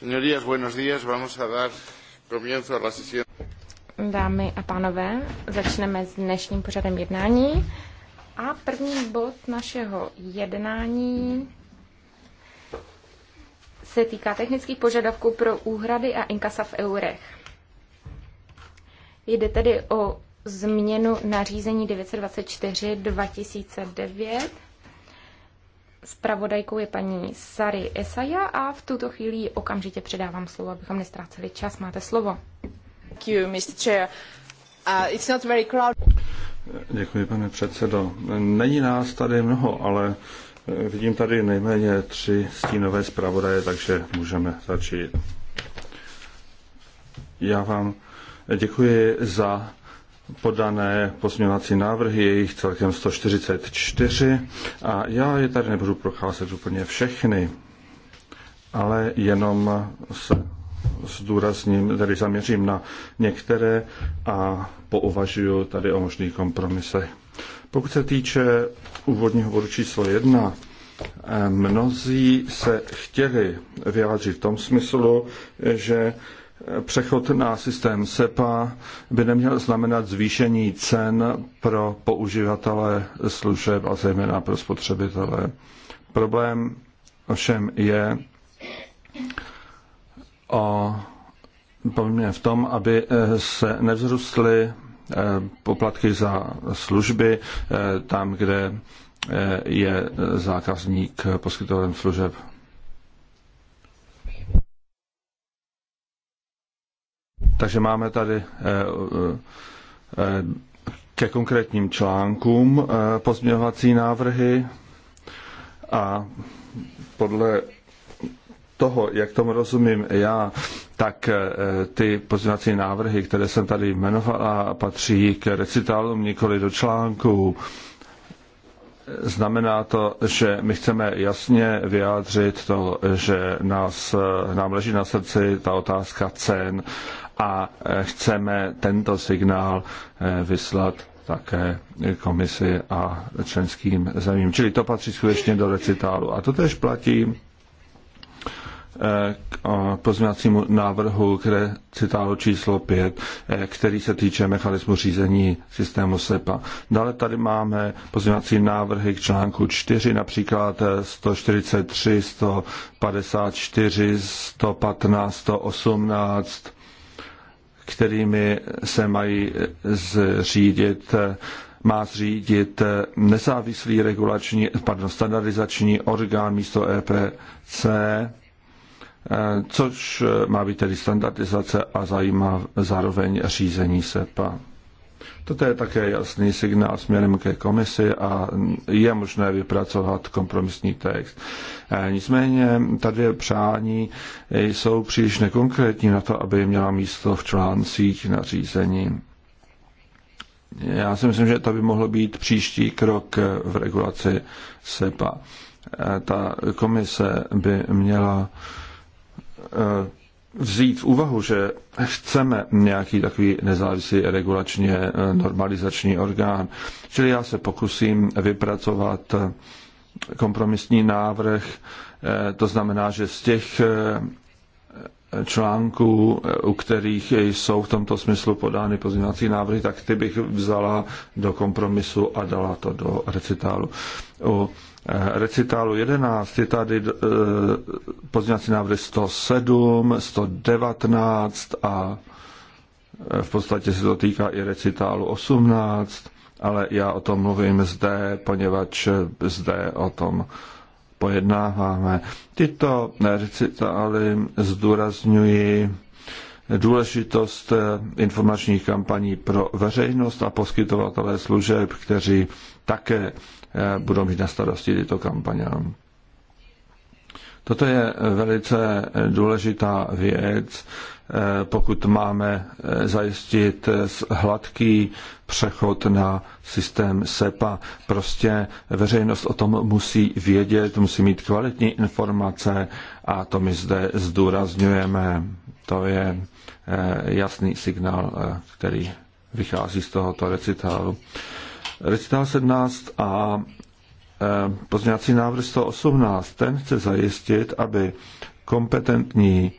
Señorías, buenos días. Vamos a dar comienzo a la sesión. Dámy a pánové, začneme s dnešním pořadem jednání. A první bod našeho jednání se týká technických požadavků pro úhrady a inkasa v eurech. Jde tedy o změnu nařízení 924 2009 Spravodajkou je paní Sary Esaja a v tuto chvíli okamžitě předávám slovo, abychom nestráceli čas. Máte slovo. Thank you, Mr. Chair. Uh, it's not very crowded. Děkuji, pane předsedo. Není nás tady mnoho, ale eh, vidím tady nejméně tři stínové zpravodaje, takže můžeme začít. Já vám děkuji za podané pozměňovací návrhy, je jich celkem 144 a já je tady nebudu procházet úplně všechny, ale jenom se zdůrazním, tedy zaměřím na některé a pouvažuju tady o možných kompromisech. Pokud se týče úvodního bodu číslo jedna, eh, mnozí se chtěli vyjádřit v tom smyslu, že přechod na systém SEPA by neměl znamenat zvýšení cen pro použivatele služeb a zejména pro spotřebitele. Problém ovšem je o, v tom, aby eh, se nevzrostly eh, poplatky za služby eh, tam, kde je zákazník poskytovatelem služeb Takže máme tady eh, eh, ke konkrétním článkům eh, pozměňovací návrhy a podle toho, jak tomu rozumím já, tak ty pozměňovací návrhy, které jsem tady jmenovala, patří k recitálům, nikoli do článků. Znamená to, že my chceme jasně vyjádřit to, že nás, nám leží na srdci ta otázka cen a e, chceme tento signál e, vyslat také komisi a členským zemím. Čili to patří skutečně do recitálu. A to tež platí e, k pozměňovacímu návrhu k recitálu číslo 5, který se týče mechanismu řízení systému SEPA. Dále tady máme pozměňovací návrhy k článku 4, například 143, 154, 115, 118, kterými se mají zřídit, má zřídit nezávislý regulační, pardon, standardizační orgán místo EPC, což má být tedy standardizace a zajímá zároveň řízení SEPA. Toto je také jasný signál směrem ke komisi a je možné vypracovat kompromisní text. E, nicméně tady přání jsou příliš nekonkrétní na to, aby měla místo v článcích nařízení. Já si myslím, že to by mohlo být příští krok v regulaci SEPA. E, ta komise by měla e, vzít v úvahu, že chceme nějaký takový nezávislý regulačně eh, normalizační orgán. Čili já se pokusím vypracovat eh, kompromisní návrh, eh, to znamená, že z těch článků, u kterých jsou v tomto smyslu podány pozměňovací návrhy, tak ty bych vzala do kompromisu a dala to do recitálu. U Eh, recitálu 11 je tady eh, pozměňovací návrhy 107, 119 a eh, v podstatě se to týká i recitálu 18, ale já o tom mluvím zde, poněvadž zde o tom pojednáváme. Tyto recitály zdůrazňují důležitost informačních kampaní pro veřejnost a poskytovatelé služeb, kteří také Eh, budou mít na starosti tyto kampaně. Toto je velice důležitá věc, eh, pokud máme eh, zajistit hladký přechod na systém SEPA. Prostě veřejnost o tom musí vědět, musí mít kvalitní informace a to my zde zdůrazňujeme. To je jasný signál, který vychází z tohoto recitálu. Recitál 17 a e, pozměňovací návrh 118, ten chce zajistit, aby kompetentní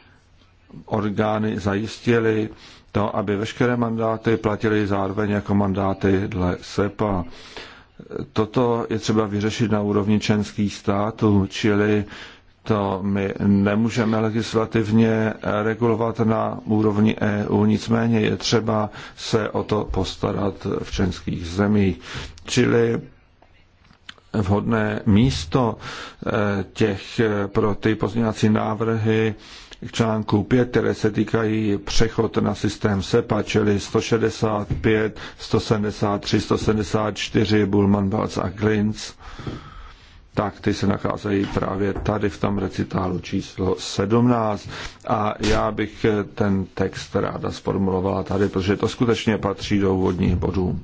orgány zajistily to, aby veškeré mandáty platily zároveň jako mandáty dle SEPA. Toto je třeba vyřešit na úrovni členských států, čili to my nemůžeme legislativně regulovat na úrovni EU, nicméně je třeba se o to postarat v členských zemích. Čili vhodné místo eh, těch eh, pro ty pozměňovací návrhy k článku 5, které se týkají přechod na systém SEPA, čili 165, 173, 174, Bulman, Balc a Klinz tak ty se nacházejí právě tady v tom recitálu číslo 17. A já bych ten text ráda sformulovala tady, protože to skutečně patří do úvodních bodů.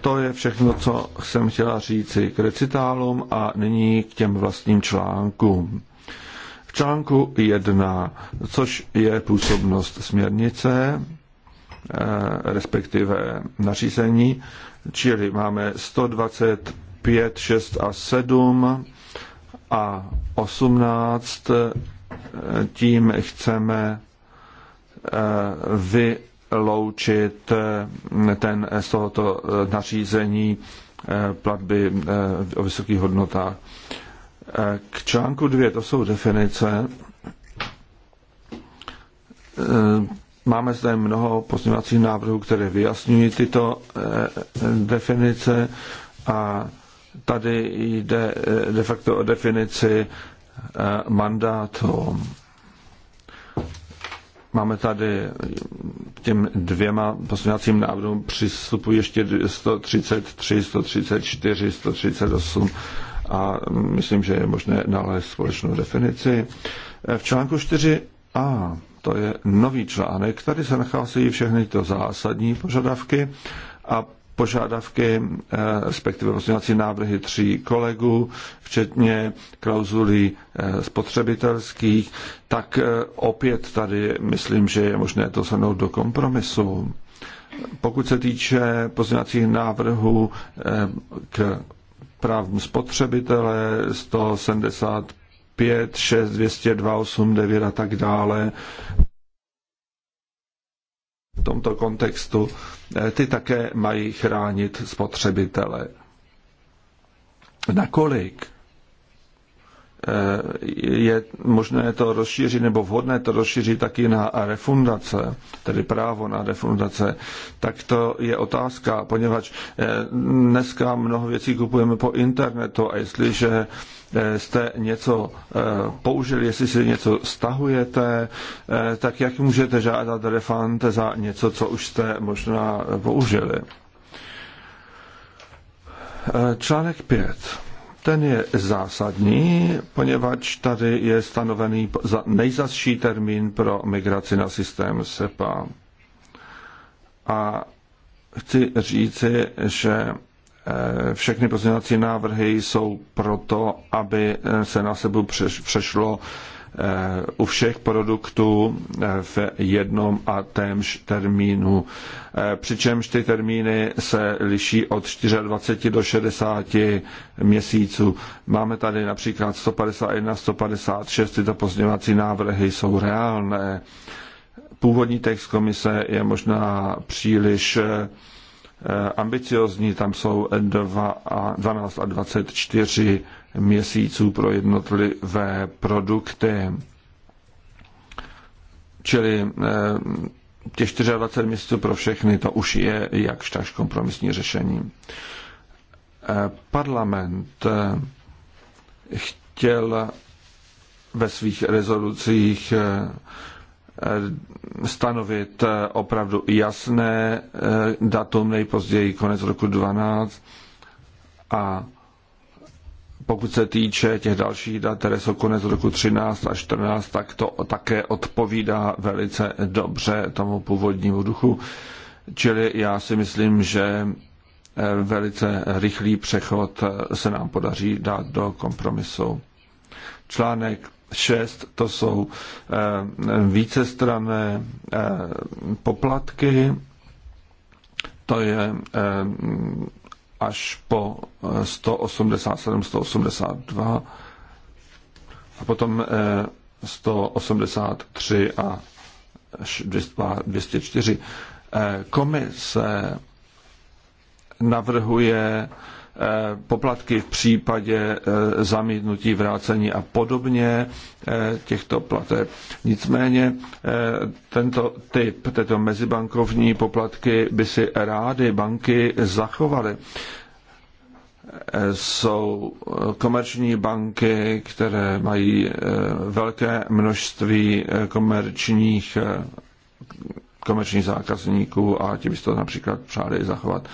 To je všechno, co jsem chtěla říci k recitálům a nyní k těm vlastním článkům. V článku 1, což je působnost směrnice, eh, respektive nařízení, čili máme 120 5, 6 a 7 a 18 eh, tím chceme eh, vyloučit eh, ten z tohoto nařízení platby o vysokých hodnotách. K článku 2, to jsou definice. Máme zde mnoho pozměňovacích návrhů, které vyjasňují tyto definice a Tady jde eh, de facto o definici eh, mandátu. Máme tady eh, těm dvěma poslaneckým návrhům přistupují ještě 133, 134, 138 a myslím, že je možné nalézt společnou definici. V článku 4a, to je nový článek, tady se nacházejí všechny to zásadní požadavky a požádavky, eh, respektive pozměňovací návrhy tří kolegů, včetně klauzulí eh, spotřebitelských, tak eh, opět tady myslím, že je možné to shrnout do kompromisu. Pokud se týče pozměňovacích návrhů k právům spotřebitele 175, 6, 202, 8, 9 a tak dále, v tomto kontextu, eh, ty také mají chránit spotřebitele. Nakolik Eh, je možné to rozšířit nebo vhodné to rozšířit taky na refundace, tedy právo na refundace, tak to je otázka, poněvadž eh, dneska mnoho věcí kupujeme po internetu a jestliže eh, jste něco použili, jestli si něco stahujete, tak jak můžete žádat refund za něco, co už jste možná použili. Článek 5 ten je zásadní, poněvadž tady je stanovený nejzasší termín pro migraci na systém SEPA. A chci říci, že eh, všechny pozměňovací návrhy jsou proto, aby se na sebu přešlo u všech produktů eh, v jednom a témž termínu. Eh, přičemž ty termíny se liší od 24 do 60 měsíců. Máme tady například 151, 156, tyto pozměňovací návrhy jsou reálné. Původní text komise je možná příliš eh, Eh, ambiciozní, tam jsou 2 a 12 a 24 měsíců pro jednotlivé produkty. Čili eh, těch 24 měsíců pro všechny, to už je jakž takž kompromisní řešení. Eh, parlament chtěl ve svých rezolucích Eh, stanovit eh, opravdu jasné eh, datum nejpozději konec roku 12 a pokud se týče těch dalších dat, které jsou konec roku 13 a 14, tak to také odpovídá velice dobře tomu původnímu duchu. Čili já si myslím, že velice rychlý přechod se nám podaří dát do kompromisu. Článek 6 to jsou eh, vícestrané eh, poplatky, to je eh, až po 187-182 a potom 183 a 204. Komise navrhuje Eh, poplatky v případě eh, zamítnutí, vrácení a podobně eh, těchto plateb. Nicméně tento typ, tyto mezibankovní poplatky by si rády banky zachovaly. Jsou komerční banky, které mají velké množství komerčních komerčních zákazníků a ti by to například přáli zachovat.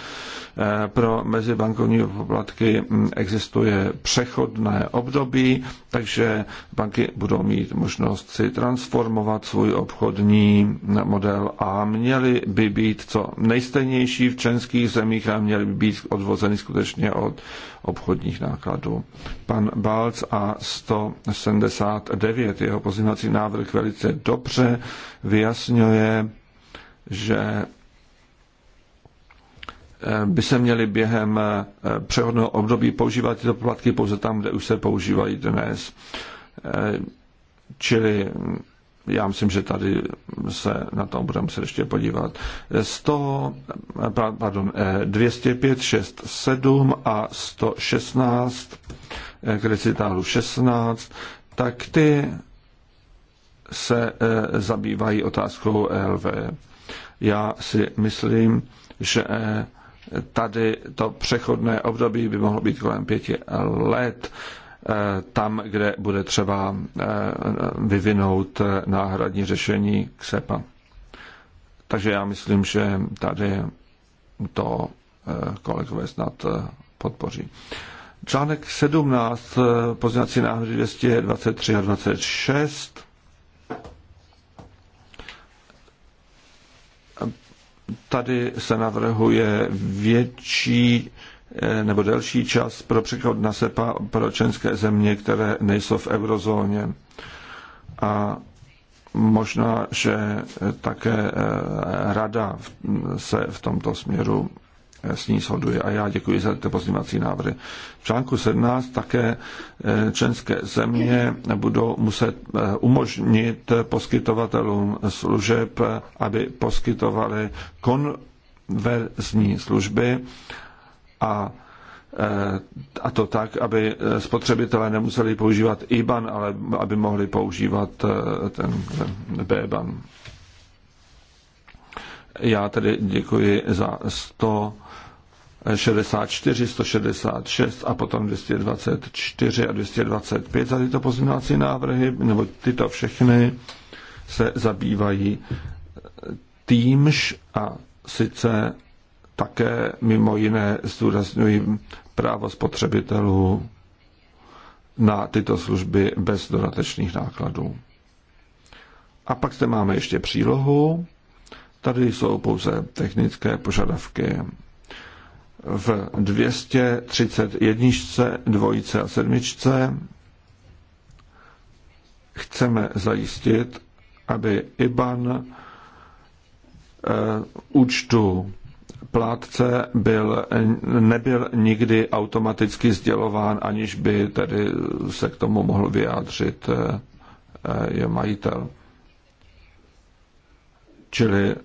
Eh, pro mezibankovní poplatky hm, existuje přechodné období, takže banky budou mít možnost si transformovat svůj obchodní model a měly by být co nejstejnější v členských zemích a měly by být odvozeny skutečně od obchodních nákladů. Pan Balc a 179, jeho pozimací návrh velice dobře vyjasňuje že eh, by se měly během eh, přehodného období používat tyto poplatky pouze tam, kde už se používají dnes. Eh, čili já myslím, že tady se na tom budeme se ještě podívat. 100, pardon, 205, 6, 7 a 116 k 16, tak ty se zabývají otázkou LV. Já si myslím, že eh, tady to přechodné období by mohlo být kolem pěti let, eh, tam, kde bude třeba eh, vyvinout náhradní řešení ksepa. Takže já myslím, že tady to kolegové snad podpoří. Článek 17, poznací návrhy 223 a 26. Tady se navrhuje větší eh, nebo delší čas pro přechod na SEPA pro členské země, které nejsou v eurozóně. A možná, že také eh, rada se v tomto směru s ní shoduje a já děkuji za ty pozměňovací návrhy. V článku 17 také eh, členské země budou muset eh, umožnit poskytovatelům služeb, aby poskytovali konverzní služby a eh, a to tak, aby spotřebitelé nemuseli používat IBAN, ale aby mohli používat ten BBAN. Já tedy děkuji za 100 64, 166 a potom 224 a 225 za tyto pozměňovací návrhy, nebo tyto všechny se zabývají týmž a sice také mimo jiné zdůrazňují právo spotřebitelů na tyto služby bez dodatečných nákladů. A pak zde máme ještě přílohu. Tady jsou pouze technické požadavky v 231, dvojice a sedmičce chceme zajistit, aby IBAN eh, účtu plátce byl, nebyl nikdy automaticky sdělován, aniž by tedy se k tomu mohl vyjádřit eh, eh, je majitel. Čili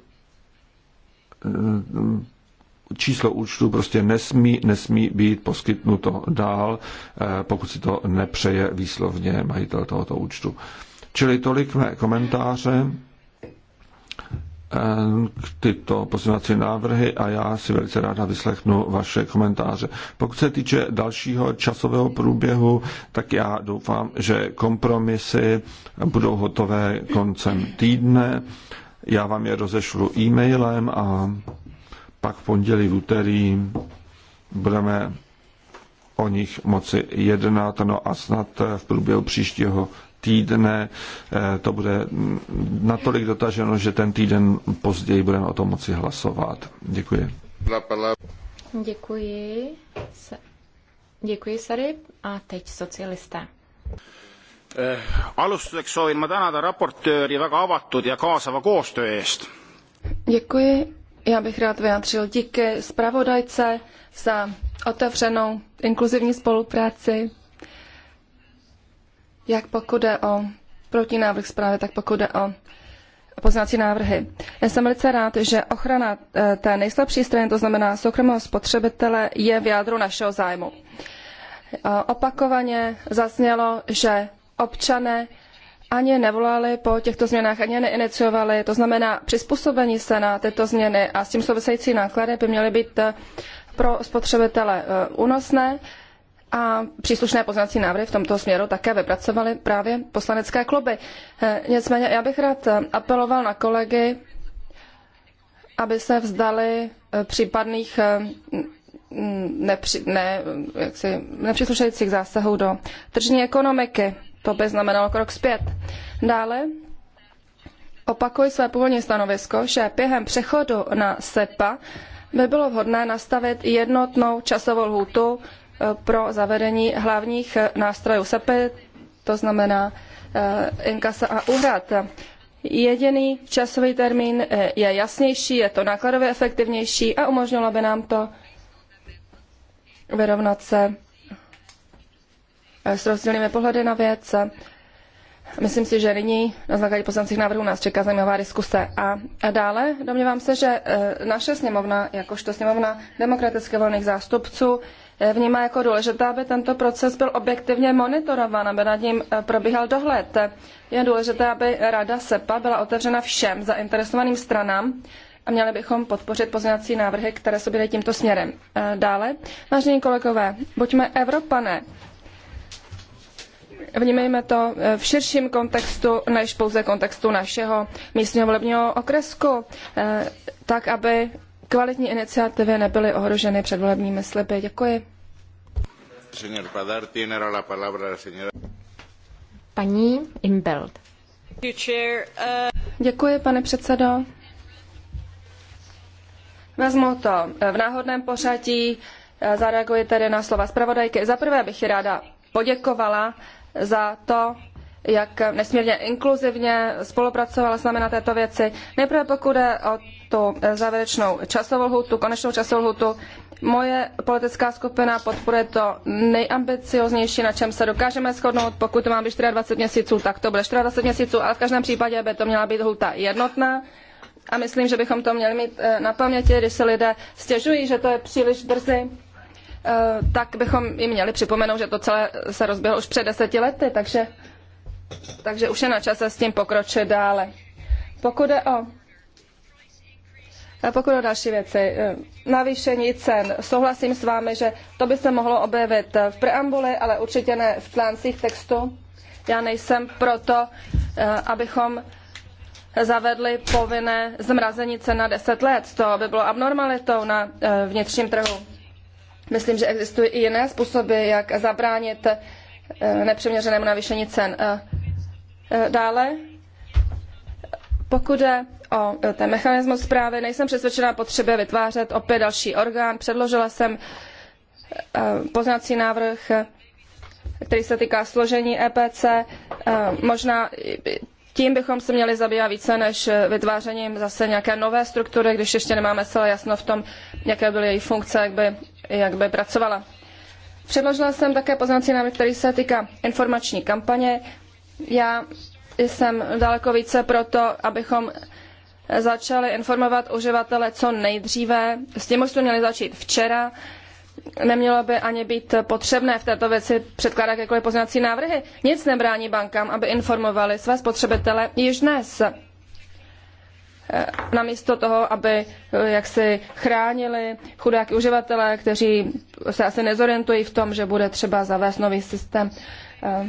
číslo účtu prostě nesmí, nesmí být poskytnuto dál, eh, pokud si to nepřeje výslovně majitel tohoto účtu. Čili tolik mé komentáře eh, k tyto pozměňovací návrhy a já si velice ráda vyslechnu vaše komentáře. Pokud se týče dalšího časového průběhu, tak já doufám, že kompromisy budou hotové koncem týdne. Já vám je rozešlu e-mailem a pak v pondělí, v úterý budeme o nich moci jednat, no a snad v průběhu příštího týdne eh, to bude natolik dotaženo, že ten týden později budeme o tom moci hlasovat. Děkuji. Děkuji. Děkuji, Sary. A teď socialista. Eh, alustuseks soovin ma tänada raportööri väga avatud ja kaasava koostöö eest. Děkuji. Já bych rád vyjádřil díky zpravodajce za otevřenou inkluzivní spolupráci, jak pokud jde o protinávrh zprávy, tak pokud jde o poznací návrhy. Já jsem velice rád, že ochrana eh, té nejslabší strany, to znamená soukromého spotřebitele, je v jádru našeho zájmu. Opakovaně zaznělo, že občané ani nevolali po těchto změnách, ani neiniciovali. To znamená, přizpůsobení se na tyto změny a s tím související náklady by měly být eh, pro spotřebitele eh, únosné a příslušné poznací návrhy v tomto směru také vypracovaly právě poslanecké kluby. Eh, nicméně já bych rád apeloval na kolegy, aby se vzdali případných nepři, ne, jaksi, nepříslušejících zásahů do tržní ekonomiky. To by znamenalo krok zpět. Dále opakuji své původní stanovisko, že během přechodu na SEPA by bylo vhodné nastavit jednotnou časovou lhůtu eh, pro zavedení hlavních eh, nástrojů SEPA, to znamená eh, inkasa a úhrad. Jediný časový termín je jasnější, je to nákladově efektivnější a umožnilo by nám to vyrovnat se Eh, s rozdílnými pohledy na věc. Myslím si, že nyní na základě poslancích návrhů nás čeká zajímavá diskuse. A, a dále domnívám se, že eh, naše sněmovna, jakožto sněmovna demokraticky volných zástupců, eh, vnímá jako důležité, aby tento proces byl objektivně monitorován, aby nad ním probíhal dohled. Je důležité, aby Rada SEPA byla otevřena všem zainteresovaným stranám a měli bychom podpořit pozměňovací návrhy, které se byly tímto směrem. Dále, vážení kolegové, buďme Evropané vnímejme to eh, v širším kontextu, než pouze kontextu našeho místního volebního okresku, eh, tak aby kvalitní iniciativy nebyly ohroženy předvolebními sliby. Děkuji. Paní Imbeld. Děkuji, pane předsedo. Vezmu to eh, v náhodném pořadí. Zareaguji tedy na slova zpravodajky. Za prvé bych ráda poděkovala za to, jak nesmírně inkluzivně spolupracovala s námi na této věci. Nejprve pokud je o tu závěrečnou časovou lhutu, konečnou časovou lhutu, moje politická skupina podporuje to nejambicioznější, na čem se dokážeme shodnout. Pokud to má být 24 měsíců, tak to bude 24 měsíců, ale v každém případě by to měla být lhuta jednotná. A myslím, že bychom to měli mít eh, na paměti, když se lidé stěžují, že to je příliš brzy Eh, tak bychom jim měli připomenout, že to celé se rozběhlo už před deseti lety, takže, takže už je na čase s tím pokročit dále. Pokud je o eh, pokud o další věci, eh, navýšení cen, souhlasím s vámi, že to by se mohlo objevit v preambuli, ale určitě ne v článcích textu. Já nejsem proto, abychom zavedli povinné zmrazení cen na 10 let. To by bylo abnormalitou na vnitřním trhu. Myslím, že existují i jiné způsoby, jak zabránit eh, nepřiměřenému navýšení cen. Eh, eh, dále, pokud je o ten mechanismus zprávy, nejsem přesvědčena potřebě vytvářet opět další orgán. Předložila jsem poznací návrh, který se týká složení EPC. Možná tím bychom se měli zabývat více než vytvářením zase nějaké nové struktury, když ještě nemáme celé jasno v tom, jaké byly její funkce, jak by jak by pracovala. Předložila jsem také poznací návrh, který se týká informační kampaně. Já jsem daleko více proto, abychom začali informovat uživatele co nejdříve. S tím už jsme měli začít včera. Nemělo by ani být potřebné v této věci předkládat jakékoliv poznací návrhy. Nic nebrání bankám, aby informovali své spotřebitele již dnes. Eh, namísto toho, aby eh, jak si chránili chudáky uživatele, kteří se asi nezorientují v tom, že bude třeba zavést nový systém. Eh,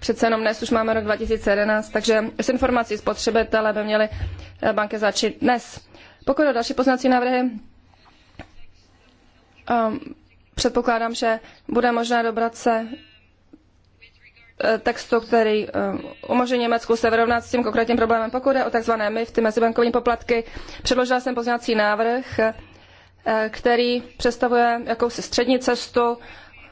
přece jenom dnes už máme rok 2011, takže s informací spotřebitele by měly banky začít dnes. Pokud o další poznací návrhy, předpokládám, že bude možné dobrat se Eh, textu, který eh, umožní Německu se vyrovnat s tím konkrétním problémem, pokud je o tzv. MIF, ty mezibankovní poplatky. Předložila jsem pozměňovací návrh, eh, který představuje jakousi střední cestu,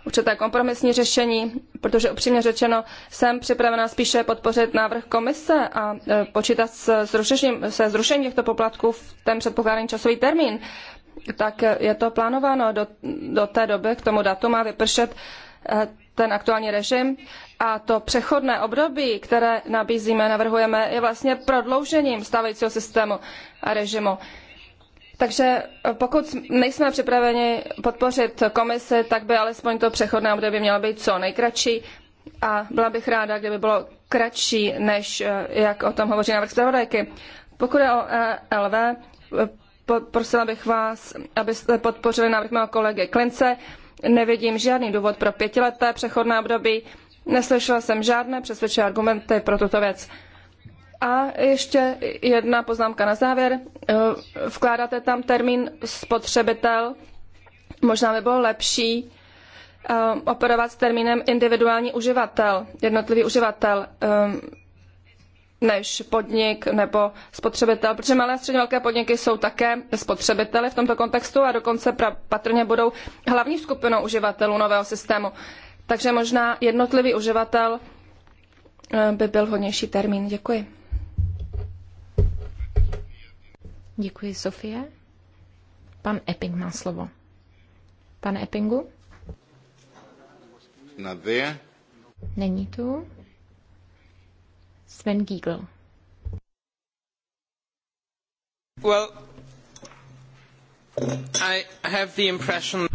určité kompromisní řešení, protože upřímně řečeno jsem připravena spíše podpořit návrh komise a počítat se zrušením, se zrušením těchto poplatků v ten předpokládaný časový termín. Tak je to plánováno do, do té doby, k tomu datu má vypršet ten aktuální režim. A to přechodné období, které nabízíme, navrhujeme, je vlastně prodloužením stávajícího systému a režimu. Takže pokud nejsme připraveni podpořit komisi, tak by alespoň to přechodné období mělo být co nejkratší a byla bych ráda, kdyby bylo kratší, než eh, jak o tom hovoří návrh zpravodajky. Pokud je o ELV, eh, prosila bych vás, abyste podpořili návrh mého kolegy Klince. Nevidím žádný důvod pro pětileté přechodné období Neslyšela jsem žádné přesvědčivé argumenty pro tuto věc. A ještě jedna poznámka na závěr. Eh, vkládáte tam termín spotřebitel. Možná by bylo lepší eh, operovat s termínem individuální uživatel, jednotlivý uživatel, eh, než podnik nebo spotřebitel, protože malé a středně velké podniky jsou také spotřebiteli v tomto kontextu a dokonce patrně budou hlavní skupinou uživatelů nového systému takže možná jednotlivý uživatel eh, by byl hodnější termín. Děkuji. Děkuji, Sofie. Pan Epping má slovo. Pane Eppingu? Naděje? Není tu. Sven Giegel. Well, I have the impression...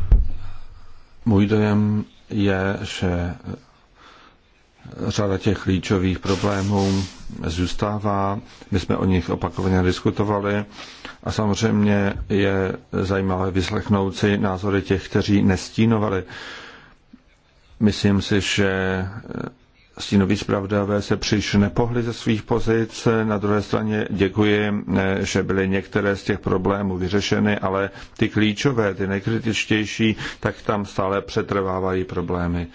Můj dojem je, že řada těch klíčových problémů zůstává. My jsme o nich opakovaně diskutovali a samozřejmě je zajímavé vyslechnout si názory těch, kteří nestínovali. Myslím si, že stínoví zpravodajové se příliš nepohli ze svých pozic. Na druhé straně děkuji, eh, že byly některé z těch problémů vyřešeny, ale ty klíčové, ty nejkritičtější, tak tam stále přetrvávají problémy.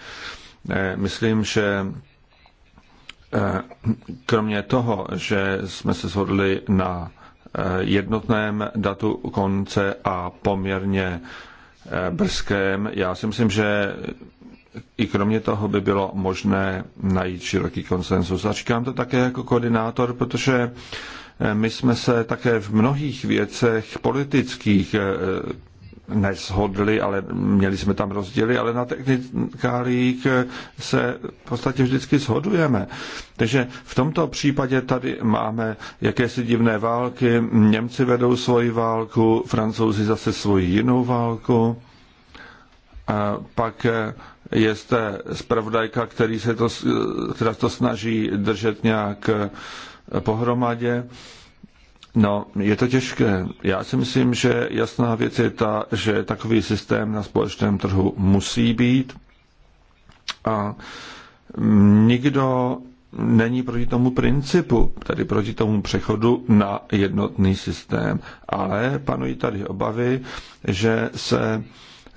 Eh, myslím, že eh, kromě toho, že jsme se shodli na jednotném datu konce a poměrně brzkém, já si myslím, že i kromě toho by bylo možné najít široký konsenzus. A říkám to také jako koordinátor, protože eh, my jsme se také v mnohých věcech politických eh, neshodli, ale měli jsme tam rozdíly, ale na technikálích eh, se v podstatě vždycky shodujeme. Takže v tomto případě tady máme jakési divné války, Němci vedou svoji válku, Francouzi zase svoji jinou válku, a pak je zde zpravodajka, který se to, která to snaží držet nějak eh, pohromadě. No, je to těžké. Já si myslím, že jasná věc je ta, že takový systém na společném trhu musí být a nikdo není proti tomu principu, tedy proti tomu přechodu na jednotný systém. Ale panují tady obavy, že se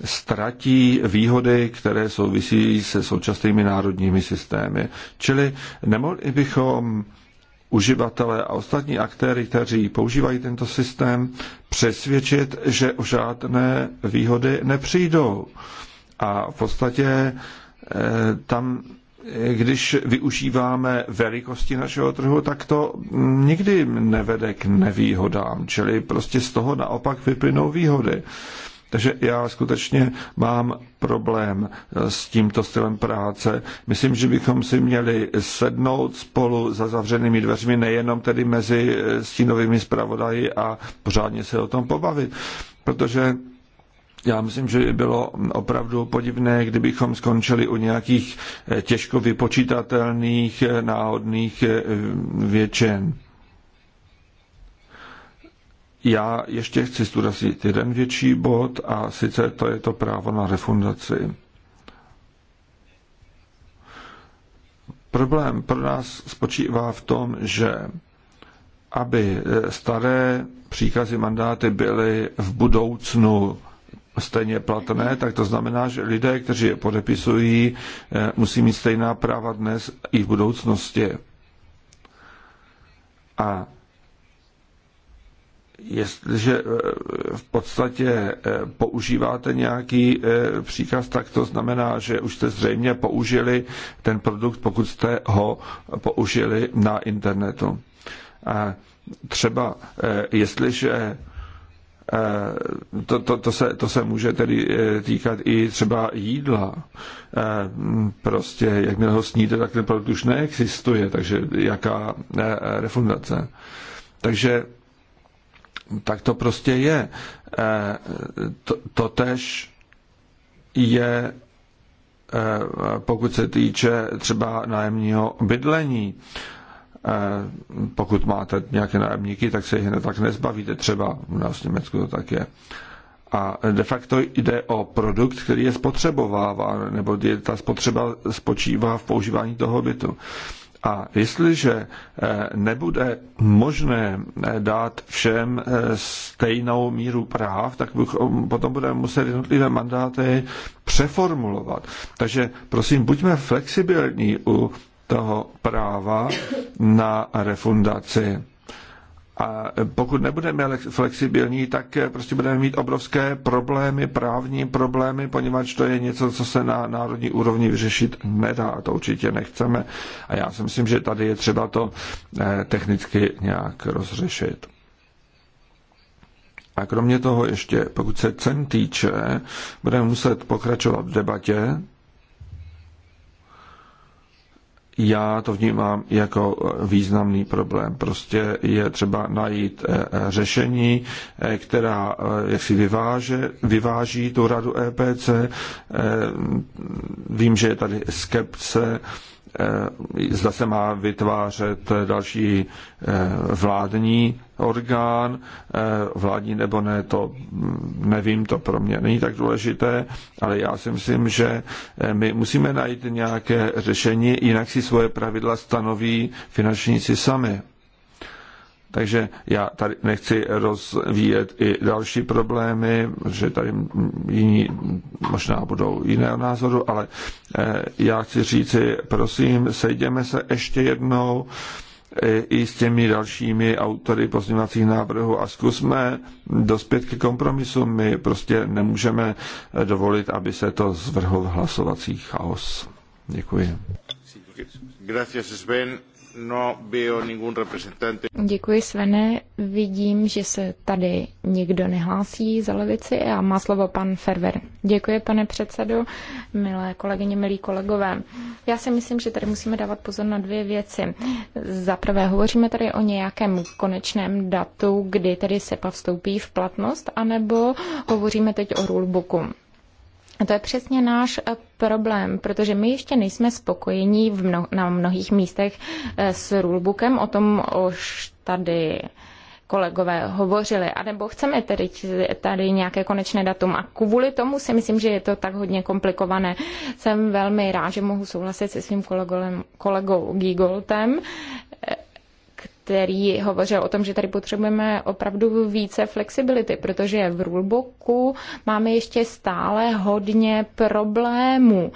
ztratí výhody, které souvisí se současnými národními systémy. Čili nemohli bychom uživatele a ostatní aktéry, kteří používají tento systém, přesvědčit, že o žádné výhody nepřijdou. A v podstatě eh, tam když využíváme velikosti našeho trhu, tak to mm, nikdy nevede k nevýhodám, čili prostě z toho naopak vyplynou výhody. Takže já skutečně mám problém eh, s tímto stylem práce. Myslím, že bychom si měli sednout spolu za zavřenými dveřmi, nejenom tedy mezi eh, stínovými zpravodaji a pořádně se o tom pobavit. Protože já myslím, že by bylo hm, opravdu podivné, kdybychom skončili u nějakých eh, těžko vypočítatelných náhodných většin. Já ještě chci zdůraznit jeden větší bod a sice to je to právo na refundaci. Problém pro nás spočívá v tom, že aby eh, staré příkazy mandáty byly v budoucnu stejně platné, tak to znamená, že lidé, kteří je podepisují, eh, musí mít stejná práva dnes i v budoucnosti. A jestliže eh, v podstatě eh, používáte nějaký eh, příkaz, tak to znamená, že už jste zřejmě použili ten produkt, pokud jste ho použili na internetu. třeba jestliže to, to, to, se, to se může tedy týkat i třeba jídla. Prostě jakmile ho sníte, tak ten produkt už neexistuje, takže jaká refundace. Takže tak to prostě je. Eh, to, totež je, eh, pokud se týče třeba nájemního bydlení, eh, pokud máte nějaké nájemníky, tak se jich hned tak nezbavíte. Třeba u nás v Německu to tak je. A de facto jde o produkt, který je spotřebováván, nebo je ta spotřeba spočívá v používání toho bytu. A jestliže eh, nebude možné eh, dát všem eh, stejnou míru práv, tak potom budeme muset jednotlivé mandáty přeformulovat. Takže prosím, buďme flexibilní u toho práva na refundaci. A pokud nebudeme flexibilní, tak eh, prostě budeme mít obrovské problémy, právní problémy, poněvadž to je něco, co se na národní úrovni vyřešit nedá a to určitě nechceme. A já si myslím, že tady je třeba to eh, technicky nějak rozřešit. A kromě toho ještě, pokud se cen týče, budeme muset pokračovat v debatě, já to vnímám jako eh, významný problém. Prostě je třeba najít eh, eh, řešení, která jak si vyváže, vyváží tu radu EPC. Vím, že je tady skepce Eh, zda se má vytvářet další eh, vládní orgán, eh, vládní nebo ne, to nevím, to pro mě není tak důležité, ale já si myslím, že my musíme najít nějaké řešení, jinak si svoje pravidla stanoví finančníci sami. Takže já tady nechci rozvíjet i další problémy, že tady jiní možná budou jiného názoru, ale eh, já chci říci, prosím, sejděme se ještě jednou eh, i s těmi dalšími autory pozměňovacích návrhů a zkusme dospět ke kompromisu. My prostě nemůžeme eh, dovolit, aby se to zvrhlo v hlasovací chaos. Děkuji. Gracias, Sven no ningún representante. Děkuji, Svene. Vidím, že se tady nikdo nehlásí za levici a má slovo pan Ferver. Děkuji, pane předsedu, milé kolegyně, milí kolegové. Já si myslím, že tady musíme dávat pozor na dvě věci. Za prvé, hovoříme tady o nějakém konečném datu, kdy tedy SEPA vstoupí v platnost, anebo hovoříme teď o rulebooku. A to je přesně náš eh, problém, protože my ještě nejsme spokojení v mno, na mnohých místech eh, s rulebookem, o tom už tady kolegové hovořili, anebo chceme tedy tady nějaké konečné datum. A kvůli tomu si myslím, že je to tak hodně komplikované. Jsem velmi rád, že mohu souhlasit se svým kolegou, kolegou Gigoltem, který hovořil o tom, že tady potřebujeme opravdu více flexibility, protože v rulebooku máme ještě stále hodně problémů.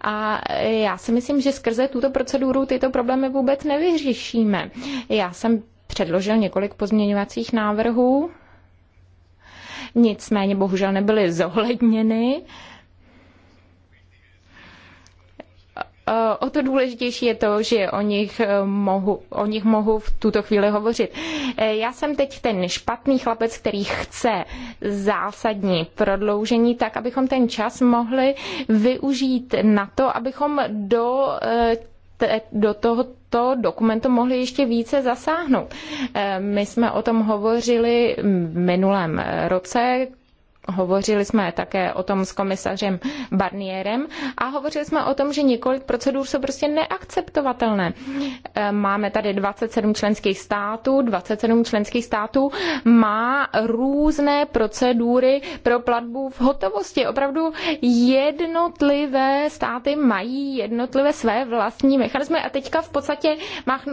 A já si myslím, že skrze tuto proceduru tyto problémy vůbec nevyřešíme. Já jsem předložil několik pozměňovacích návrhů, nicméně bohužel nebyly zohledněny. Uh, Eh, o to důležitější je to, že o nich, eh, mohu, o nich mohu v tuto chvíli hovořit. Eh, já jsem teď ten špatný chlapec, který chce zásadní prodloužení, tak abychom ten čas mohli využít na to, abychom do do toho to dokumentu mohli ještě více zasáhnout. My jsme o tom hovořili v minulém roce, Hovořili jsme také o tom s komisařem Barnierem a hovořili jsme o tom, že několik procedur jsou prostě neakceptovatelné. E, máme tady 27 členských států, 27 členských států má různé procedury pro platbu v hotovosti. Opravdu jednotlivé státy mají jednotlivé své vlastní mechanismy a teďka v podstatě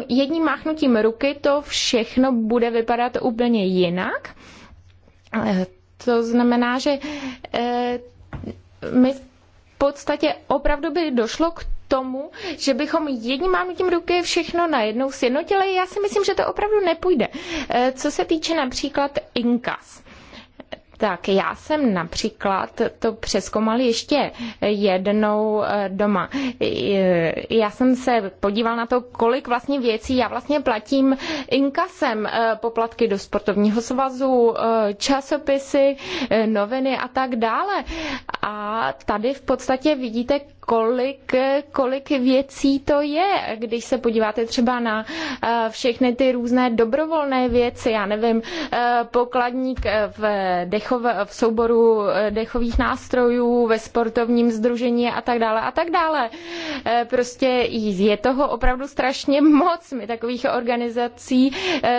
jedním máchnutím ruky to všechno bude vypadat úplně jinak e, to znamená, že eh, my v podstatě opravdu by došlo k tomu, že bychom jedním mávnutím ruky všechno najednou sjednotili. Já si myslím, že to opravdu nepůjde. Eh, co se týče například inkas tak já jsem například to přeskomal ještě jednou eh, doma. Eh, já jsem se podíval na to, kolik vlastně věcí já vlastně platím inkasem eh, poplatky do sportovního svazu, časopisy, noviny a tak dále. A tady v podstatě vidíte, kolik, kolik věcí to je. Když se podíváte třeba na eh, všechny ty různé dobrovolné věci, já nevím, eh, pokladník eh, v, dechov, v souboru dechových nástrojů, ve sportovním združení a tak dále a tak dále. Prostě je toho opravdu strašně moc. My takových organizací,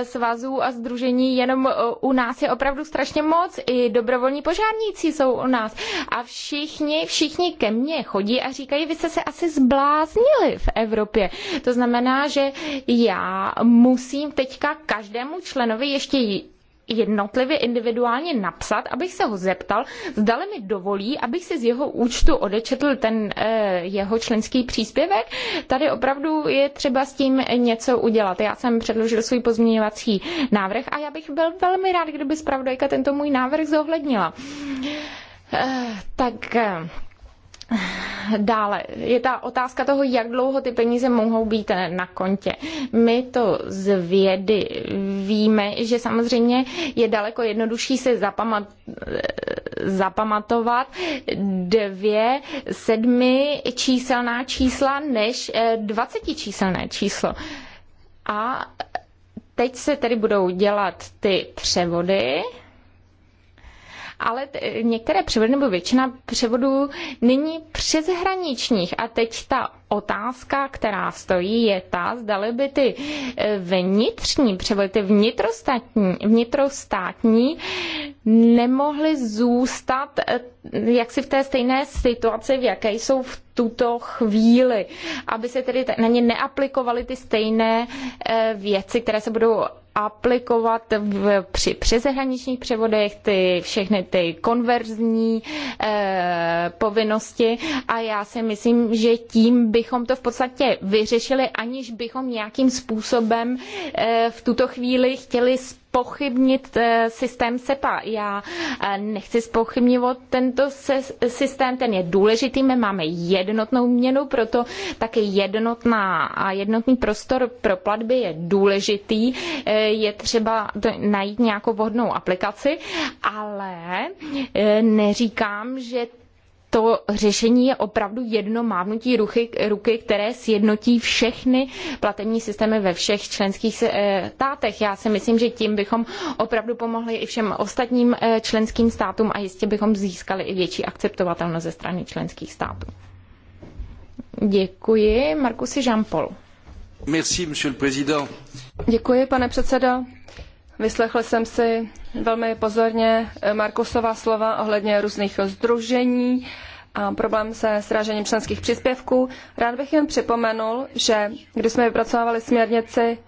svazů a združení jenom u nás je opravdu strašně moc. I dobrovolní požárníci jsou u nás. A všichni, všichni ke mně chodí a říkají, vy jste se asi zbláznili v Evropě. To znamená, že já musím teďka každému členovi ještě jednotlivě individuálně napsat, abych se ho zeptal, zdali mi dovolí, abych si z jeho účtu odečetl ten eh, jeho členský příspěvek. Tady opravdu je třeba s tím něco udělat. Já jsem předložil svůj pozměňovací návrh a já bych byl velmi rád, kdyby zpravodajka tento můj návrh zohlednila. Eh, tak... Eh, Dále je ta otázka toho, jak dlouho ty peníze mohou být na kontě. My to z vědy víme, že samozřejmě je daleko jednodušší se zapamat, zapamatovat dvě sedmi číselná čísla než eh, dvacetičíselné číslo. A teď se tedy budou dělat ty převody ale některé převody nebo většina převodů není přeshraničních. A teď ta otázka, která stojí, je ta, zdali by ty eh, vnitřní převody, ty vnitrostátní, vnitrostátní nemohly zůstat eh, jaksi v té stejné situaci, v jaké jsou v tuto chvíli, aby se tedy na ně neaplikovaly ty stejné eh, věci, které se budou aplikovat v, při přezahraničních převodech ty, všechny ty konverzní e, povinnosti a já si myslím, že tím bychom to v podstatě vyřešili, aniž bychom nějakým způsobem e, v tuto chvíli chtěli spochybnit eh, systém SEPA. Já eh, nechci spochybnit tento systém, ten je důležitý, my máme jednotnou měnu, proto také jednotná a jednotný prostor pro platby je důležitý. Eh, je třeba najít nějakou vhodnou aplikaci, ale neříkám, že to řešení je opravdu jedno mávnutí ruky, ruky které sjednotí všechny platební systémy ve všech členských eh, státech. Já si myslím, že tím bychom opravdu pomohli i všem ostatním eh, členským státům a jistě bychom získali i větší akceptovatelnost ze strany členských států. Děkuji. Markusy Jean-Paul. Merci, monsieur le président. Děkuji, pane předsedo. Vyslechl jsem si velmi pozorně eh, Markusova slova ohledně různých združení a problém se srážením členských příspěvků. Rád bych jen připomenul, že když jsme vypracovávali směrnici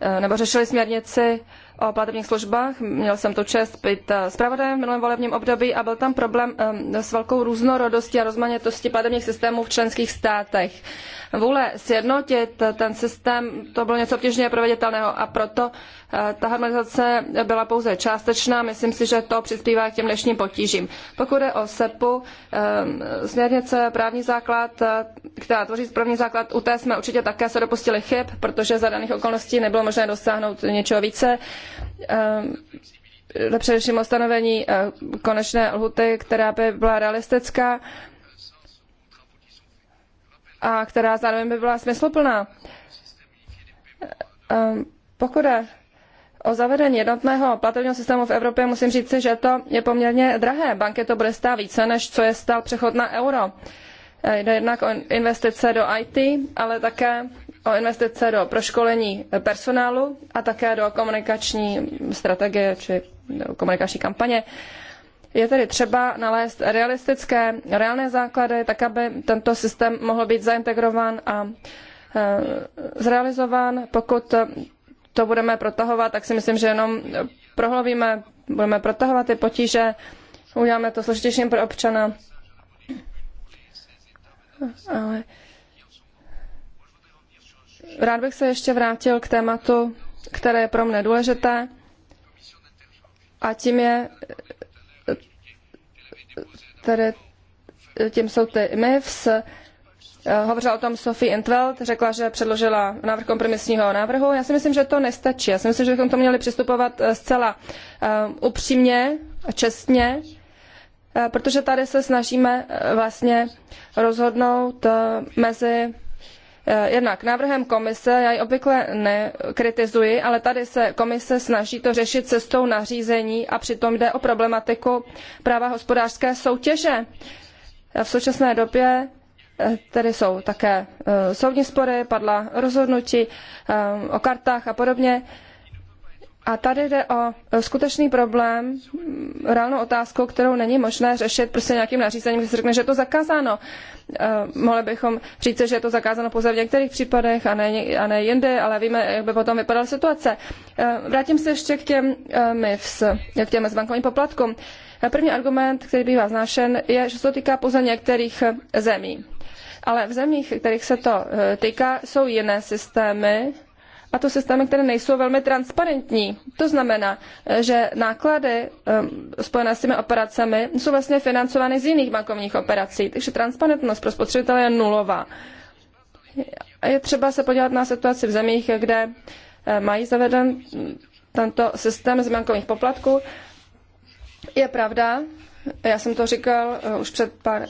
eh, nebo řešili směrnici o platebních službách. Měl jsem tu čest být eh, zpravodajem v minulém volebním období a byl tam problém eh, s velkou různorodostí a rozmanitostí platebních systémů v členských státech. Vůle sjednotit ten systém, to bylo něco obtížně proveditelného a proto eh, ta harmonizace byla pouze částečná. Myslím si, že to přispívá k těm dnešním potížím. Pokud je o SEPu, směrnice právní základ, která tvoří právní základ, u té jsme určitě také se dopustili chyb, protože za daných okolností nebylo možné dosáhnout něčeho více. Ehm, především o stanovení eh, konečné lhuty, která by byla realistická a která zároveň by byla smysluplná. Ehm, pokud je o zavedení jednotného platebního systému v Evropě, musím si, že to je poměrně drahé. Banky to bude stát více, než co je stál přechod na euro. Eh, jde jednak o investice do IT, ale také o investice do proškolení personálu a také do komunikační strategie či komunikační kampaně. Je tedy třeba nalézt realistické, reálné základy, tak aby tento systém mohl být zaintegrován a eh, zrealizován. Pokud to budeme protahovat, tak si myslím, že jenom prohlovíme, budeme protahovat ty potíže, uděláme to složitějším pro občana. Ale Rád bych se ještě vrátil k tématu, které je pro mne důležité, a tím je tedy tím jsou ty MIFs. Hovořila o tom Sophie Entwelt, řekla, že předložila návrh kompromisního návrhu. Já si myslím, že to nestačí. Já si myslím, že bychom to měli přistupovat eh, zcela eh, upřímně a čestně, eh, protože tady se snažíme vlastně rozhodnout mezi Eh, jednak návrhem komise, já ji obvykle nekritizuji, ale tady se komise snaží to řešit cestou nařízení a přitom jde o problematiku práva hospodářské soutěže. Eh, v současné době eh, tedy jsou také soudní spory, padla rozhodnutí o kartách a podobně. A tady jde o skutečný problém, reálnou otázku, kterou není možné řešit prostě nějakým nařízením, kde se řekne, že je to zakázáno. Eh, mohli bychom říct, že je to zakázáno pouze v některých případech a ne, a ne jinde, ale víme, jak by potom vypadala situace. Eh, vrátím se ještě k těm eh, MIFS, k těm bankovním poplatkům. První argument, který bývá znášen, je, že se to týká pouze některých zemí. Ale v zemích, kterých se to týká, jsou jiné systémy, a to systémy, které nejsou velmi transparentní. To znamená, eh, že náklady eh, spojené s těmi operacemi jsou vlastně financovány z jiných bankovních operací, takže transparentnost pro spotřebitele je nulová. Je třeba se podívat na situaci v zemích, kde eh, mají zaveden tento systém z bankovních poplatků. Je pravda, já jsem to říkal už před pár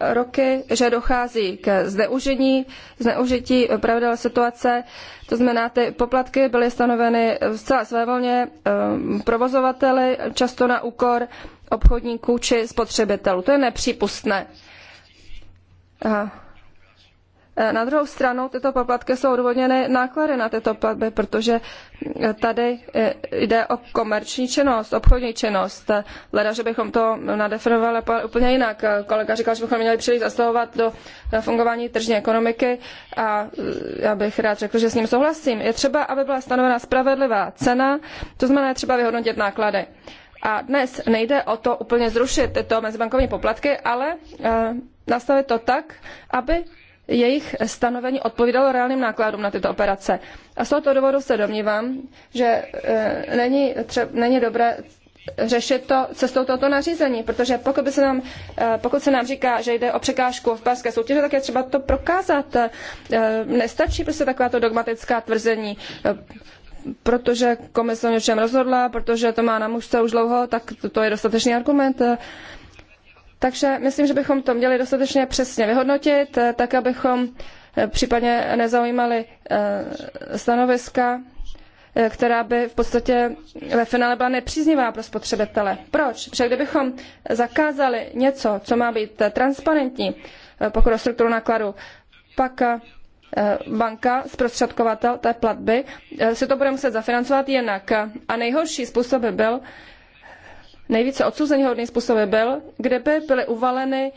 roky, že dochází k zneužení, zneužití pravidel situace. To znamená, ty poplatky byly stanoveny zcela svévolně ehm, provozovateli, často na úkor obchodníků či spotřebitelů. To je nepřípustné. Aha. Eh, na druhou stranu tyto poplatky jsou odvodněny náklady na tyto platby, protože eh, tady eh, jde o komerční činnost, obchodní činnost. Leda, že bychom to nadefinovali úplně jinak. Kolega říkal, že bychom měli příliš zasahovat do fungování tržní ekonomiky a já bych rád řekl, že s ním souhlasím. Je třeba, aby byla stanovena spravedlivá cena, to znamená třeba vyhodnotit náklady. A dnes nejde o to úplně zrušit tyto mezibankovní poplatky, ale nastavit to tak, aby jejich stanovení odpovídalo reálným nákladům na tyto operace. A z tohoto důvodu se domnívám, že eh, není, třeba, není dobré řešit to cestou tohoto nařízení, protože pokud, by se nám, eh, pokud se nám říká, že jde o překážku v hospodářské soutěže, tak je třeba to prokázat. Eh, nestačí prostě takováto dogmatická tvrzení protože komise o něčem rozhodla, protože to má na mužce už dlouho, tak to je dostatečný argument. Takže myslím, že bychom to měli dostatečně přesně vyhodnotit, eh, tak abychom eh, případně nezaujímali eh, stanoviska, která by v podstatě ve finále byla nepříznivá pro spotřebitele. Proč? Protože kdybychom zakázali něco, co má být transparentní, pokud o strukturu nákladu, pak banka, zprostředkovatel té platby, si to bude muset zafinancovat jinak. A nejhorší způsob by byl, nejvíce odsouzeníhodným způsobem byl, by byly uvaleny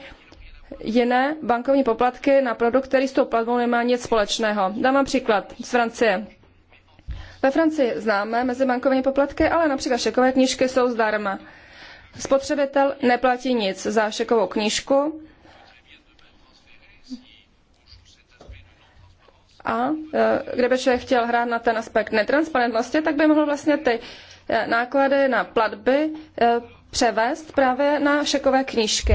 jiné bankovní poplatky na produkt, který s tou platbou nemá nic společného. Dám vám příklad z Francie. Ve Francii známe mezibankovní poplatky, ale například šekové knížky jsou zdarma. Spotřebitel neplatí nic za šekovou knížku a e, kdyby člověk chtěl hrát na ten aspekt netransparentnosti, tak by mohl vlastně ty Eh, náklady na platby eh, převést právě na šekové knížky.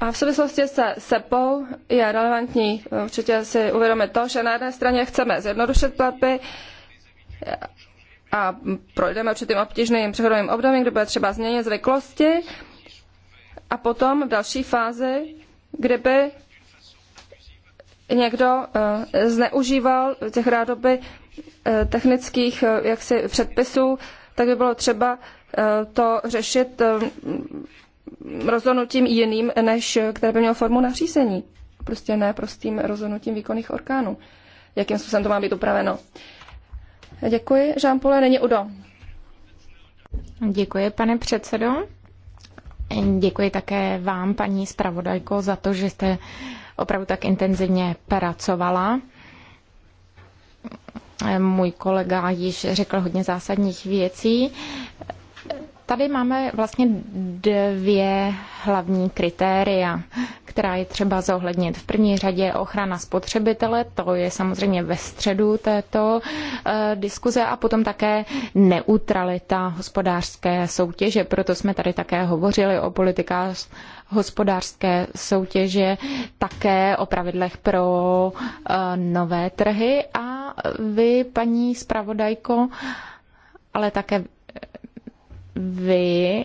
A v souvislosti se SEPou je relevantní eh, určitě si uvědomit to, že na jedné straně chceme zjednodušit platby a projdeme určitým obtížným přechodovým obdobím, kde bude třeba změnit zvyklosti a potom v další fázi, kdyby někdo zneužíval těch rádoby Eh, technických eh, jaksi předpisů, tak by bylo třeba eh, to řešit rozhodnutím jiným, než které by mělo formu nařízení. Prostě ne prostým rozhodnutím výkonných orgánů. Jakým způsobem to má být upraveno. Děkuji, Jean-Paul, není Udo. Děkuji, pane předsedo. Děkuji také vám, paní zpravodajko, za to, že jste opravdu tak intenzivně pracovala Eh, můj kolega již řekl hodně zásadních věcí. Tady máme vlastně dvě hlavní kritéria, která je třeba zohlednit. V první řadě ochrana spotřebitele, to je samozřejmě ve středu této eh, diskuze a potom také neutralita hospodářské soutěže. Proto jsme tady také hovořili o politikách hospodářské soutěže, také o pravidlech pro eh, nové trhy a vy, paní zpravodajko, ale také vy,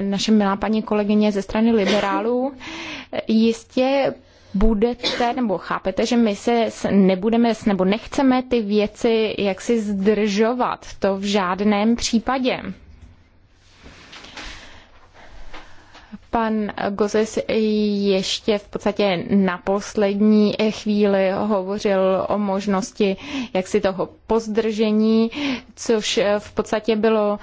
naše milá paní kolegyně ze strany liberálů, jistě budete, nebo chápete, že my se nebudeme, nebo nechceme ty věci jaksi zdržovat, to v žádném případě. Pan Gozes ještě v podstatě na poslední chvíli hovořil o možnosti jaksi toho pozdržení, což v podstatě bylo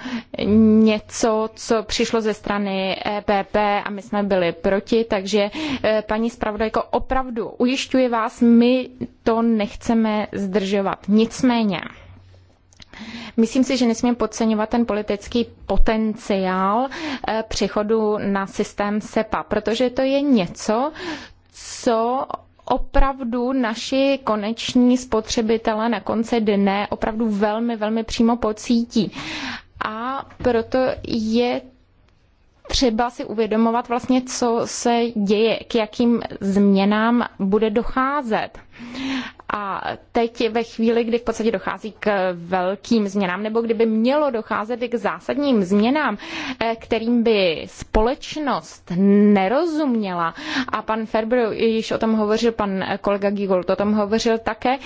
něco, co přišlo ze strany EPP a my jsme byli proti, takže eh, paní zpravodajko, opravdu ujišťuji vás, my to nechceme zdržovat. Nicméně, Myslím si, že nesmím podceňovat ten politický potenciál eh, přechodu na systém SEPA, protože to je něco, co opravdu naši koneční spotřebitelé na konci dne opravdu velmi, velmi přímo pocítí. A proto je třeba si uvědomovat vlastně, co se děje, k jakým změnám bude docházet. A teď ve chvíli, kdy v podstatě dochází k velkým změnám, nebo kdyby mělo docházet k zásadním změnám, eh, kterým by společnost nerozuměla, a pan Ferber již o tom hovořil, pan kolega Gigold o tom hovořil také,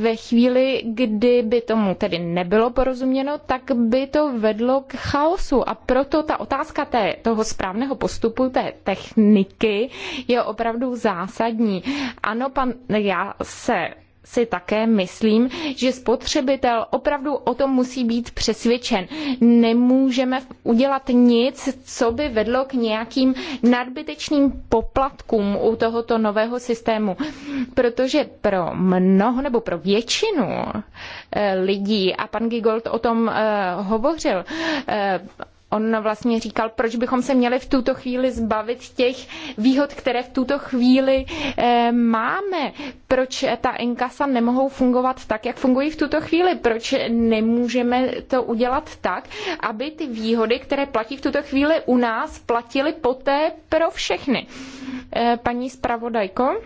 ve chvíli, kdy by tomu tedy nebylo porozuměno, tak by to vedlo k chaosu. A proto ta otázka té, toho správného postupu, té techniky, je opravdu zásadní. Ano, pan, já se si také myslím, že spotřebitel opravdu o tom musí být přesvědčen. Nemůžeme udělat nic, co by vedlo k nějakým nadbytečným poplatkům u tohoto nového systému. Protože pro mnoho nebo pro většinu eh, lidí, a pan Gigold o tom eh, hovořil, eh, on vlastně říkal, proč bychom se měli v tuto chvíli zbavit těch výhod, které v tuto chvíli eh, máme. Proč ta inkasa nemohou fungovat tak, jak fungují v tuto chvíli? Proč nemůžeme to udělat tak, aby ty výhody, které platí v tuto chvíli u nás, platily poté pro všechny? Eh, paní zpravodajko,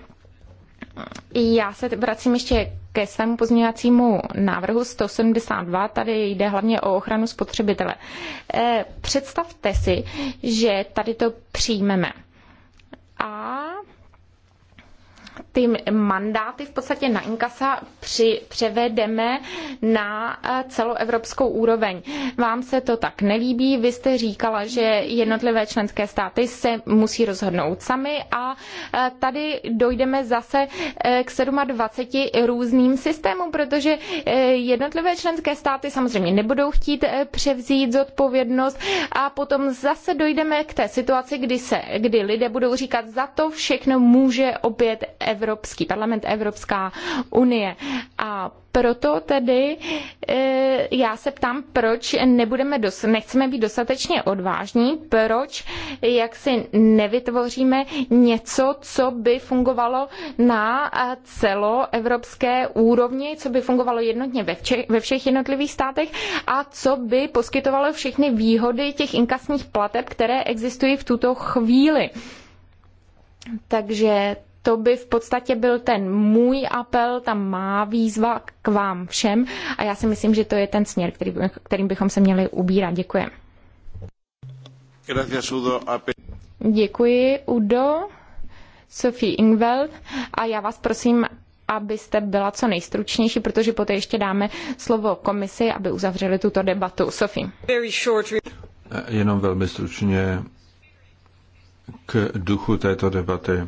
já se vracím ještě ke svému pozměňovacímu návrhu 172. Tady jde hlavně o ochranu spotřebitele. Eh, představte si, že tady to přijmeme. A ty mandáty v podstatě na inkasa při, převedeme na eh, celoevropskou úroveň. Vám se to tak nelíbí, vy jste říkala, že jednotlivé členské státy se musí rozhodnout sami a eh, tady dojdeme zase eh, k 27 různým systémům, protože jednotlivé členské státy samozřejmě nebudou chtít převzít zodpovědnost a potom zase dojdeme k té situaci, kdy, se, kdy lidé budou říkat, za to všechno může opět Evropský parlament, Evropská unie. A proto tedy e, já se ptám, proč nebudeme dos- nechceme být dostatečně odvážní, proč jak si nevytvoříme něco, co by fungovalo na celoevropské úrovni, co by fungovalo jednotně ve, vče- ve všech jednotlivých státech a co by poskytovalo všechny výhody těch inkasních plateb, které existují v tuto chvíli. Takže to by v podstatě byl ten můj apel, ta má výzva k vám všem a já si myslím, že to je ten směr, který, kterým bychom se měli ubírat. Děkuji. Děkuji, Udo, Sophie Ingveld a já vás prosím, abyste byla co nejstručnější, protože poté ještě dáme slovo komisi, aby uzavřeli tuto debatu. Sophie. Jenom velmi stručně k duchu této debaty.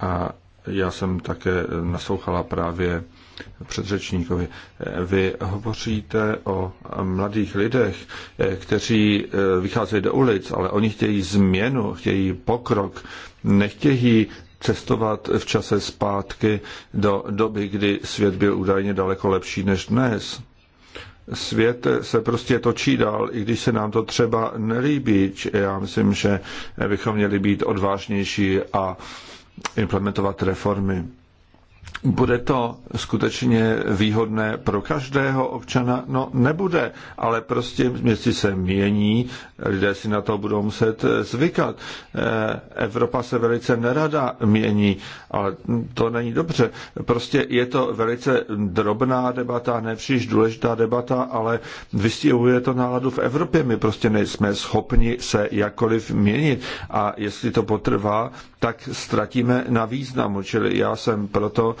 A já jsem také naslouchala právě předřečníkovi. Vy hovoříte o mladých lidech, kteří eh, vycházejí do ulic, ale oni chtějí změnu, chtějí pokrok, nechtějí cestovat v čase zpátky do doby, kdy svět byl údajně daleko lepší než dnes. Svět se prostě točí dál, i když se nám to třeba nelíbí. Já myslím, že bychom měli být odvážnější a implementovat reformy. Bude to skutečně výhodné pro každého občana? No nebude, ale prostě městy se mění, lidé si na to budou muset eh, zvykat. Eh, Evropa se velice nerada mění, ale to není dobře. Prostě je to velice drobná debata, nepříliš důležitá debata, ale vystihuje to náladu v Evropě. My prostě nejsme schopni se jakkoliv měnit a jestli to potrvá, tak ztratíme na významu. Čili já jsem proto,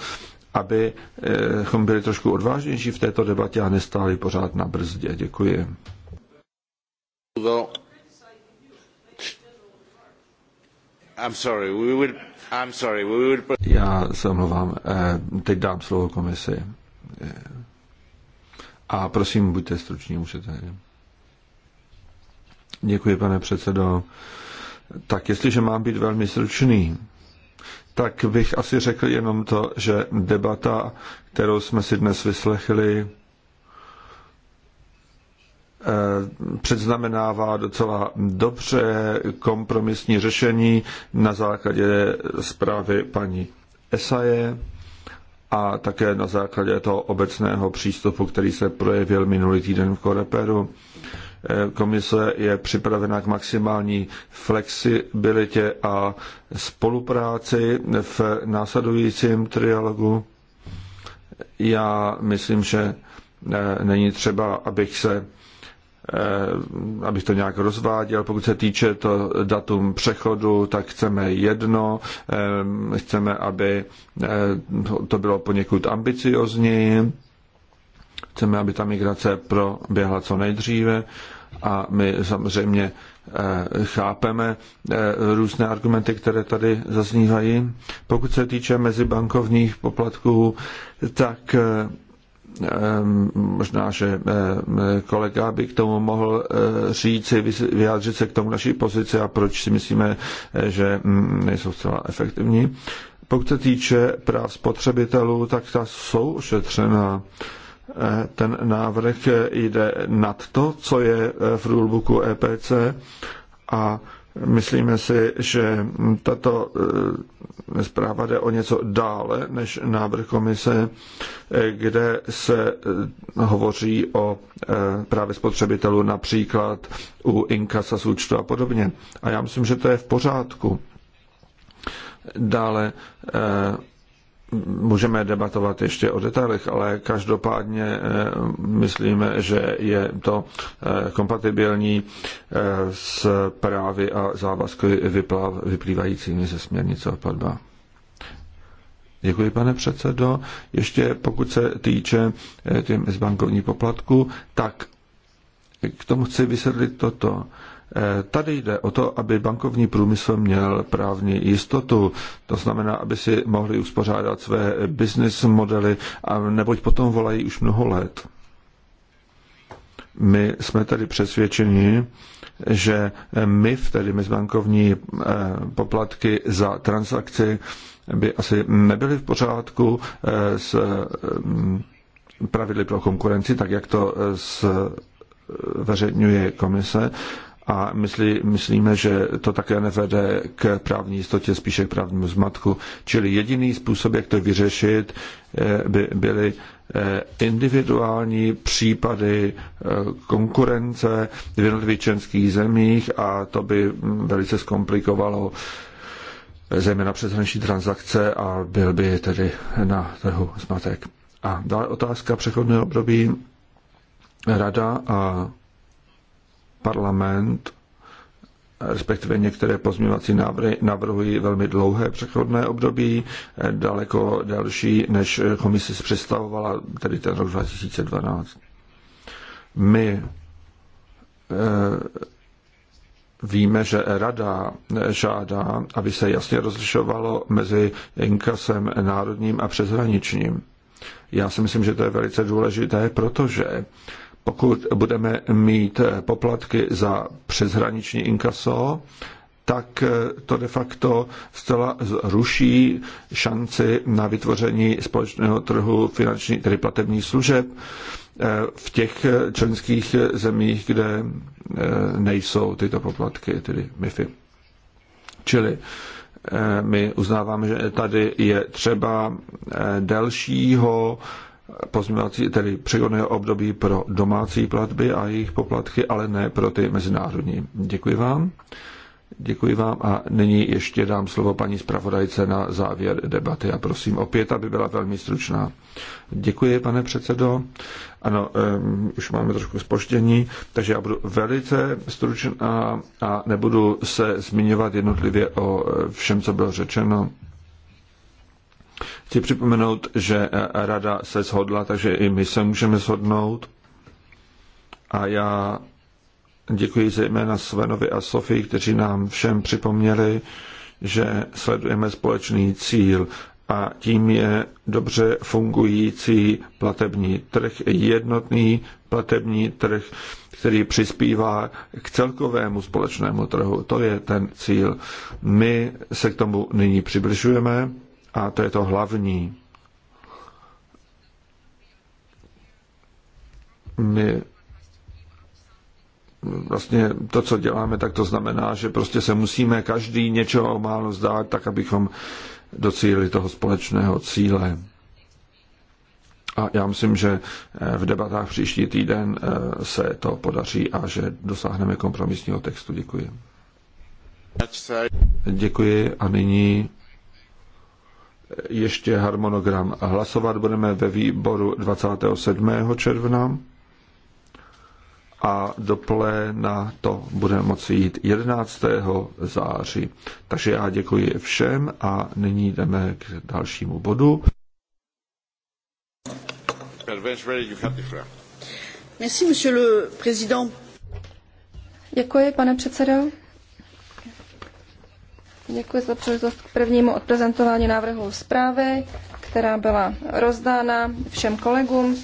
abychom byli trošku odvážnější v této debatě a nestáli pořád na brzdě. Děkuji. Já se omlouvám, eh, teď dám slovo komisi. Eh, a prosím, buďte struční, můžete. Děkuji, pane předsedo. Tak jestliže mám být velmi stručný, tak bych asi řekl jenom to, že debata, kterou jsme si dnes vyslechli, eh, předznamenává docela dobře kompromisní řešení na základě zprávy paní Esaje a také na základě toho obecného přístupu, který se projevil minulý týden v Koreperu. Eh, komise je připravena k maximální flexibilitě a spolupráci v následujícím trialogu. Já myslím, že eh, není třeba, abych se eh, abych to nějak rozváděl. Pokud se týče to datum přechodu, tak chceme jedno, chceme, aby to bylo poněkud ambiciozněji Chceme, aby ta migrace proběhla co nejdříve a my samozřejmě eh, chápeme eh, různé argumenty, které tady zaznívají. Pokud se týče mezibankovních poplatků, tak eh, možná, že kolega by k tomu mohl říci, vyjádřit se k tomu naší pozici a proč si myslíme, že mm, nejsou zcela efektivní. Pokud se týče práv spotřebitelů, tak ta jsou ošetřená. Eh, ten návrh eh, jde nad to, co je eh, v rulebooku EPC a myslíme si, že tato zpráva jde o něco dále než návrh komise, kde se hovoří o právě spotřebitelů například u inkasa součtu a podobně. A já myslím, že to je v pořádku. Dále Můžeme debatovat ještě o detailech, ale každopádně eh, myslíme, že je to eh, kompatibilní eh, s právy a závazky vyplývajícími ze směrnice o platbách. Děkuji, pane předsedo. Ještě pokud se týče tím z bankovní poplatku, tak k tomu chci vysvětlit toto. Eh, tady jde o to, aby bankovní průmysl měl právní jistotu, to znamená, aby si mohli uspořádat své business modely, a neboť potom volají už mnoho let. My jsme tady přesvědčeni, že MIF, tedy mezbankovní eh, poplatky za transakci, by asi nebyly v pořádku eh, s mm, pravidly pro konkurenci, tak jak to zveřejňuje komise a myslí, myslíme, že to také nevede k právní jistotě, spíše k právnímu zmatku. Čili jediný způsob, jak to vyřešit, eh, by byly eh, individuální případy eh, konkurence v jednotlivých členských zemích a to by hm, velice zkomplikovalo zejména přeshraniční transakce a byl by tedy na trhu zmatek. A dále otázka přechodného období Rada a parlament, respektive některé pozměňovací návrhy navrhují velmi dlouhé přechodné období, eh, daleko delší, než komise si představovala, tedy ten rok 2012. My eh, víme, že rada eh, žádá, aby se jasně rozlišovalo mezi inkasem národním a přeshraničním. Já si myslím, že to je velice důležité, protože pokud budeme mít eh, poplatky za přeshraniční inkaso, tak eh, to de facto zcela zruší šanci na vytvoření společného trhu finanční, tedy platební služeb eh, v těch členských zemích, kde nejsou tyto poplatky, tedy MIFI. Čili my uznáváme, že tady je třeba delšího pozměňovací, tedy přechodného období pro domácí platby a jejich poplatky, ale ne pro ty mezinárodní. Děkuji vám. Děkuji vám a nyní ještě dám slovo paní zpravodajce na závěr debaty a prosím opět, aby byla velmi stručná. Děkuji, pane předsedo. Ano, um, už máme trošku spoždění, takže já budu velice stručná a nebudu se zmiňovat jednotlivě o eh, všem, co bylo řečeno. Chci připomenout, že eh, rada se shodla, takže i my se můžeme shodnout. A já děkuji zejména Svenovi a Sofii, kteří nám všem připomněli, že sledujeme společný cíl a tím je dobře fungující platební trh, jednotný platební trh, který přispívá k celkovému společnému trhu. To je ten cíl. My se k tomu nyní přibližujeme a to je to hlavní. My vlastně to, co děláme, tak to znamená, že prostě se musíme každý něčeho málo zdát, tak abychom docílili toho společného cíle. A já myslím, že eh, v debatách příští týden eh, se to podaří a že dosáhneme kompromisního textu. Děkuji. Děkuji a nyní ještě harmonogram hlasovat. Budeme ve výboru 27. června a do pléna to bude moci jít 11. září. Takže já děkuji všem a nyní jdeme k dalšímu bodu. Děkuji, pane předsedo. Děkuji za příležitost k prvnímu odprezentování návrhu zprávy, která byla rozdána všem kolegům.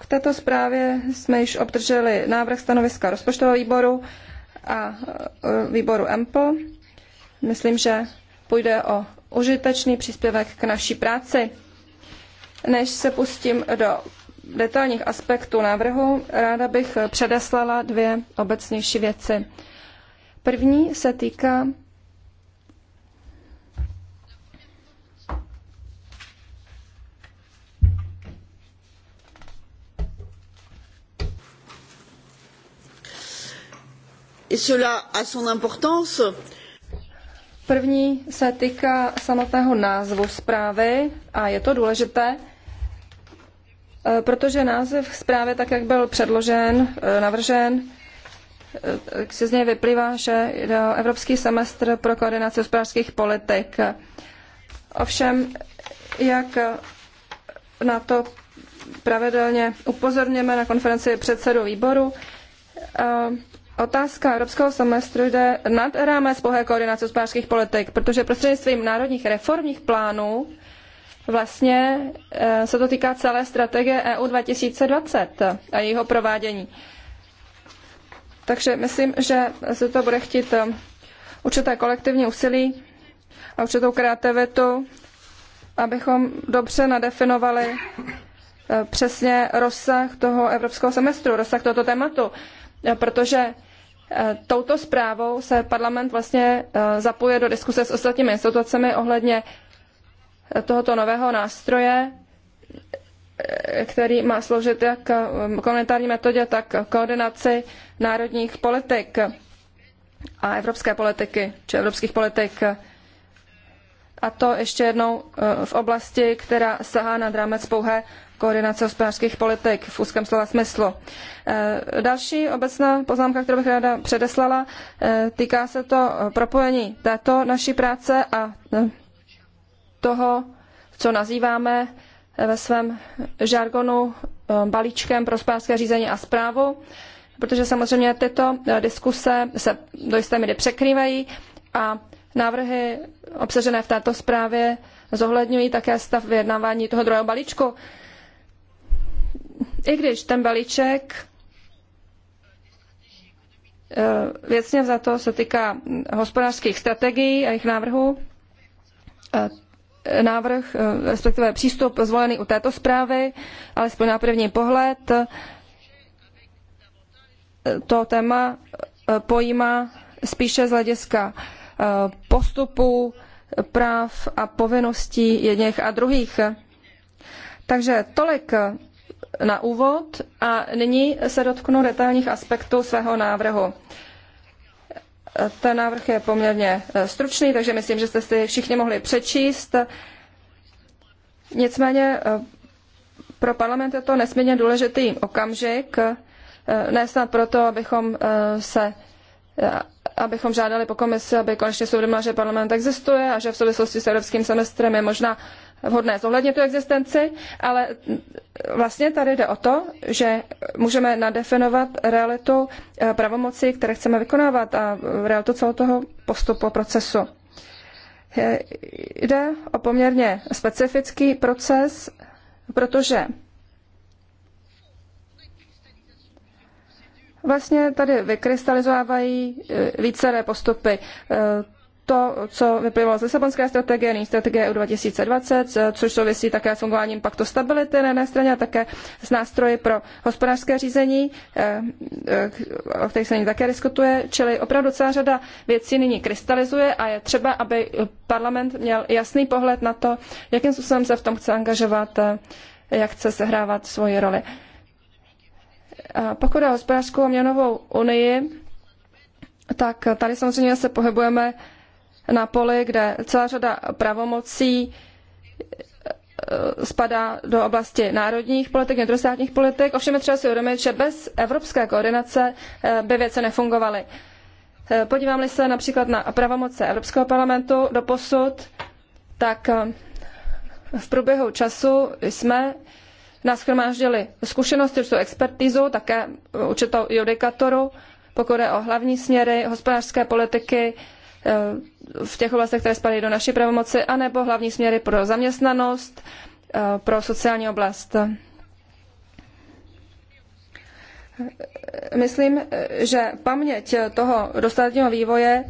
K této zprávě jsme již obdrželi návrh stanoviska rozpočtového výboru a e, výboru EMPL. Myslím, že půjde o užitečný příspěvek k naší práci. Než se pustím do detailních aspektů návrhu, ráda bych předeslala dvě obecnější věci. První se týká et cela a son importance. První se týká samotného názvu zprávy a je to důležité, eh, protože název zprávy, tak jak byl předložen, eh, navržen, Eh, se z něj vyplývá, že jde o Evropský semestr pro koordinaci hospodářských politik. Ovšem, jak na to pravidelně upozorněme na konferenci předsedů výboru, eh, Otázka evropského semestru jde nad rámec pouhé koordinace hospodářských politik, protože prostřednictvím národních reformních plánů vlastně eh, se to týká celé strategie EU 2020 a jejího provádění. Takže myslím, že se to bude chtít eh, určité kolektivní úsilí a určitou kreativitu, abychom dobře nadefinovali eh, přesně rozsah toho evropského semestru, rozsah tohoto tématu, eh, protože touto zprávou se parlament vlastně zapuje do diskuse s ostatními institucemi ohledně tohoto nového nástroje, který má sloužit jak komunitární metodě, tak koordinaci národních politik a evropské politiky, či evropských politik. A to ještě jednou eh, v oblasti, která sahá nad rámec pouhé koordinace hospodářských politik v úzkém slova smyslu. Eh, další obecná poznámka, kterou bych ráda předeslala, eh, týká se to propojení této naší práce a toho, co nazýváme ve svém žargonu eh, balíčkem pro hospodářské řízení a zprávu, protože samozřejmě tyto eh, diskuse se do jisté míry překrývají a návrhy obsažené v této zprávě zohledňují také stav vyjednávání toho druhého balíčku. I když ten balíček eh, věcně za to se týká hospodářských strategií a jejich návrhů, návrh, eh, respektive přístup zvolený u této zprávy, alespoň na první pohled, eh, to téma eh, pojímá spíše z hlediska postupů, práv a povinností jedněch a druhých. Takže tolik na úvod a nyní se dotknu detailních aspektů svého návrhu. Ten návrh je poměrně eh, stručný, takže myslím, že jste si všichni mohli přečíst. Nicméně eh, pro parlament je to nesmírně důležitý okamžik, eh, ne snad proto, abychom se abychom žádali po komisi, aby konečně souvědomila, že parlament existuje a že v souvislosti s evropským semestrem je možná vhodné zohlednit tu existenci, ale vlastně tady jde o to, že můžeme nadefinovat realitu eh, pravomoci, které chceme vykonávat a realitu celého toho postupu procesu. Eh, jde o poměrně specifický proces, protože vlastně tady vykrystalizovávají eh, více postupy to, co vyplývalo z Lisabonské strategie, nyní strategie EU 2020, eh, což souvisí také s fungováním paktu stability na jedné straně a také s nástroji pro hospodářské řízení, eh, eh, o kterých se nyní také diskutuje, čili opravdu celá řada věcí nyní krystalizuje a je třeba, aby parlament měl jasný pohled na to, jakým způsobem se v tom chce angažovat, jak chce sehrávat svoji roli. Pokud je hospodářskou a měnovou unii, tak tady samozřejmě se pohybujeme na poli, kde celá řada pravomocí eh, spadá do oblasti národních politik, vnitrostátních politik. Ovšem je třeba si uvědomit, že bez evropské koordinace eh, by věci nefungovaly. Eh, Podívám-li se například na pravomoce Evropského parlamentu do posud, tak v průběhu času jsme nashromáždili zkušenosti, určitou expertizu, také určitou judikaturu, pokud je o hlavní směry hospodářské politiky, Eh, v těch oblastech, které spadají do naší pravomoci, anebo hlavní směry pro zaměstnanost, eh, pro sociální oblast. Myslím, že paměť toho dostatního vývoje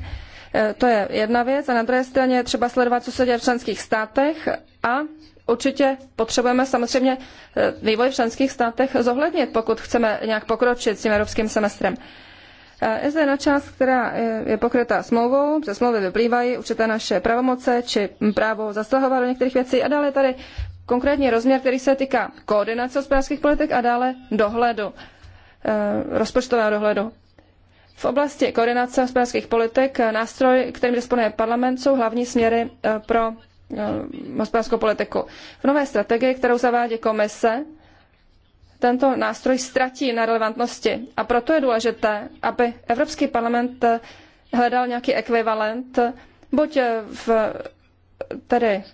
eh, to je jedna věc a na druhé straně je třeba sledovat, co se děje v členských státech a určitě potřebujeme samozřejmě vývoj v členských státech zohlednit, pokud chceme nějak pokročit s tím evropským semestrem. Eh, je zde na část, která eh, je pokrytá smlouvou, ze smlouvy vyplývají určité naše pravomoce či právo zasahovat do některých věcí a dále tady konkrétní rozměr, který se týká koordinace hospodářských politik a dále dohledu, eh, rozpočtového dohledu. V oblasti koordinace hospodářských politik nástroj, kterým disponuje parlament, jsou hlavní směry pro hospodářskou politiku. V nové strategii, kterou zavádí komise, tento nástroj ztratí na relevantnosti. A proto je důležité, aby Evropský parlament eh, hledal nějaký ekvivalent, eh, buď eh, v, tedy,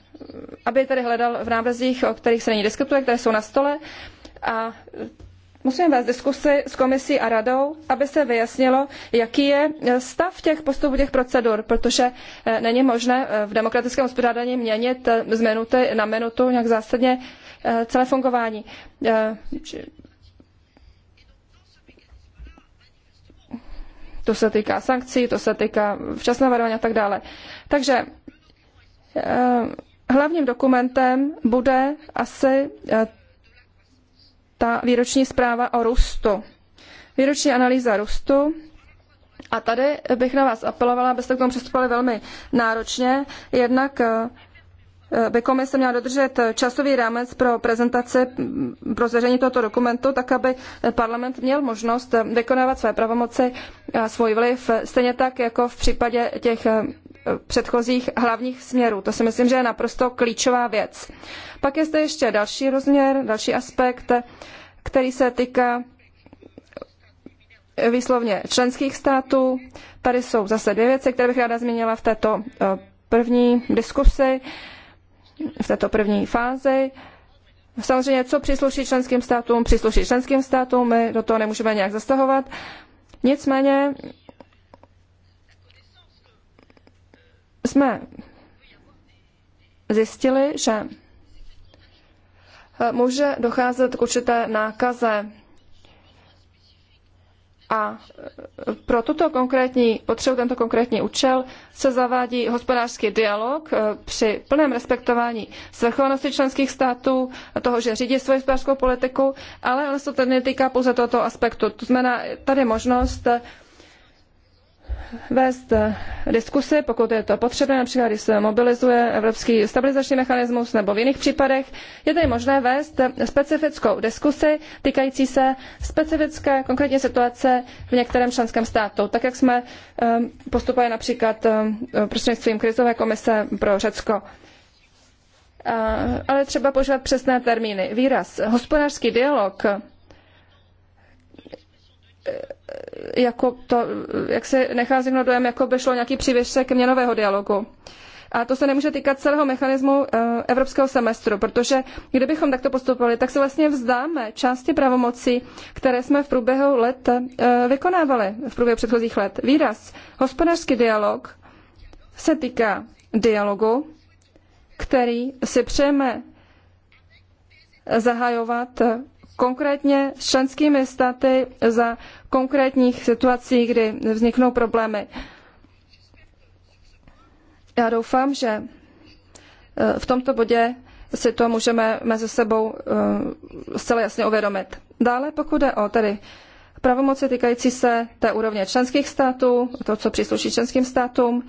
aby tedy hledal v návrzích, o kterých se nyní diskutuje, které jsou na stole, a musíme vést diskusy s komisí a radou, aby se vyjasnilo, jaký je stav těch postupů, těch procedur, protože není možné v demokratickém uspořádání měnit z minuty na minutu nějak zásadně Eh, celé fungování. Eh, to se týká sankcí, to se týká včasného varování a tak dále. Takže eh, hlavním dokumentem bude asi ta výroční zpráva o růstu. Výroční analýza růstu. A tady bych na vás apelovala, abyste k tomu přistupovali velmi náročně. Jednak by komise měla dodržet časový rámec pro prezentaci, pro zveřejnění tohoto dokumentu, tak aby parlament měl možnost vykonávat své pravomoci a svůj vliv, stejně tak jako v případě těch eh, předchozích hlavních směrů. To si myslím, že je naprosto klíčová věc. Pak je zde ještě další rozměr, další aspekt, který se týká výslovně členských států. Tady jsou zase dvě věci, které bych ráda zmínila v této eh, první diskusi v této první fázi. Samozřejmě, co přísluší členským státům, přísluší členským státům, my do toho nemůžeme nějak zasahovat. Nicméně jsme zjistili, že může docházet k určité nákaze a pro tuto konkrétní potřebu, tento konkrétní účel se zavádí hospodářský dialog eh, při plném respektování svrchovanosti členských států, toho, že řídí svoji hospodářskou politiku, ale ono se to netýká pouze tohoto aspektu. To znamená, tady možnost eh, vést eh, diskusy, pokud je to potřebné, například když se mobilizuje Evropský stabilizační mechanismus nebo v jiných případech, je tedy možné vést specifickou diskusi týkající se specifické konkrétní situace v některém členském státu, tak jak jsme eh, postupovali například eh, prostřednictvím krizové komise pro Řecko. Ale třeba používat přesné termíny. Výraz hospodářský dialog jako to, jak se nechá zimno dojem, jako by šlo nějaký přívěšek měnového dialogu. A to se nemůže týkat celého mechanismu eh, evropského semestru, protože kdybychom takto postupovali, tak se vlastně vzdáme části pravomocí, které jsme v průběhu let eh, vykonávali, v průběhu předchozích let. Výraz hospodářský dialog se týká dialogu, který si přejeme zahajovat konkrétně s členskými státy za konkrétních situací, kdy vzniknou problémy. Já doufám, že eh, v tomto bodě si to můžeme mezi sebou eh, zcela jasně uvědomit. Dále, pokud jde o tedy pravomoci týkající se té úrovně členských států, to, co přísluší členským státům,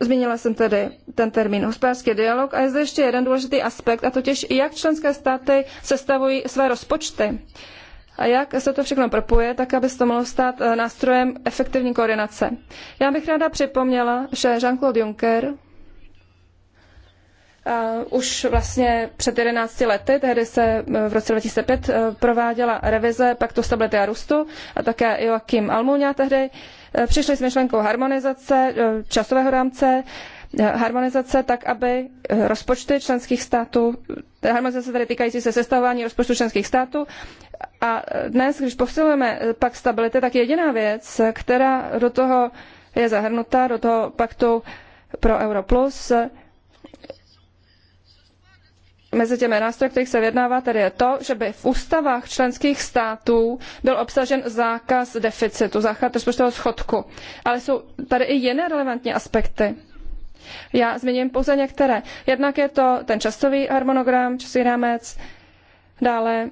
Zmínila jsem tedy ten termín hospodářský dialog a je zde ještě jeden důležitý aspekt, a totiž jak členské státy sestavují své rozpočty a jak se to všechno propoje, tak aby se to mohlo stát eh, nástrojem efektivní koordinace. Já bych ráda připomněla, že Jean-Claude Juncker eh, už vlastně před 11 lety, tehdy se eh, v roce 2005 prováděla revize Paktu stability a růstu a také Joachim Almunia tehdy Eh, přišli s myšlenkou harmonizace eh, časového rámce, eh, harmonizace tak, aby rozpočty členských států, harmonizace tedy týkající se sestavování rozpočtu členských států, a dnes, když posilujeme pak stability, tak jediná věc, která do toho je zahrnuta, do toho paktu pro Euro+, plus, mezi těmi nástroji, kterých se vyjednává, tedy je to, že by v ústavách členských států byl obsažen zákaz deficitu, zákaz rozpočtového schodku. Ale jsou tady i jiné relevantní aspekty. Já zmíním pouze některé. Jednak je to ten časový harmonogram, časový rámec, dále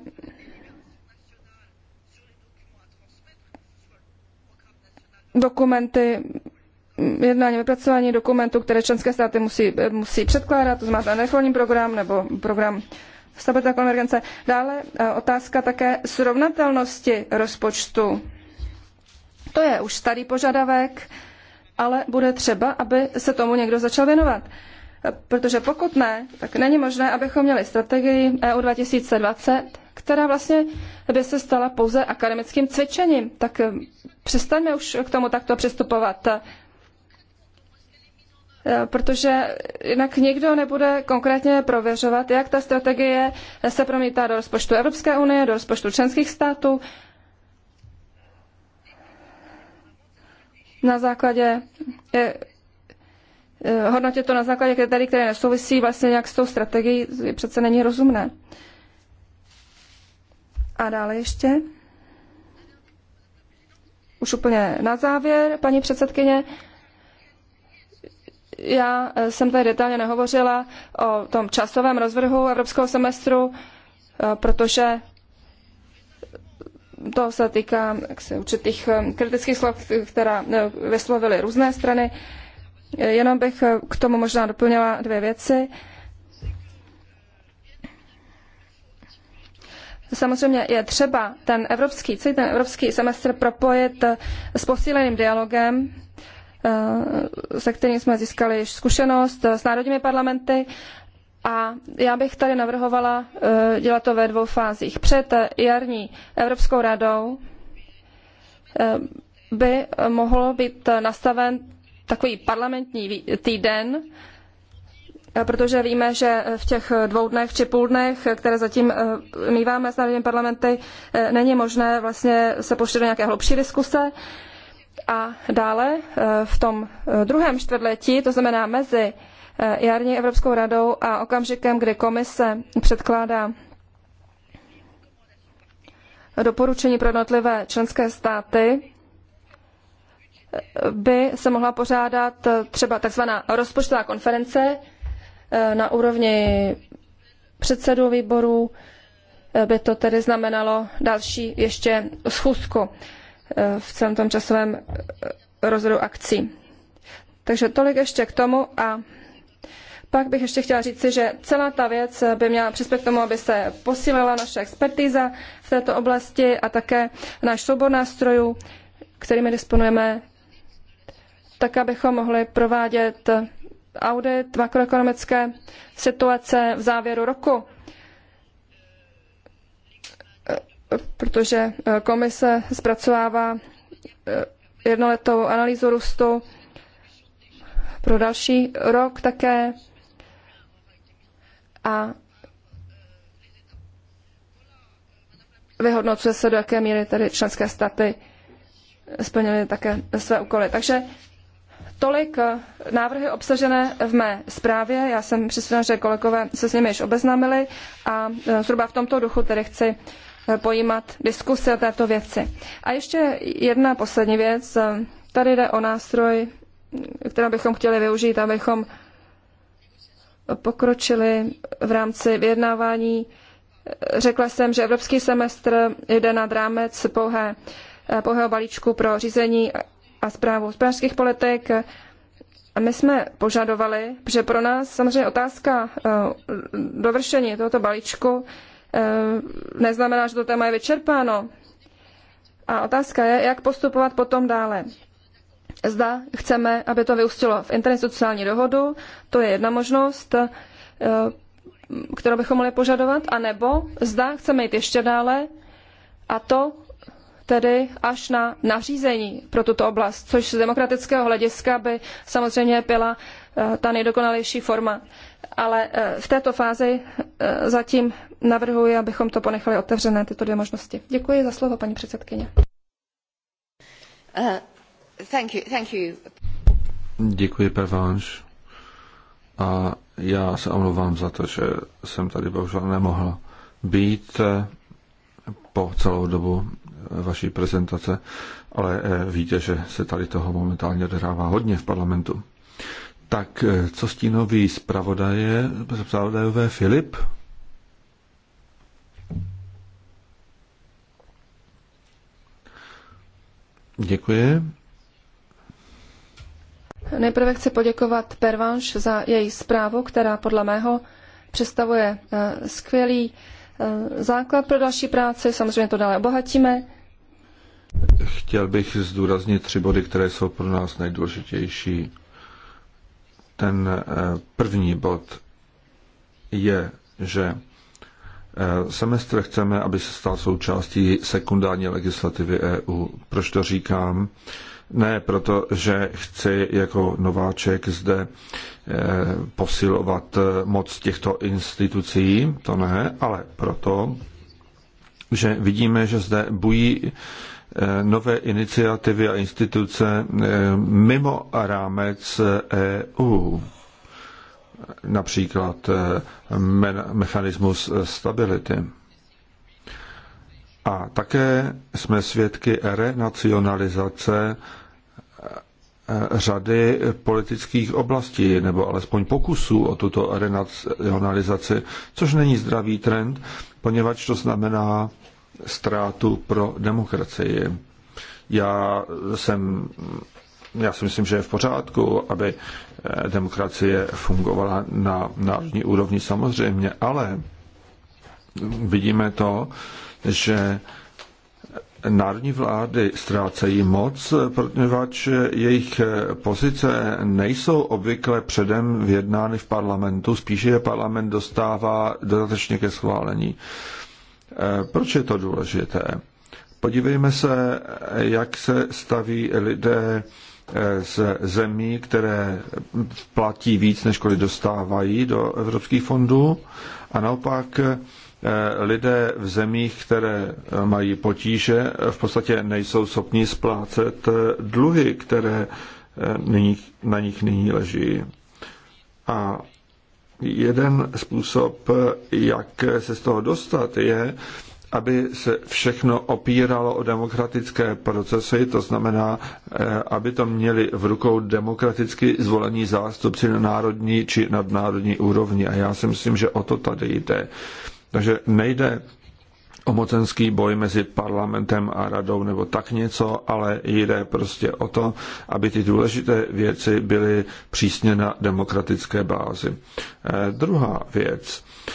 dokumenty jednání vypracování dokumentů, které členské státy musí, musí předkládat, to znamená reformní program nebo program stabilita konvergence. Dále eh, otázka také srovnatelnosti rozpočtu. To je už starý požadavek, ale bude třeba, aby se tomu někdo začal věnovat. Eh, protože pokud ne, tak není možné, abychom měli strategii EU 2020, která vlastně by se stala pouze akademickým cvičením. Tak eh, přestaňme už k tomu takto přistupovat. Eh, protože jinak nikdo nebude konkrétně prověřovat, jak ta strategie se promítá do rozpočtu Evropské unie, do rozpočtu členských států, na základě je, eh, eh, hodnotit to na základě kritérií, které nesouvisí vlastně nějak s tou strategií, přece není rozumné. A dále ještě. Už úplně na závěr, paní předsedkyně. Já eh, jsem tady detailně nehovořila o tom časovém rozvrhu evropského semestru, eh, protože to se týká jaksi, určitých eh, kritických slov, která vyslovily různé strany. Jenom bych k tomu možná doplnila dvě věci. Samozřejmě je třeba ten evropský, celý ten evropský semestr propojit s posíleným dialogem Eh, se kterým jsme získali již zkušenost eh, s národními parlamenty. A já bych tady navrhovala eh, dělat to ve dvou fázích. Před jarní Evropskou radou by mohl být nastaven takový parlamentní týden, protože víme, že v těch dvou dnech či půl dnech, které zatím míváme s národními parlamenty, není možné vlastně se pouštět do nějaké hlubší diskuse a dále eh, v tom eh, druhém čtvrtletí, to znamená mezi eh, jarní Evropskou radou a okamžikem, kdy komise předkládá doporučení pro jednotlivé členské státy, by se mohla pořádat třeba takzvaná rozpočtová konference na úrovni předsedů výborů, by to tedy znamenalo další ještě schůzku. Eh, v celém tom časovém eh, rozhodu akcí. Takže tolik ještě k tomu a pak bych ještě chtěla říci, že celá ta věc by měla přispět k tomu, aby se posílila naše expertíza v této oblasti a také náš soubor nástrojů, kterými disponujeme, tak abychom mohli provádět audit makroekonomické situace v závěru roku. protože eh, komise zpracovává eh, jednoletou analýzu růstu pro další rok také. A vyhodnocuje se, do jaké míry tady členské státy splnily také své úkoly. Takže tolik eh, návrhy obsažené v mé zprávě. Já jsem přesvědčena, že kolegové se s nimi již obeznámili a zhruba v tomto duchu tedy chci pojímat diskuse o této věci. A ještě jedna poslední věc. Tady jde o nástroj, který bychom chtěli využít, abychom pokročili v rámci vyjednávání. Řekla jsem, že evropský semestr jde nad rámec pouhé, pouhého balíčku pro řízení a zprávu hospodářských politik. My jsme požadovali, že pro nás samozřejmě otázka eh, dovršení tohoto balíčku Eh, neznamená, že to téma je vyčerpáno. A otázka je, jak postupovat potom dále. Zda chceme, aby to vyústilo v interinstitucionální dohodu, to je jedna možnost, eh, kterou bychom mohli požadovat, anebo zda chceme jít ještě dále, a to tedy až na nařízení pro tuto oblast, což z demokratického hlediska by samozřejmě byla eh, ta nejdokonalejší forma ale eh, v této fázi eh, zatím navrhuji, abychom to ponechali otevřené, tyto dvě možnosti. Děkuji za slovo, paní předsedkyně. Uh, thank you, thank you. Děkuji, Pervanš. A já se omlouvám za to, že jsem tady bohužel nemohl být eh, po celou dobu vaší prezentace, ale víte, že se tady toho momentálně odehrává hodně v parlamentu. Tak, eh, co stínový zpravodaje, zpravodajové Filip? Děkuji. Nejprve chci poděkovat Pervanš za její zprávu, která podle mého představuje eh, skvělý eh, základ pro další práci. Samozřejmě to dále obohatíme. Chtěl bych zdůraznit tři body, které jsou pro nás nejdůležitější. Ten eh, první bod je, že eh, semestr chceme, aby se stal součástí sekundární legislativy EU. Proč to říkám? Ne proto, že chci jako nováček zde eh, posilovat moc těchto institucí, to ne, ale proto, že vidíme, že zde bují Eh, nové iniciativy a instituce eh, mimo rámec EU. Eh, e Například mechanismus stability. A také jsme svědky renacionalizace řady politických oblastí, nebo alespoň pokusů o tuto renacionalizaci, což není zdravý trend, poněvadž to znamená ztrátu pro demokracii. Já jsem já si myslím, že je v pořádku, aby eh, demokracie fungovala na národní úrovni samozřejmě, ale vidíme to, že národní vlády ztrácejí moc, protože jejich eh, pozice nejsou obvykle předem vyjednány v parlamentu, spíše je parlament dostává dodatečně ke schválení. Eh, proč je to důležité? Podívejme se, jak se staví lidé eh, z zemí, které platí víc, než kolik dostávají do evropských fondů a naopak eh, lidé v zemích, které mají potíže, v podstatě nejsou schopni splácet dluhy, které nyní, na nich nyní leží. A jeden způsob, jak se z toho dostat, je, aby se všechno opíralo o demokratické procesy, to znamená, eh, aby to měli v rukou demokraticky zvolení zástupci na národní či nadnárodní úrovni. A já si myslím, že o to tady jde. Takže nejde o mocenský boj mezi parlamentem a radou nebo tak něco, ale jde prostě o to, aby ty důležité věci byly přísně na demokratické bázi. Eh, druhá věc. Eh,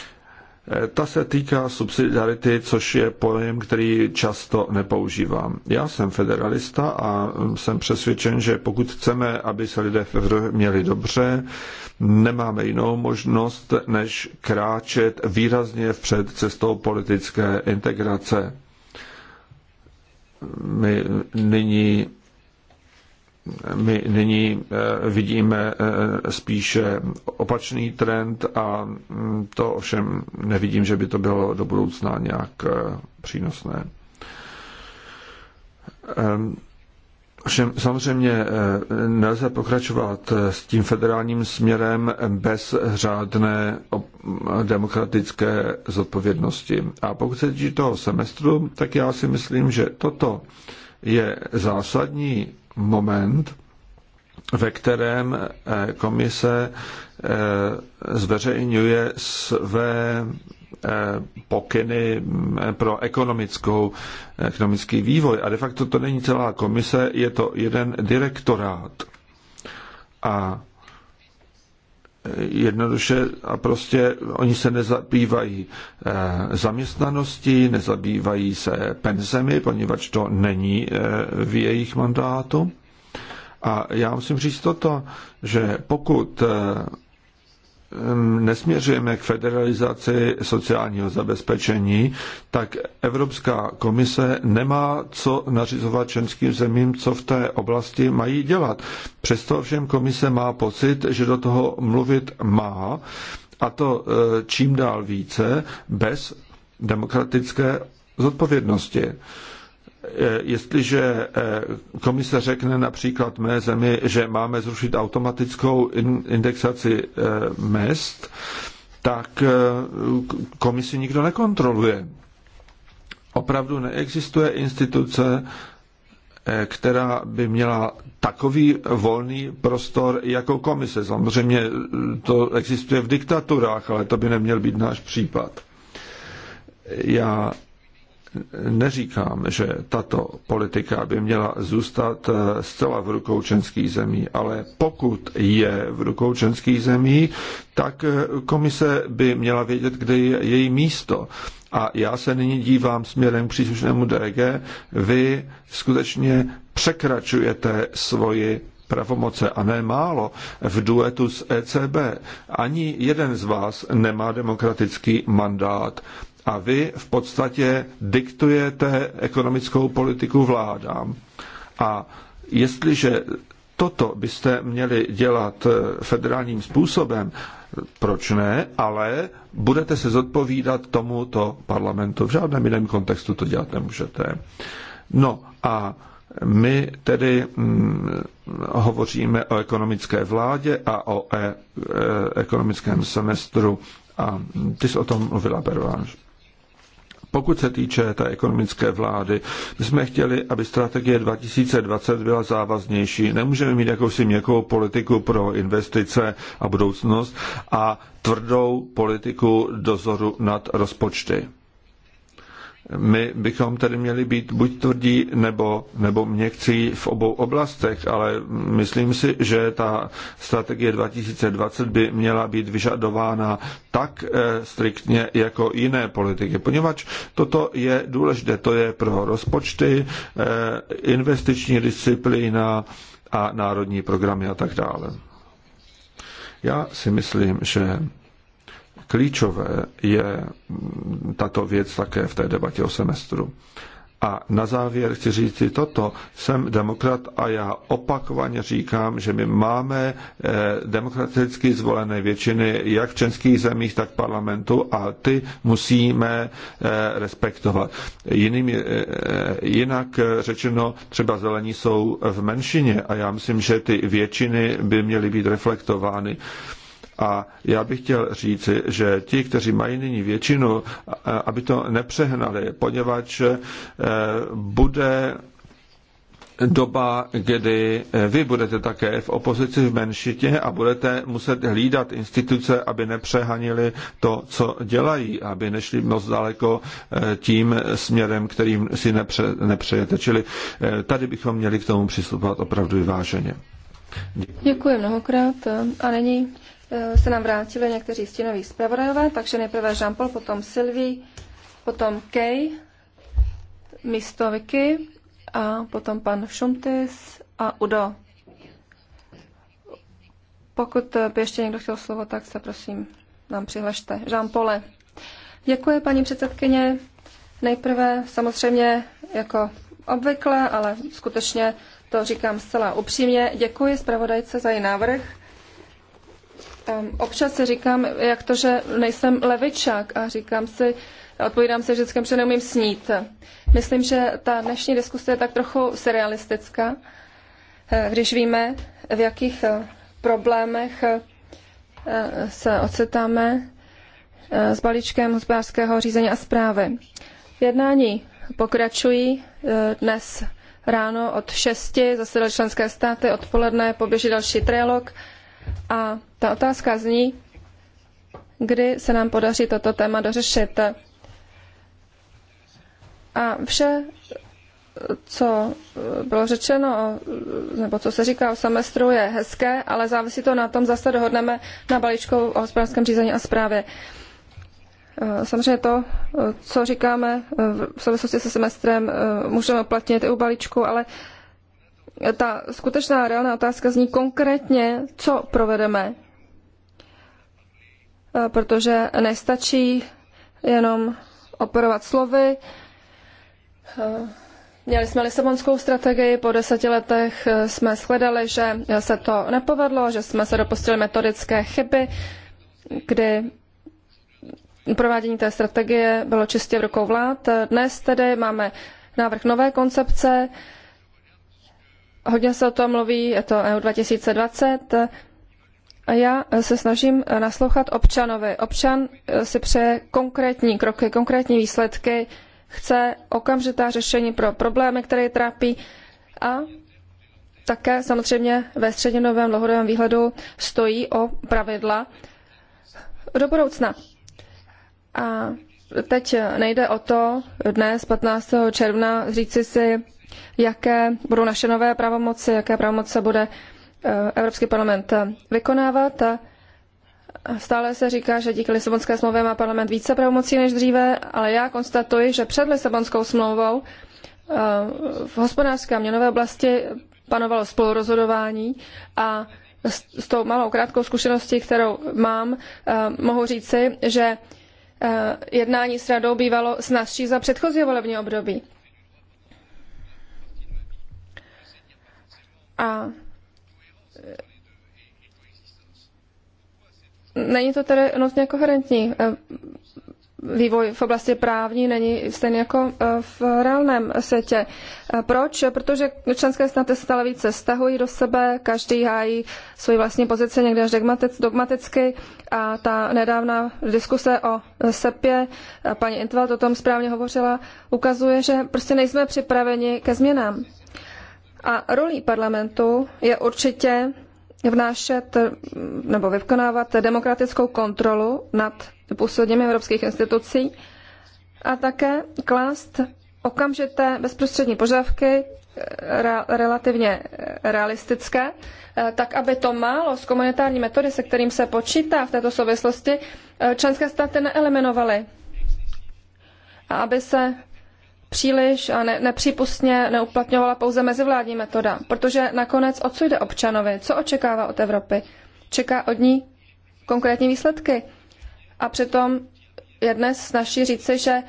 Eh, ta se týká subsidiarity, což je pojem, který často nepoužívám. Já jsem federalista a jsem přesvědčen, že pokud chceme, aby se lidé v Evropě měli dobře, nemáme jinou možnost, než kráčet výrazně vpřed cestou politické integrace. My nyní my nyní eh, vidíme eh, spíše opačný trend a mm, to ovšem nevidím, že by to bylo do budoucna nějak eh, přínosné. Ehm, Všem, samozřejmě nelze pokračovat s tím federálním směrem bez řádné demokratické zodpovědnosti. A pokud se týče toho semestru, tak já si myslím, že toto je zásadní moment, ve kterém eh, komise eh, zveřejňuje své eh, pokyny pro ekonomickou, ekonomický vývoj. A de facto to není celá komise, je to jeden direktorát. A jednoduše a prostě oni se nezabývají eh, zaměstnaností, nezabývají se penzemi, poněvadž to není eh, v jejich mandátu. A já musím říct toto, že pokud eh, Ehm, nesměřujeme k federalizaci sociálního zabezpečení, tak Evropská komise nemá co nařizovat členským zemím, co v té oblasti mají dělat. Přesto všem komise má pocit, že do toho mluvit má, a to e, čím dál více, bez demokratické zodpovědnosti. Eh, jestliže eh, komise řekne například mé zemi, že máme zrušit automatickou indexaci eh, mest, tak komisi nikdo nekontroluje. Opravdu neexistuje instituce, která by měla takový volný prostor jako komise. Samozřejmě to existuje v diktaturách, ale to by neměl být náš případ. Já Neříkám, že tato politika by měla zůstat eh, zcela v rukou členských zemí, ale pokud je v rukou členských zemí, tak eh, komise by měla vědět, kde je její místo. A já se nyní dívám směrem k příslušnému DG. Vy skutečně překračujete svoji pravomoce a ne málo v duetu s ECB. Ani jeden z vás nemá demokratický mandát a vy v podstatě diktujete ekonomickou politiku vládám. A jestliže toto byste měli dělat eh, federálním způsobem, proč ne, ale budete se zodpovídat tomuto parlamentu. V žádném jiném kontextu to dělat nemůžete. No a my tedy hm, hovoříme o ekonomické vládě a o e, e, ekonomickém semestru a ty jsi o tom mluvila, Perváš. Pokud se týče té ekonomické vlády, my jsme chtěli, aby strategie 2020 byla závaznější. Nemůžeme mít jakousi měkkou politiku pro investice a budoucnost a tvrdou politiku dozoru nad rozpočty. My bychom tedy měli být buď tvrdí nebo, nebo měkcí v obou oblastech, ale myslím si, že ta strategie 2020 by měla být vyžadována tak eh, striktně jako jiné politiky, poněvadž toto je důležité. To je pro rozpočty, eh, investiční disciplína a národní programy a tak dále. Já si myslím, že Klíčové je tato věc také v té debatě o semestru. A na závěr chci říct si toto. Jsem demokrat a já opakovaně říkám, že my máme eh, demokraticky zvolené většiny jak v českých zemích, tak v parlamentu a ty musíme eh, respektovat. Jiným, eh, jinak řečeno, třeba zelení jsou v menšině a já myslím, že ty většiny by měly být reflektovány. A já bych chtěl říci, že ti, kteří mají nyní většinu, aby to nepřehnali, poněvadž e, bude doba, kdy vy budete také v opozici v menšitě a budete muset hlídat instituce, aby nepřehanili to, co dělají, aby nešli moc daleko e, tím směrem, kterým si nepře, nepřejete. Čili e, tady bychom měli k tomu přistupovat opravdu vyváženě. Děkuji. Děkuji mnohokrát a není Eh, se nám vrátili někteří stínoví zpravodajové, takže nejprve Jean-Paul, potom Sylvie, potom Kay, místo Vicky a potom pan Šumtis a Udo. Pokud by ještě někdo chtěl slovo, tak se prosím nám přihlašte. Jean-Paul. Děkuji, paní předsedkyně. Nejprve samozřejmě jako obvykle, ale skutečně to říkám zcela upřímně. Děkuji zpravodajce za její návrh občas si říkám, jak to, že nejsem levičák a říkám si, odpovídám si vždycky, že neumím snít. Myslím, že ta dnešní diskuse je tak trochu surrealistická, eh, když víme, v jakých eh, problémech eh, se ocitáme s balíčkem hospodářského řízení a zprávy. Jednání pokračují dnes ráno od 6, zasedal členské státy, odpoledne poběží další trialog a ta otázka zní, kdy se nám podaří toto téma dořešit. A vše, co bylo řečeno, nebo co se říká o semestru, je hezké, ale závisí to na tom, zase dohodneme na balíčku o hospodářském řízení a zprávě. Samozřejmě to, co říkáme v souvislosti se semestrem, můžeme uplatnit i u balíčku, ale ta skutečná reálná otázka zní konkrétně, co provedeme Eh, protože nestačí jenom operovat slovy. Eh, měli jsme Lisabonskou strategii, po deseti letech eh, jsme shledali, že se to nepovedlo, že jsme se dopustili metodické chyby, kdy provádění té strategie bylo čistě v rukou vlád. Dnes tedy máme návrh nové koncepce, hodně se o tom mluví, je to EU 2020, já eh, se snažím eh, naslouchat občanovi. Občan eh, si přeje konkrétní kroky, konkrétní výsledky, chce okamžitá řešení pro problémy, které trápí a také samozřejmě ve střednědobém dlouhodobém výhledu stojí o pravidla do budoucna. A teď nejde o to dnes 15. června říci si, jaké budou naše nové pravomoci, jaké pravomoce bude uh, Eh, Evropský parlament vykonávat. A stále se říká, že díky Lisabonské smlouvě má parlament více pravomocí než dříve, ale já konstatuji, že před Lisabonskou smlouvou eh, v hospodářské a měnové oblasti panovalo spolurozhodování a s tou malou krátkou zkušeností, kterou mám, eh, mohu říci, že jednání s radou bývalo snazší za předchozí volební období. A Není to tedy nutně koherentní. Eh, Vývoj v oblasti právní není stejný jako eh, v reálném světě. Eh, Proč? Protože členské státy stále více stahují do sebe, každý hájí svoji vlastní pozici někde až dogmaticky a ta nedávná diskuse o SEPě, paní Intvald o tom správně hovořila, ukazuje, že prostě nejsme připraveni ke změnám. A rolí parlamentu je určitě vnášet nebo vykonávat demokratickou kontrolu nad působením evropských institucí a také klást okamžité bezprostřední požadavky eh, re, relativně eh, realistické, eh, tak aby to málo z komunitární metody, se kterým se počítá v této souvislosti, členské státy neeliminovaly. A aby se příliš a ne, nepřípustně neuplatňovala pouze mezivládní metoda, protože nakonec o co jde občanovi, co očekává od Evropy, čeká od ní konkrétní výsledky. A přitom je dnes snaží říci, že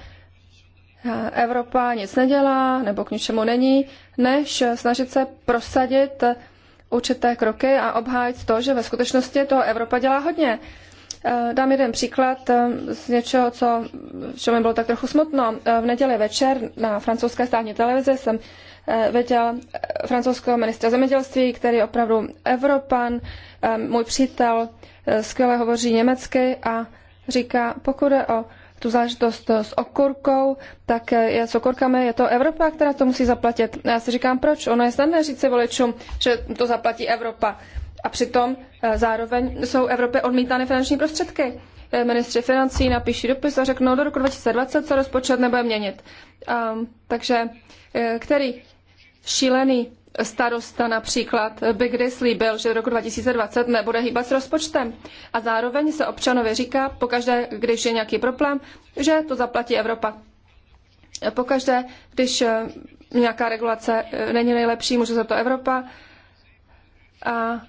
Evropa nic nedělá nebo k ničemu není, než snažit se prosadit určité kroky a obhájit to, že ve skutečnosti toho Evropa dělá hodně. Eh, dám jeden příklad eh, z něčeho, co, co mi bylo tak trochu smutno. Eh, v neděli večer na francouzské státní televizi jsem viděl francouzského ministra zemědělství, který je opravdu Evropan, můj přítel, skvěle hovoří německy a říká, pokud je o tu záležitost s okurkou, tak je s okurkami, je to Evropa, která to musí zaplatit. Já si říkám, proč? Ono je snadné říct si voličům, že to zaplatí Evropa a přitom eh, zároveň jsou Evropě odmítány finanční prostředky. Eh, ministři financí napíší dopis a řeknou, do roku 2020 se rozpočet nebude měnit. Um, takže eh, který šílený starosta například by kdy slíbil, že do roku 2020 nebude hýbat s rozpočtem. A zároveň se občanovi říká, pokaždé, když je nějaký problém, že to zaplatí Evropa. Pokaždé, když nějaká regulace není nejlepší, může za to Evropa. A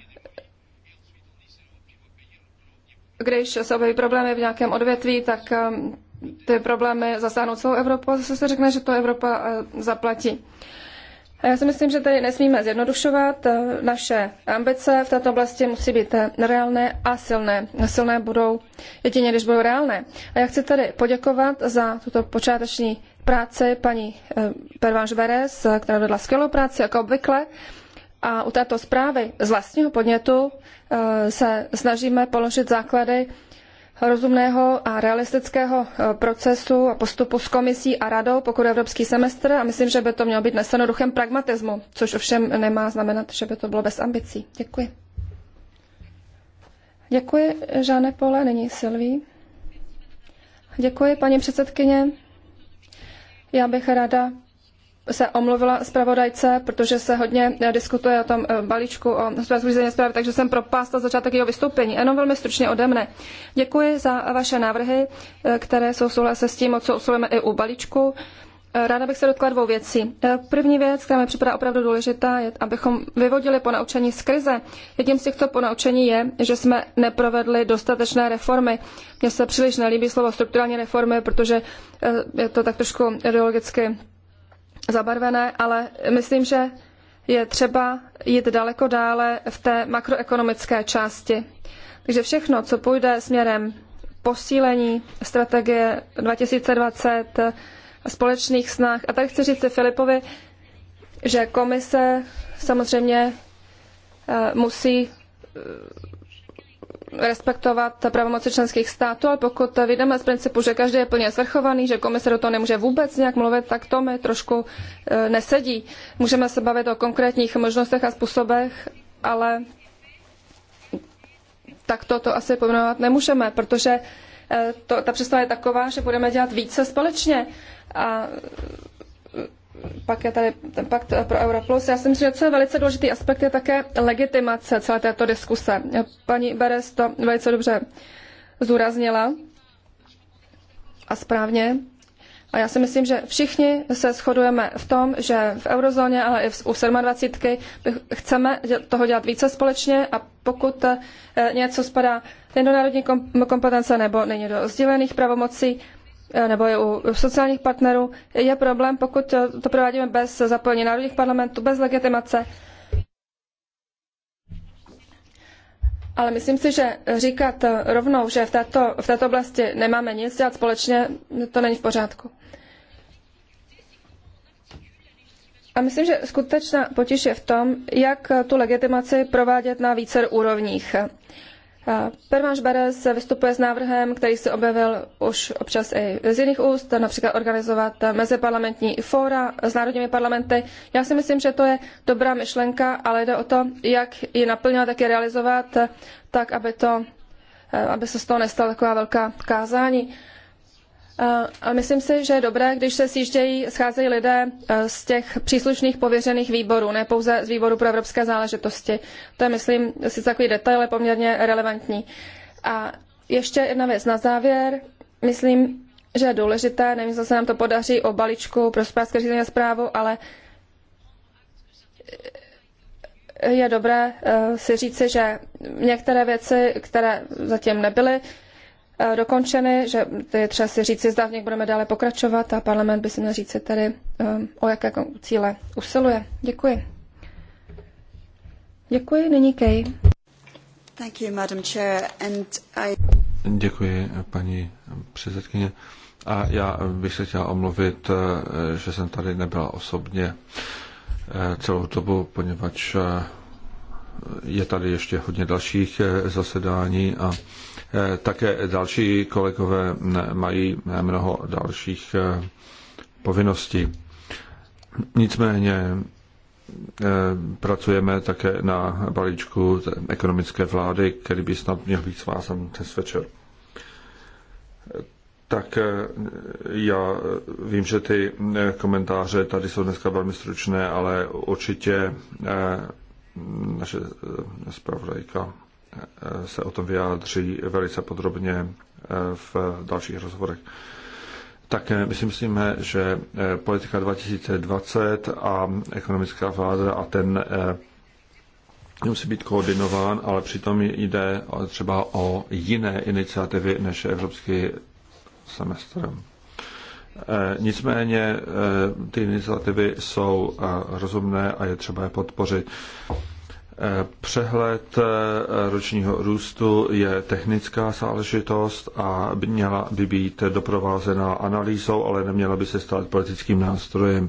když se objeví problémy v nějakém odvětví, tak um, ty problémy zasáhnou celou Evropu a zase se řekne, že to Evropa uh, zaplatí. A já si myslím, že tady nesmíme zjednodušovat. Uh, naše ambice v této oblasti musí být uh, reálné a silné. Silné budou jedině, když budou reálné. A já chci tady poděkovat za tuto počáteční práci paní Perváš Veres, která vedla skvělou práci, jako obvykle. A u této zprávy z vlastního podnětu eh, se snažíme položit základy rozumného a realistického eh, procesu a postupu s komisí a radou, pokud je evropský semestr a myslím, že by to mělo být neseno duchem pragmatismu, což ovšem nemá znamenat, že by to bylo bez ambicí. Děkuji. Děkuji, Žáne Pole, nyní Silví. Děkuji, paní předsedkyně. Já bych ráda se omluvila zpravodajce, protože se hodně eh, diskutuje o tom eh, balíčku o hospodářské řízení zprávy, takže jsem propásla začátek jeho vystoupení. Jenom velmi stručně ode mne. Děkuji za vaše návrhy, eh, které jsou souhlasné s tím, o co usilujeme i u balíčku. Ráda bych se dotkla dvou věcí. První věc, která mi připadá opravdu důležitá, je, abychom vyvodili ponaučení z krize. Jedním z těchto ponaučení je, že jsme neprovedli dostatečné reformy. Mně se příliš nelíbí slovo strukturální reformy, protože je to tak trošku ideologicky zabarvené, ale myslím, že je třeba jít daleko dále v té makroekonomické části. Takže všechno, co půjde směrem posílení strategie 2020, společných snah. A tady chci říct Filipovi, že komise samozřejmě eh, musí eh, respektovat pravomoci členských států, ale pokud vyjdeme z principu, že každý je plně svrchovaný, že komise do toho nemůže vůbec nějak mluvit, tak to mi trošku e, nesedí. Můžeme se bavit o konkrétních možnostech a způsobech, ale tak to, asi pojmenovat nemůžeme, protože e, to, ta představa je taková, že budeme dělat více společně. A pak je tady ten pakt pro Europlus. Já si myslím, že co je velice důležitý aspekt je také legitimace celé této diskuse. Paní Beres to velice dobře zúraznila a správně. A já si myslím, že všichni se shodujeme v tom, že v eurozóně, ale i u 27 chceme toho dělat více společně a pokud eh, něco spadá jen do národní kompetence nebo není do sdílených pravomocí, Eh, nebo je u sociálních partnerů, je problém, pokud eh, to provádíme bez zapojení národních parlamentů, bez legitimace. Ale myslím si, že říkat rovnou, že v této, v této oblasti nemáme nic dělat společně, to není v pořádku. A myslím, že skutečná potíž je v tom, jak tu legitimaci provádět na více úrovních. Pervanš Beres vystupuje s návrhem, který se objevil už občas i z jiných úst, například organizovat meziparlamentní fóra s národními parlamenty. Já si myslím, že to je dobrá myšlenka, ale jde o to, jak ji naplňovat, jak ji realizovat, tak aby, to, eh, aby se z toho nestala taková velká kázání. A myslím si, že je dobré, když se sjíždějí, scházejí lidé e, z těch příslušných pověřených výborů, ne pouze z výboru pro evropské záležitosti. To je, myslím, sice takový detail, ale poměrně relevantní. A ještě jedna věc na závěr. Myslím, že je důležité, nevím, zda se nám to podaří o balíčku pro hospodářské řízení a zprávu, ale je dobré e, si říci, že některé věci, které zatím nebyly Eh, dokončeny, že je třeba si říci, zda v nich budeme dále pokračovat a parlament by si měl říci tedy, eh, o jaké cíle usiluje. Děkuji. Děkuji, nyní Kej. Thank you, Madam Chair, and I... Děkuji, paní předsedkyně. A já bych se chtěla omluvit, eh, že jsem tady nebyla osobně celou dobu, poněvadž je tady ještě hodně dalších zasedání a Eh, také další kolegové mají eh, mnoho dalších eh, povinností. Nicméně pracujeme také na balíčku ekonomické vlády, který by snad měl být svázan dnes večer. Tak já vím, že ty komentáře tady jsou dneska velmi stručné, ale určitě naše zpravodajka se o tom vyjádří velice podrobně eh, v dalších rozhovorech. Tak eh, my si myslíme, že eh, politika 2020 a ekonomická fáze a ten musí být koordinován, ale přitom jde třeba o jiné iniciativy než evropský semestr. Nicméně ty iniciativy jsou rozumné a je třeba je podpořit. Přehled eh, ročního růstu je technická záležitost a měla by být doprovázená analýzou, ale neměla by se stát politickým nástrojem.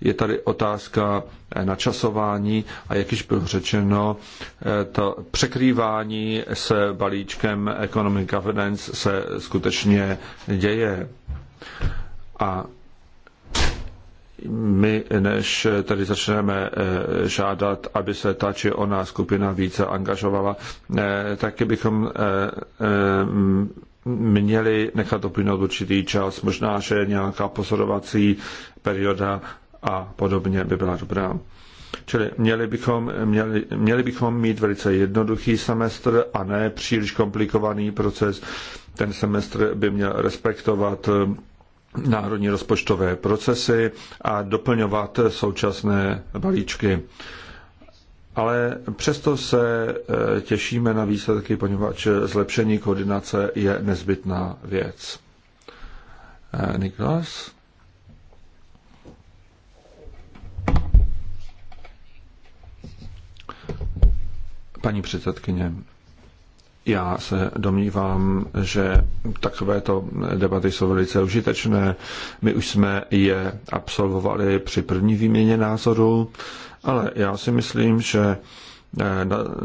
Je tady otázka eh, načasování a jak již bylo řečeno, eh, to překrývání se balíčkem Economic Governance se skutečně děje. A my, než tady začneme eh, žádat, aby se ta či ona skupina více angažovala, eh, taky bychom eh, měli nechat uplynout určitý čas, možná, že nějaká pozorovací perioda a podobně by byla dobrá. Čili měli bychom, měli, měli bychom mít velice jednoduchý semestr a ne příliš komplikovaný proces. Ten semestr by měl respektovat národní rozpočtové procesy a doplňovat současné balíčky. Ale přesto se eh, těšíme na výsledky, poněvadž zlepšení koordinace je nezbytná věc. Eh, Niklas? Paní předsedkyně, já se domnívám, že takovéto debaty jsou velice užitečné. My už jsme je absolvovali při první výměně názorů, ale já si myslím, že eh,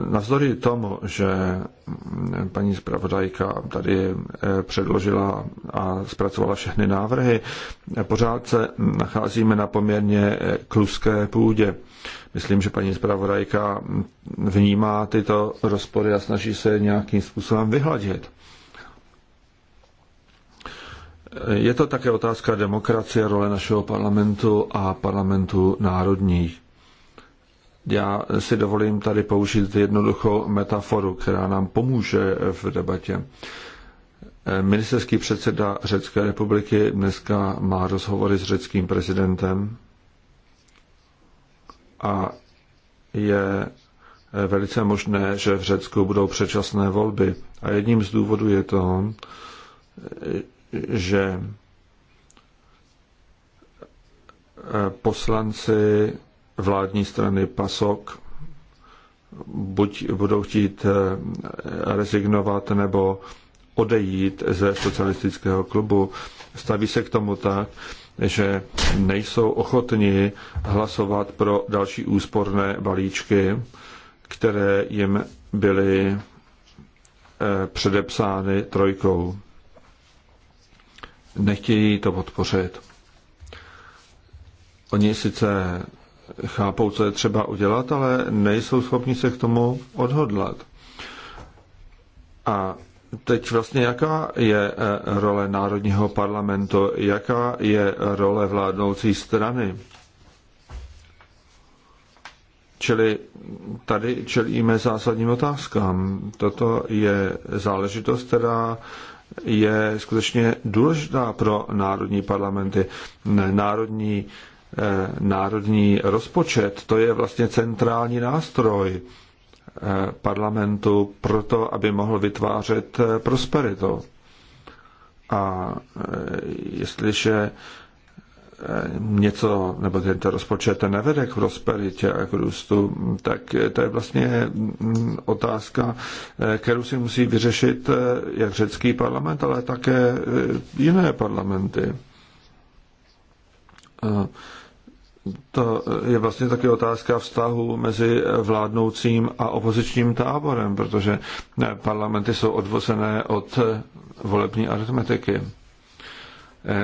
navzdory tomu, že paní zpravodajka tady eh, předložila a zpracovala všechny návrhy, eh, pořád se nacházíme na poměrně kluské půdě. Myslím, že paní zpravodajka vnímá tyto rozpory a snaží se nějakým způsobem vyhladit. Je to také otázka demokracie, role našeho parlamentu a parlamentu národních. Já si dovolím tady použít jednoduchou metaforu, která nám pomůže v debatě. Ministerský předseda Řecké republiky dneska má rozhovory s řeckým prezidentem a je velice možné, že v Řecku budou předčasné volby. A jedním z důvodů je to, že poslanci vládní strany PASOK buď budou chtít rezignovat nebo odejít ze socialistického klubu. Staví se k tomu tak, že nejsou ochotni hlasovat pro další úsporné balíčky, které jim byly eh, předepsány trojkou. Nechtějí to podpořit. Oni sice chápou, co je třeba udělat, ale nejsou schopni se k tomu odhodlat. A teď vlastně jaká je eh, role Národního parlamentu, jaká je role vládnoucí strany. Čili tady čelíme zásadním otázkám. Toto je záležitost, která je skutečně důležitá pro národní parlamenty. Národní, eh, národní rozpočet, to je vlastně centrální nástroj Eh, parlamentu proto, aby mohl vytvářet eh, prosperitu. A eh, jestliže něco, nebo tento rozpočet nevede k prosperitě a k růstu, tak to je vlastně mm, otázka, kterou si musí vyřešit jak řecký parlament, ale také jiné parlamenty. A to je vlastně taky otázka vztahu mezi vládnoucím a opozičním táborem, protože parlamenty jsou odvozené od volební aritmetiky.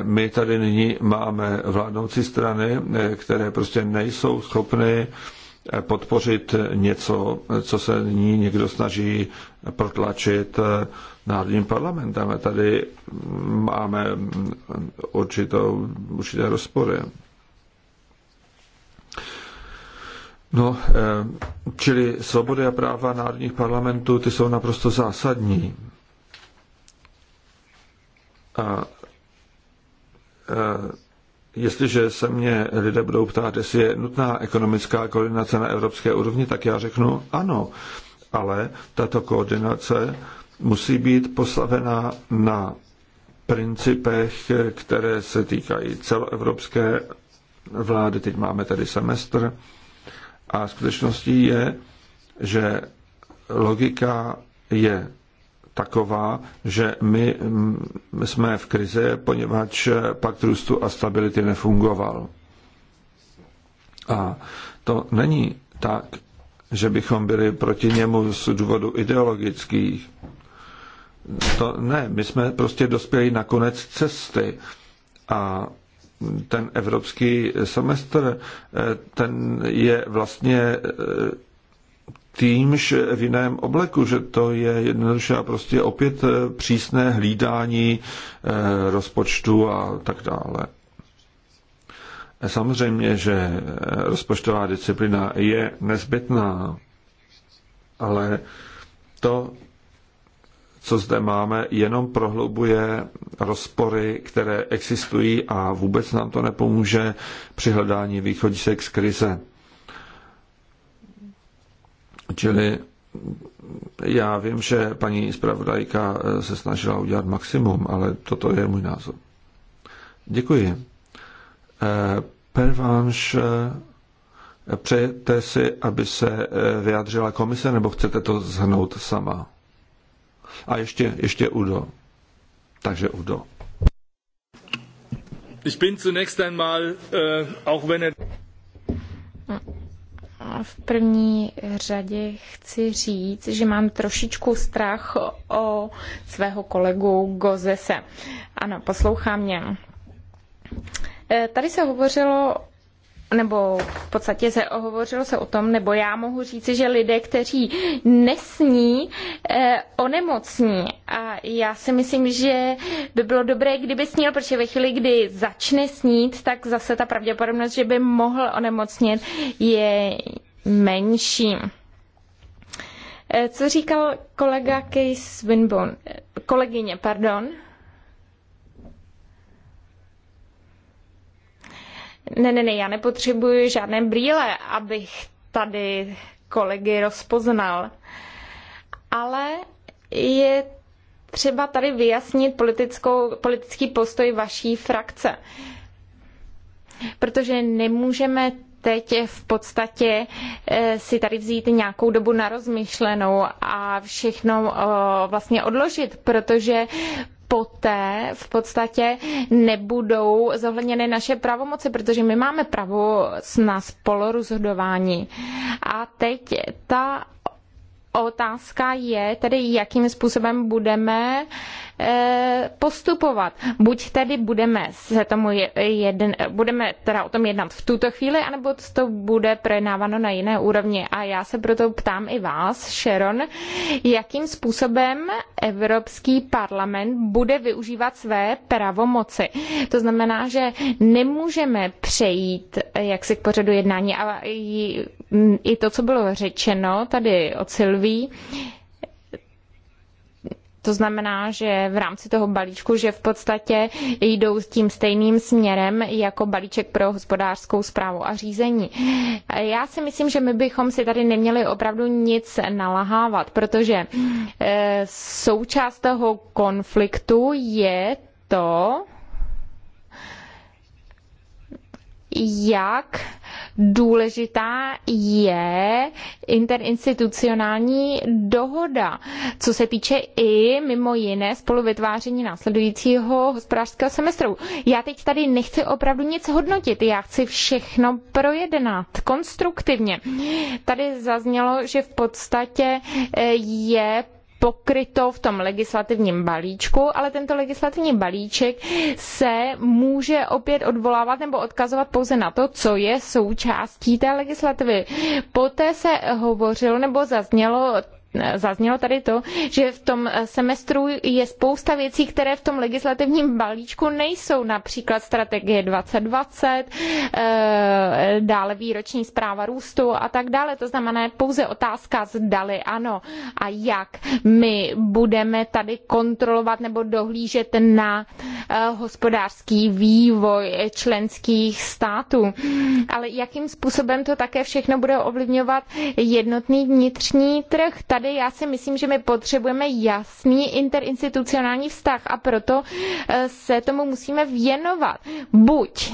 My tady nyní máme vládnoucí strany, které prostě nejsou schopny podpořit něco, co se nyní někdo snaží protlačit národním parlamentem. Tady máme určitou, určité rozpory. No, eh, čili svobody a práva národních parlamentů, ty jsou naprosto zásadní. A, a eh, jestliže se mě lidé budou ptát, jestli je nutná ekonomická koordinace na evropské úrovni, tak já řeknu ano, ale tato koordinace musí být postavená na principech, které se týkají celoevropské vlády. Teď máme tady semestr, a skutečností je, že logika je taková, že my mm, jsme v krizi, poněvadž pakt růstu a stability nefungoval. A to není tak, že bychom byli proti němu z důvodu ideologických. To ne, my jsme prostě dospěli na konec cesty a ten evropský semestr, eh, ten je vlastně eh, týmž v jiném obleku, že to je jednoduše a prostě opět eh, přísné hlídání rozpočtu a tak dále. Samozřejmě, že rozpočtová disciplina je nezbytná, ale to co zde máme, jenom prohlubuje rozpory, které existují a vůbec nám to nepomůže při hledání východisek z krize. Čili já vím, že paní zpravodajka eh, se snažila udělat maximum, ale toto je můj názor. Děkuji. Eh, Pervanš, eh, přejete si, aby se vyjádřila komise, nebo chcete to zhnout sama? A ještě, ještě Udo. Takže Udo. Ich bin zunächst einmal, uh, auch wenn er... V první řadě chci říct, že mám trošičku strach o svého kolegu Gozese. Ano, poslouchám mě. Eh, tady se hovořilo nebo v podstatě se ohovořilo se o tom, nebo já mohu říci, že lidé, kteří nesní, eh, onemocní. A já si myslím, že by bylo dobré, kdyby snil, protože ve chvíli, kdy začne snít, tak zase ta pravděpodobnost, že by mohl onemocnit, je menší. Eh, co říkal kolega Case Winbone, eh, kolegyně, pardon, Ne, ne, ne, já nepotřebuji žádné brýle, abych tady kolegy rozpoznal. Ale je třeba tady vyjasnit politickou, politický postoj vaší frakce. Protože nemůžeme teď v podstatě eh, si tady vzít nějakou dobu na rozmyšlenou a všechno eh, vlastně odložit, protože poté v podstatě nebudou zohledněny naše pravomoci, protože my máme pravo na spolorozhodování. A teď ta otázka je tedy, jakým způsobem budeme eh, postupovat. Buď tedy budeme, se tomu jeden, budeme teda o tom jednat v tuto chvíli, anebo to bude projednáváno na jiné úrovni. A já se proto ptám i vás, Sharon, jakým způsobem Evropský parlament bude využívat své pravomoci. To znamená, že nemůžeme přejít eh, jaksi k pořadu jednání a Mm, i to, co bylo řečeno tady od Silví, to znamená, že v rámci toho balíčku, že v podstatě jdou s tím stejným směrem jako balíček pro hospodářskou zprávu a řízení. Já si myslím, že my bychom si tady neměli opravdu nic nalahávat, protože eh, součást toho konfliktu je to, jak důležitá je interinstitucionální dohoda, co se týče i mimo jiné spoluvytváření následujícího hospodářského semestru. Já teď tady nechci opravdu nic hodnotit, já chci všechno projednat konstruktivně. Tady zaznělo, že v podstatě eh, je pokryto v tom legislativním balíčku, ale tento legislativní balíček se může opět odvolávat nebo odkazovat pouze na to, co je součástí té legislativy. Poté se hovořilo nebo zaznělo zaznělo tady to, že v tom semestru je spousta věcí, které v tom legislativním balíčku nejsou, například strategie 2020, eh, dále výroční zpráva růstu a tak dále. To znamená pouze otázka zdali ano a jak my budeme tady kontrolovat nebo dohlížet na eh, hospodářský vývoj členských států. Ale jakým způsobem to také všechno bude ovlivňovat jednotný vnitřní trh? tady já si myslím, že my potřebujeme jasný interinstitucionální vztah a proto eh, se tomu musíme věnovat. Buď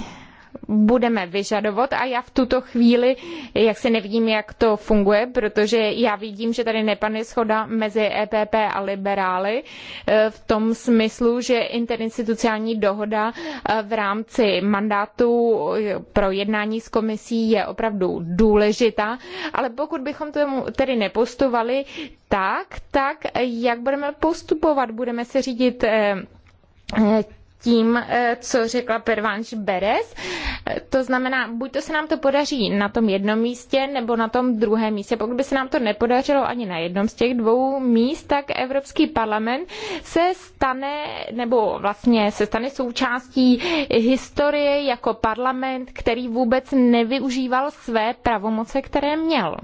budeme vyžadovat a já v tuto chvíli, jak se nevidím, jak to funguje, protože já vidím, že tady nepanuje schoda mezi EPP a liberály e, v tom smyslu, že interinstitucionální dohoda e, v rámci mandátu e, pro jednání s komisí je opravdu důležitá, ale pokud bychom tomu tedy nepostovali tak, tak jak budeme postupovat? Budeme se řídit tím, eh, co řekla Pervanš Beres. To znamená, buď to se nám to podaří na tom jednom místě nebo na tom druhém místě. Pokud by se nám to nepodařilo ani na jednom z těch dvou míst, tak Evropský parlament se stane, nebo vlastně se stane součástí historie jako parlament, který vůbec nevyužíval své pravomoce, které měl.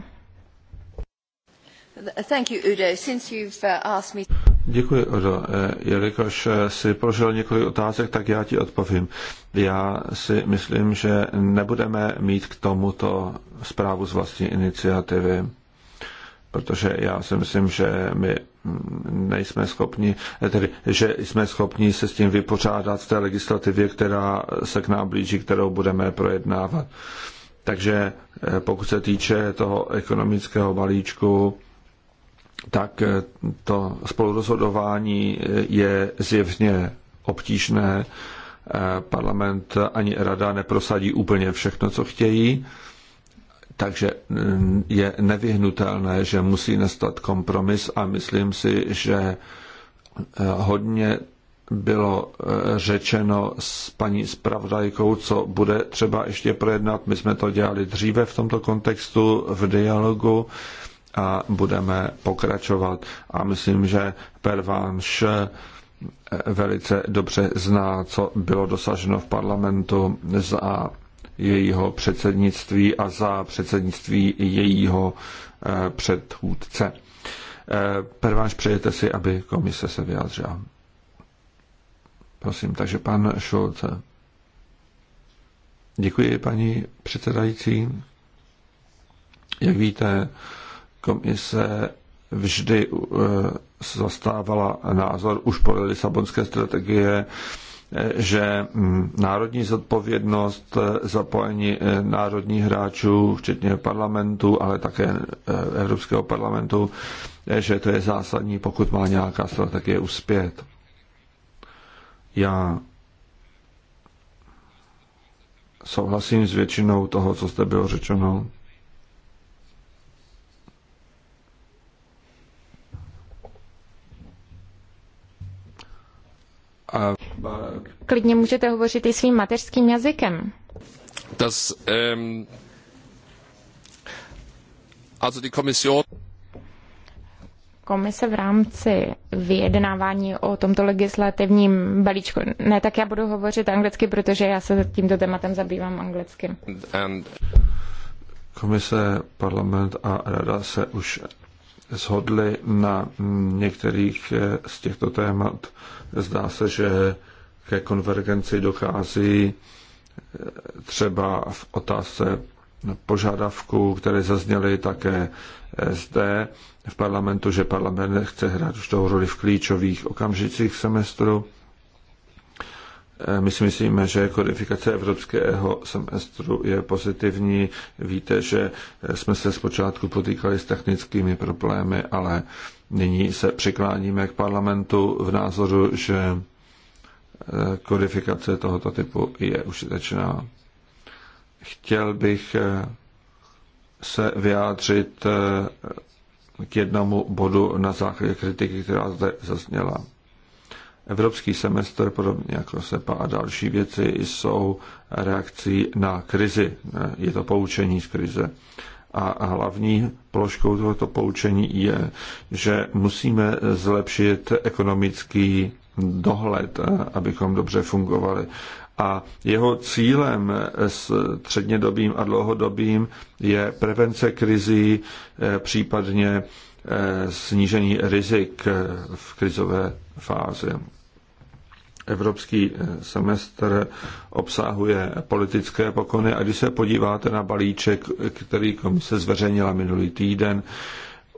Thank you, Udo. Since you've uh, asked me... Děkuji, Odo. Eh, jelikož eh, si prožil několik otázek, tak já ti odpovím. Já si myslím, že nebudeme mít k tomuto zprávu z vlastní iniciativy, protože já si myslím, že my mm, nejsme schopni, eh, tedy, že jsme schopni se s tím vypořádat v té legislativě, která se k nám blíží, kterou budeme projednávat. Takže pokud se týče toho ekonomického balíčku, tak eh, to spolurozhodování eh, je zjevně obtížné. Eh, Parlament ani rada neprosadí úplně všechno, co chtějí, takže mm, je nevyhnutelné, že musí nastat kompromis a myslím si, že hodně bylo řečeno s paní zpravodajkou, co bude třeba ještě projednat. My jsme to dělali dříve v tomto kontextu v dialogu a budeme pokračovat. A myslím, že Pervánš eh, velice dobře zná, co bylo dosaženo v parlamentu za jejího předsednictví a za předsednictví jejího eh, předchůdce. Eh, Pervánš přejete si, aby komise se vyjádřila. Prosím, takže pan Šulce. Děkuji, paní předsedající. Jak víte, Komise vždy eh, zastávala názor už po Lisabonské strategie, eh, že hm, národní zodpovědnost, eh, zapojení národních hráčů, včetně parlamentu, ale také Evropského parlamentu, že to je zásadní, pokud má nějaká strategie uspět. Já souhlasím s většinou toho, co jste bylo řečeno. Klidně můžete hovořit i svým mateřským jazykem. Das, um, also die Kommission... Komise v rámci vyjednávání o tomto legislativním balíčku. Ne, tak já budu hovořit anglicky, protože já se tímto tématem zabývám anglicky. And... Komise, parlament a rada se už shodli na některých z těchto témat. Zdá se, že ke konvergenci dochází eh, třeba v otázce požadavků, které zazněly také eh, zde v parlamentu, že parlament chce hrát už tou roli v klíčových okamžicích semestru. Eh, my si myslíme, že kodifikace evropského semestru je pozitivní. Víte, že eh, jsme se zpočátku potýkali s technickými problémy, ale nyní se přikláníme k parlamentu v názoru, že eh, kodifikace tohoto typu je užitečná. Chtěl bych se vyjádřit k jednomu bodu na základě kritiky, která zde zazněla. Evropský semestr, podobně jako SEPA a další věci, jsou reakcí na krizi. Je to poučení z krize. A hlavní položkou tohoto poučení je, že musíme zlepšit ekonomický dohled, abychom dobře fungovali. A jeho cílem s střednědobým a dlouhodobým je prevence krizí, případně eh, snížení rizik v krizové fázi evropský eh, semestr obsahuje politické pokony a když se podíváte na balíček, který komise zveřejnila minulý týden,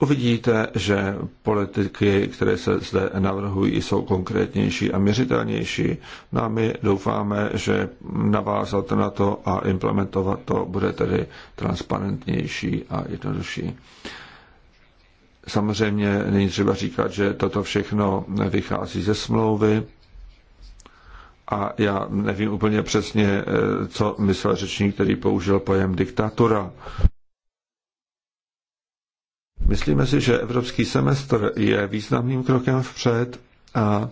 uvidíte, že politiky, které se zde navrhují, jsou konkrétnější a měřitelnější. No a my doufáme, že navázat na to a implementovat to bude tedy transparentnější a jednodušší. Samozřejmě není třeba říkat, že toto všechno vychází ze smlouvy, a já nevím úplně přesně, eh, co myslel řečník, který použil pojem diktatura. Myslíme si, že evropský semestr je významným krokem vpřed a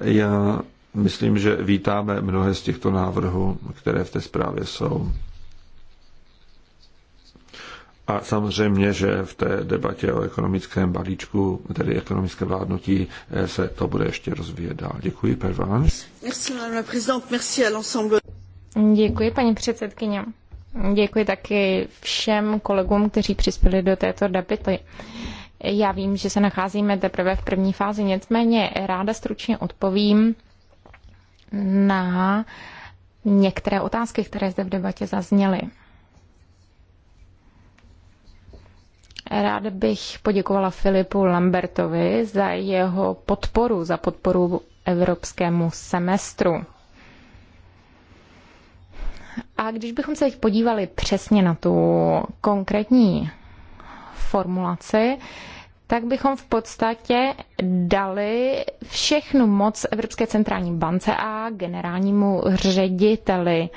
já myslím, že vítáme mnohé z těchto návrhů, které v té zprávě jsou. A samozřejmě, že v té debatě o ekonomickém balíčku, tedy ekonomické vládnutí, eh, se to bude ještě rozvíjet dál. Děkuji, Perván. Děkuji, paní předsedkyně. Děkuji taky všem kolegům, kteří přispěli do této debaty. Já vím, že se nacházíme teprve v první fázi, nicméně ráda stručně odpovím na některé otázky, které zde v debatě zazněly. Ráda bych poděkovala Filipu Lambertovi za jeho podporu, za podporu evropskému semestru. A když bychom se teď podívali přesně na tu konkrétní formulaci, tak bychom v podstatě dali všechnu moc Evropské centrální bance a generálnímu řediteli.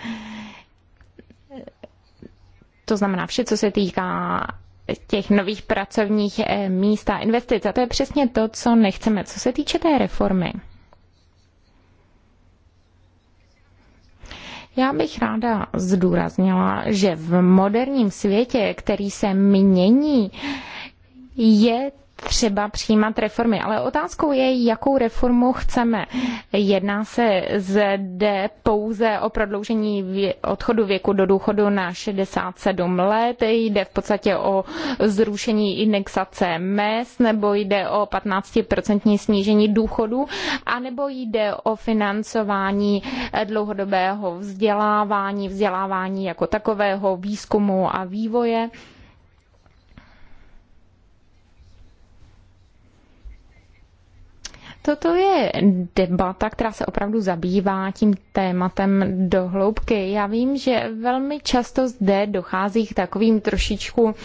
To znamená vše, co se týká těch nových pracovních eh, míst a investic. A to je přesně to, co nechceme. Co se týče té reformy, Já bych ráda zdůraznila, že v moderním světě, který se mění, je třeba přijímat reformy, ale otázkou je, jakou reformu chceme. Jedná se zde pouze o prodloužení odchodu věku do důchodu na 67 let, jde v podstatě o zrušení indexace mest, nebo jde o 15% snížení důchodu, anebo jde o financování dlouhodobého vzdělávání, vzdělávání jako takového výzkumu a vývoje. Toto je debata, která se opravdu zabývá tím tématem do hloubky. Já vím, že velmi často zde dochází k takovým trošičku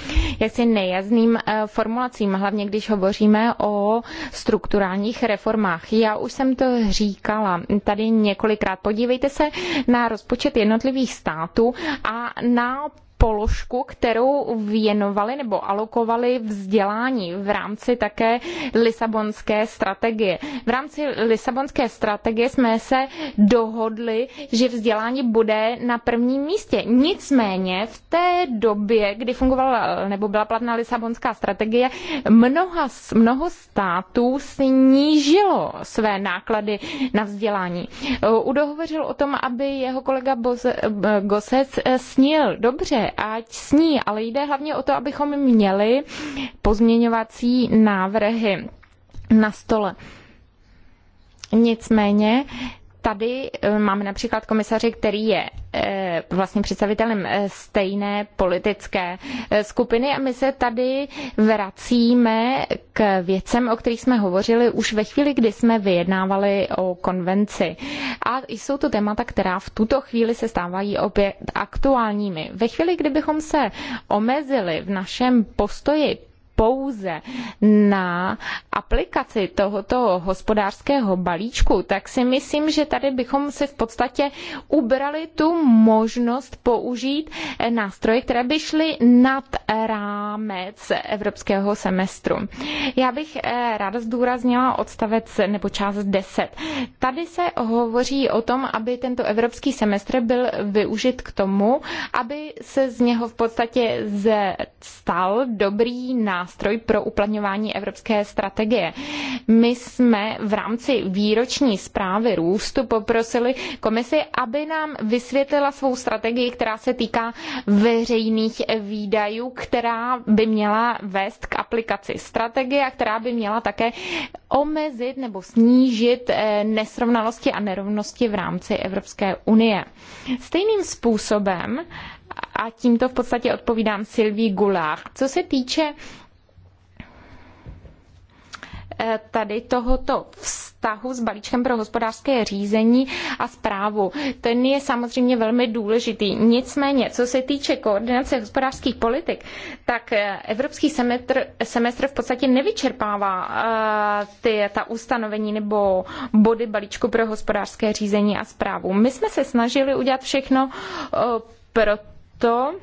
jaksi nejasným eh, formulacím, hlavně když hovoříme o strukturálních reformách. Já už jsem to říkala tady několikrát. Podívejte se na rozpočet jednotlivých států a na položku, kterou věnovali nebo alokovali vzdělání v rámci také Lisabonské strategie. V rámci Lisabonské strategie jsme se dohodli, že vzdělání bude na prvním místě. Nicméně v té době, kdy fungovala nebo byla platná Lisabonská strategie, mnoha, mnoho států snížilo své náklady na vzdělání. Udohovořil o tom, aby jeho kolega Bose, Gosec eh, snil. Dobře, ať sní, ale jde hlavně o to, abychom měli pozměňovací návrhy na stole. Nicméně tady e, máme například komisaře, který je e, vlastně představitelem e, stejné politické skupiny a my se tady vracíme k věcem, o kterých jsme hovořili už ve chvíli, kdy jsme vyjednávali o konvenci. A jsou to témata, která v tuto chvíli se stávají opět aktuálními. Ve chvíli, kdybychom se omezili v našem postoji pouze na aplikaci tohoto hospodářského balíčku, tak si myslím, že tady bychom si v podstatě ubrali tu možnost použít eh, nástroje, které by šly nad rámec evropského semestru. Já bych eh, ráda zdůraznila odstavec nebo část 10. Tady se hovoří o tom, aby tento evropský semestr byl využit k tomu, aby se z něho v podstatě stal dobrý nástroj nástroj pro uplatňování evropské strategie. My jsme v rámci výroční zprávy růstu poprosili komisi, aby nám vysvětlila svou strategii, která se týká veřejných výdajů, která by měla vést k aplikaci strategie a která by měla také omezit nebo snížit eh, nesrovnalosti a nerovnosti v rámci Evropské unie. Stejným způsobem a tímto v podstatě odpovídám Sylvie Goulart. Co se týče Eh, tady tohoto vztahu s balíčkem pro hospodářské řízení a zprávu. Ten je samozřejmě velmi důležitý. Nicméně, co se týče koordinace hospodářských politik, tak eh, evropský semestr, semestr v podstatě nevyčerpává eh, ty, ta ustanovení nebo body balíčku pro hospodářské řízení a zprávu. My jsme se snažili udělat všechno pro to,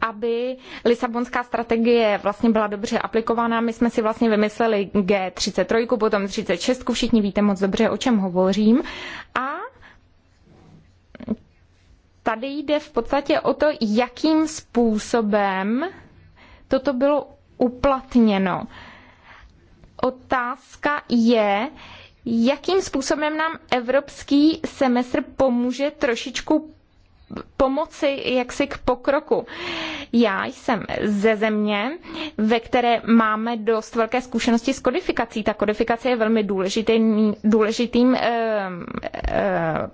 aby Lisabonská strategie vlastně byla dobře aplikována. My jsme si vlastně vymysleli G33, potom 36, všichni víte moc dobře, o čem hovořím. A tady jde v podstatě o to, jakým způsobem toto bylo uplatněno. Otázka je, jakým způsobem nám evropský semestr pomůže trošičku pomoci jaksi k pokroku. Já jsem ze země, ve které máme dost velké zkušenosti s kodifikací. Ta kodifikace je velmi důležitý, důležitým e, e,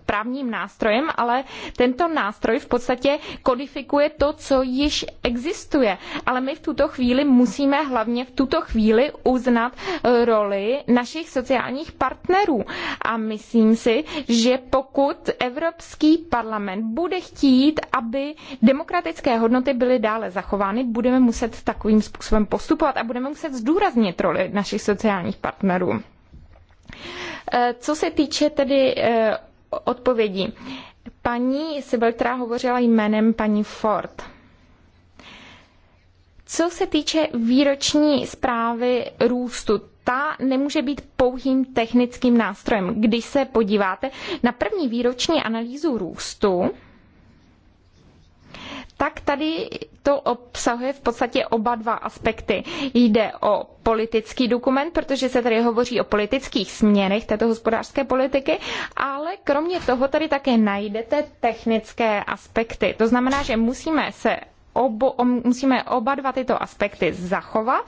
právním nástrojem, ale tento nástroj v podstatě kodifikuje to, co již existuje. Ale my v tuto chvíli musíme hlavně v tuto chvíli uznat eh, roli našich sociálních partnerů. A myslím si, že pokud Evropský parlament bude chtít, aby demokratické hodnoty byly dále zachovány, budeme muset takovým způsobem postupovat a budeme muset zdůraznit roli našich sociálních partnerů. Eh, co se týče tedy eh, odpovědí, paní Sibeltrá hovořila jménem paní Ford. Co se týče výroční zprávy růstu, ta nemůže být pouhým technickým nástrojem. Když se podíváte na první výroční analýzu růstu, tak tady to obsahuje v podstatě oba dva aspekty. Jde o politický dokument, protože se tady hovoří o politických směrech této hospodářské politiky, ale kromě toho tady také najdete technické aspekty. To znamená, že musíme se obo, musíme oba dva tyto aspekty zachovat.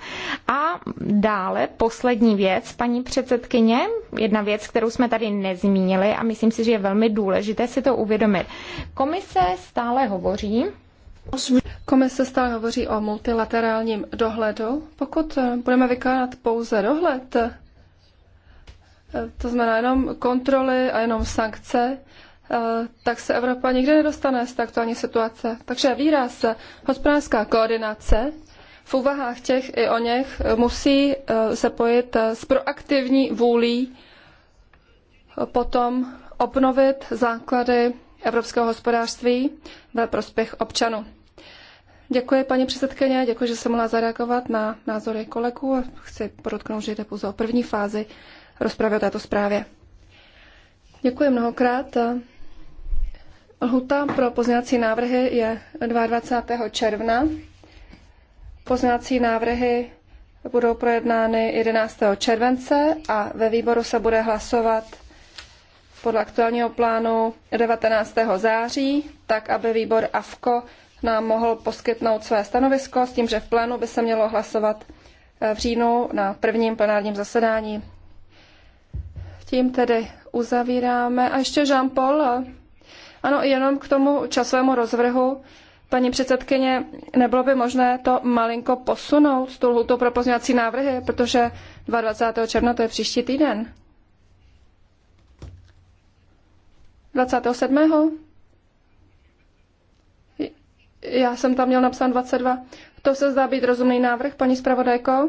A dále poslední věc, paní předsedkyně, jedna věc, kterou jsme tady nezmínili a myslím si, že je velmi důležité si to uvědomit. Komise stále hovoří Komise stále hovoří o multilaterálním dohledu. Pokud eh, budeme vykládat pouze dohled, eh, to znamená jenom kontroly a jenom sankce, eh, tak se Evropa nikdy nedostane z takto ani situace. Takže výraz hospodářská koordinace v úvahách těch i o něch musí se pojit s proaktivní vůlí potom obnovit základy evropského hospodářství ve prospěch občanů. Děkuji, paní předsedkyně, děkuji, že jsem mohla zareagovat na názory kolegů. Chci podotknout, že jde pouze o první fázi rozpravy o této zprávě. Děkuji mnohokrát. Lhuta pro pozněvací návrhy je 22. června. Pozněvací návrhy budou projednány 11. července a ve výboru se bude hlasovat podle aktuálního plánu 19. září, tak aby výbor AFKO nám mohl poskytnout své stanovisko s tím, že v plénu by se mělo hlasovat eh, v říjnu na prvním plenárním zasedání. Tím tedy uzavíráme. A ještě Jean-Paul. Eh, ano, jenom k tomu časovému rozvrhu. Paní předsedkyně, nebylo by možné to malinko posunout, tu lhutu pro pozměňovací návrhy, protože 22. června to je příští týden. 27. Já jsem tam měl napsán 22. To se zdá být rozumný návrh, paní zpravodajko?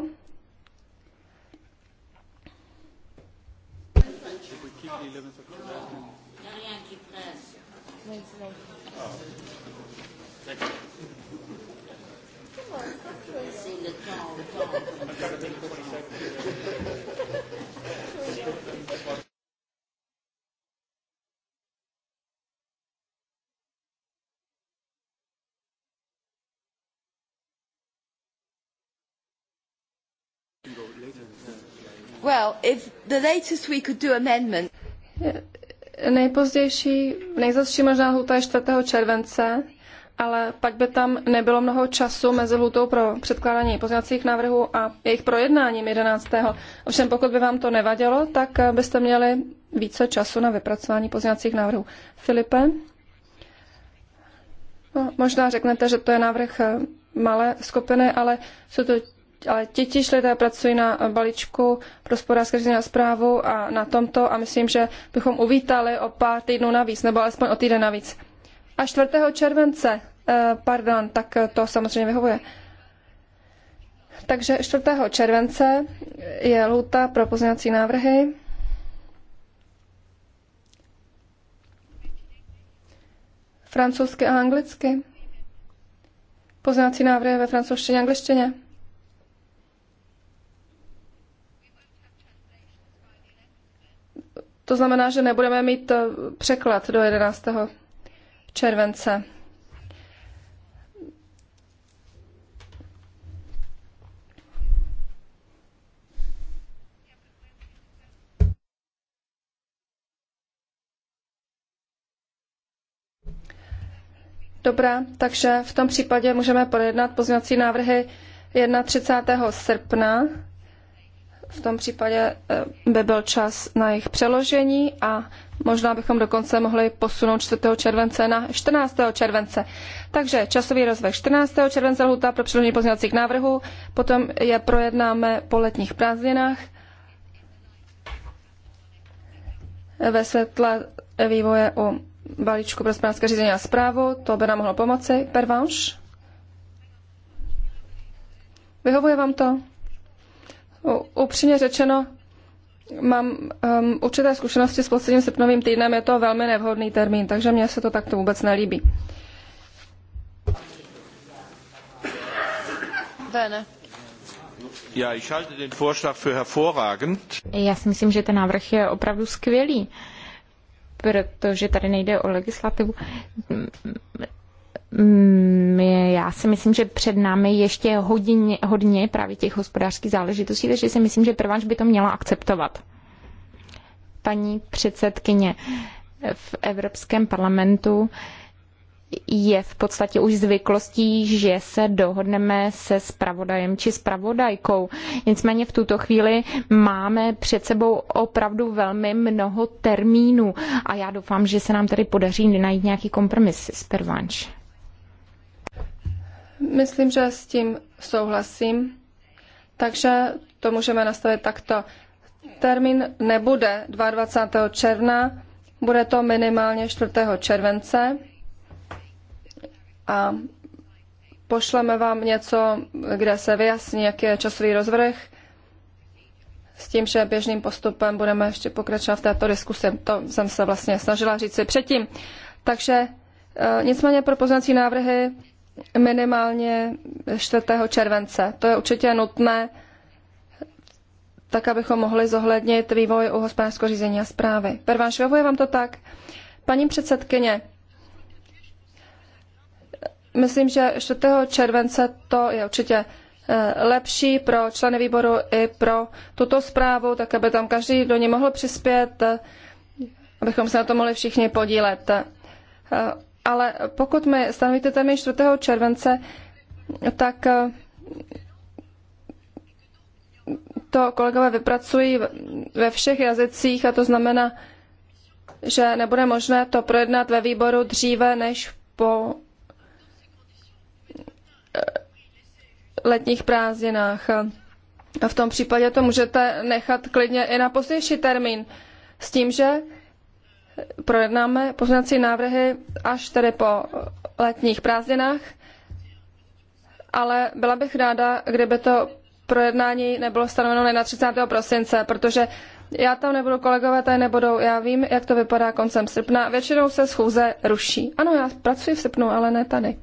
Well, if the latest we could do amendment. Nejpozdější, nejzazší možná lhuta je 4. července, ale pak by tam nebylo mnoho času mezi lhutou pro předkládání pozměňovacích návrhů a jejich projednáním 11. Ovšem, pokud by vám to nevadilo, tak byste měli více času na vypracování pozměňovacích návrhů. Filipe? No, možná řeknete, že to je návrh malé skupiny, ale jsou to ale titíž lidé pracují na balíčku pro hospodářské řízení a zprávu a na tomto a myslím, že bychom uvítali o pár týdnů navíc, nebo alespoň o týden navíc. A 4. července, eh, pardon, tak to samozřejmě vyhovuje. Takže 4. července je lhůta pro pozměňovací návrhy. Francouzsky a anglicky. Pozměňovací návrhy ve francouzštině a angličtině. To znamená, že nebudeme mít eh, překlad do 11. července. Dobrá, takže v tom případě můžeme projednat pozměňovací návrhy 31. srpna v tom případě eh, by byl čas na jejich přeložení a možná bychom dokonce mohli posunout 4. července na 14. července. Takže časový rozvrh 14. července lhuta pro přeložení pozměňovacích návrhů, potom je projednáme po letních prázdninách ve světle vývoje u balíčku pro správské řízení a zprávu, to by nám mohlo pomoci. Pervanš? Vyhovuje vám to? Upřímně řečeno, mám um, určité zkušenosti s posledním srpnovým týdnem, je to velmi nevhodný termín, takže mně se to takto vůbec nelíbí. Vene. Já, Já si myslím, že ten návrh je opravdu skvělý, protože tady nejde o legislativu. Mm, já si myslím, že před námi ještě hodně, hodně právě těch hospodářských záležitostí, takže si myslím, že prváč by to měla akceptovat. Paní předsedkyně, v Evropském parlamentu je v podstatě už zvyklostí, že se dohodneme se spravodajem či spravodajkou. Nicméně v tuto chvíli máme před sebou opravdu velmi mnoho termínů a já doufám, že se nám tady podaří najít nějaký kompromis s Pervanč. Myslím, že s tím souhlasím. Takže to můžeme nastavit takto. Termín nebude 22. června, bude to minimálně 4. července a pošleme vám něco, kde se vyjasní, jaký je časový rozvrh, s tím, že běžným postupem budeme ještě pokračovat v této diskusi. To jsem se vlastně snažila si předtím. Takže eh, nicméně pro poznací návrhy minimálně 4. července. To je určitě nutné, tak abychom mohli zohlednit vývoj u hospodářského řízení a zprávy. Perván Švavuje vám to tak? Paní předsedkyně, myslím, že 4. července to je určitě eh, lepší pro členy výboru i pro tuto zprávu, tak aby tam každý do ní mohl přispět, eh, abychom se na to mohli všichni podílet. Eh, ale pokud mi stanovíte termín 4. července, tak eh, to kolegové vypracují ve všech jazycích a to znamená, že nebude možné to projednat ve výboru dříve než po eh, letních prázdninách. A v tom případě to můžete nechat klidně i na pozdější termín. S tím, že projednáme poznací návrhy až tedy po letních prázdninách, ale byla bych ráda, kdyby to projednání nebylo stanoveno na 30. prosince, protože já tam nebudu, kolegové tady nebudou, já vím, jak to vypadá koncem srpna. Většinou se schůze ruší. Ano, já pracuji v srpnu, ale ne tady.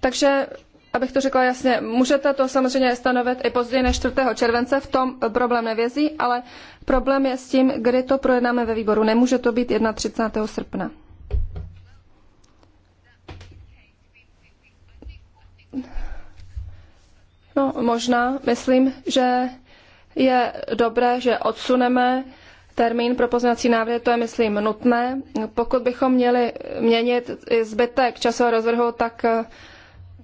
Takže abych to řekla jasně, můžete to samozřejmě stanovit i později než 4. července, v tom problém nevězí, ale problém je s tím, kdy to projednáme ve výboru. Nemůže to být 31. srpna. No, možná, myslím, že je dobré, že odsuneme termín pro poznací návrhy, to je, myslím, nutné. Pokud bychom měli měnit zbytek časového rozvrhu, tak eh,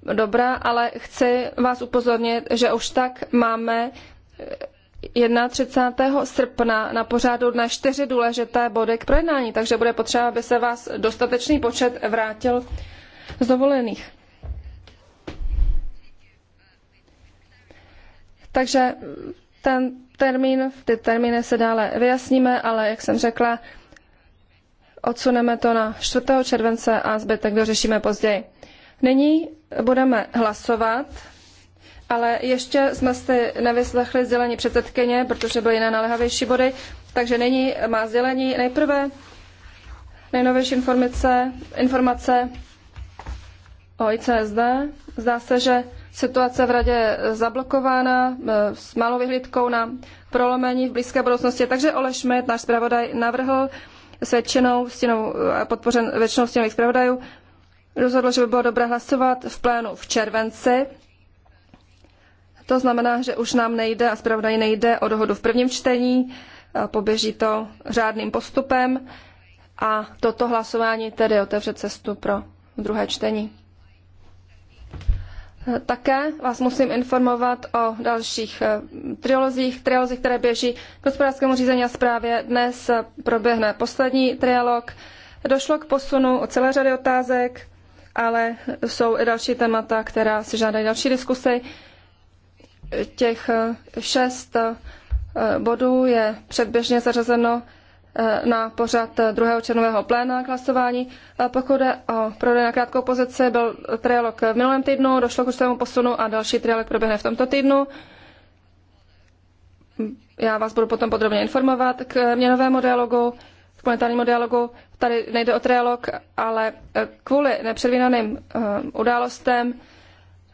dobrá, ale chci vás upozornit, že už tak máme 31. Eh, srpna na pořádu dne čtyři důležité body k projednání, takže bude potřeba, aby se vás dostatečný počet vrátil z dovolených. Takže ten termín, ty termíny se dále vyjasníme, ale jak jsem řekla, odsuneme to na 4. července a zbytek dořešíme později. Nyní budeme hlasovat, ale ještě jsme si nevyslechli zelení předsedkyně, protože byly jiné naléhavější body, takže nyní má zelení. nejprve nejnovější informace, informace o ICSD. Zdá se, že situace v radě je zablokována e, s malou vyhlídkou na prolomení v blízké budoucnosti. Takže Ole Schmidt, náš zpravodaj, navrhl s většinou, stěnou, e, podpořen většinou stěnových zpravodajů, rozhodlo, že by bylo dobré hlasovat v plénu v červenci. To znamená, že už nám nejde a zpravodaji nejde o dohodu v prvním čtení, poběží to řádným postupem a toto hlasování tedy otevře cestu pro druhé čtení. Také vás musím informovat o dalších eh, trialozích, trialozích, které běží k hospodářskému řízení a zprávě. Dnes proběhne poslední trialog. Došlo k posunu o celé řady otázek ale jsou i další témata, která si žádají další diskusy. Těch eh, šest eh, bodů je předběžně zařazeno eh, na pořad druhého černového pléna k hlasování. Pokud jde o prodej na krátkou pozici, byl trialog v minulém týdnu, došlo k určitému posunu a další trialog proběhne v tomto týdnu. Já vás budu potom podrobně informovat k měnovému dialogu, k planetárnímu dialogu tady nejde o trialog, ale eh, kvůli nepředvídaným eh, událostem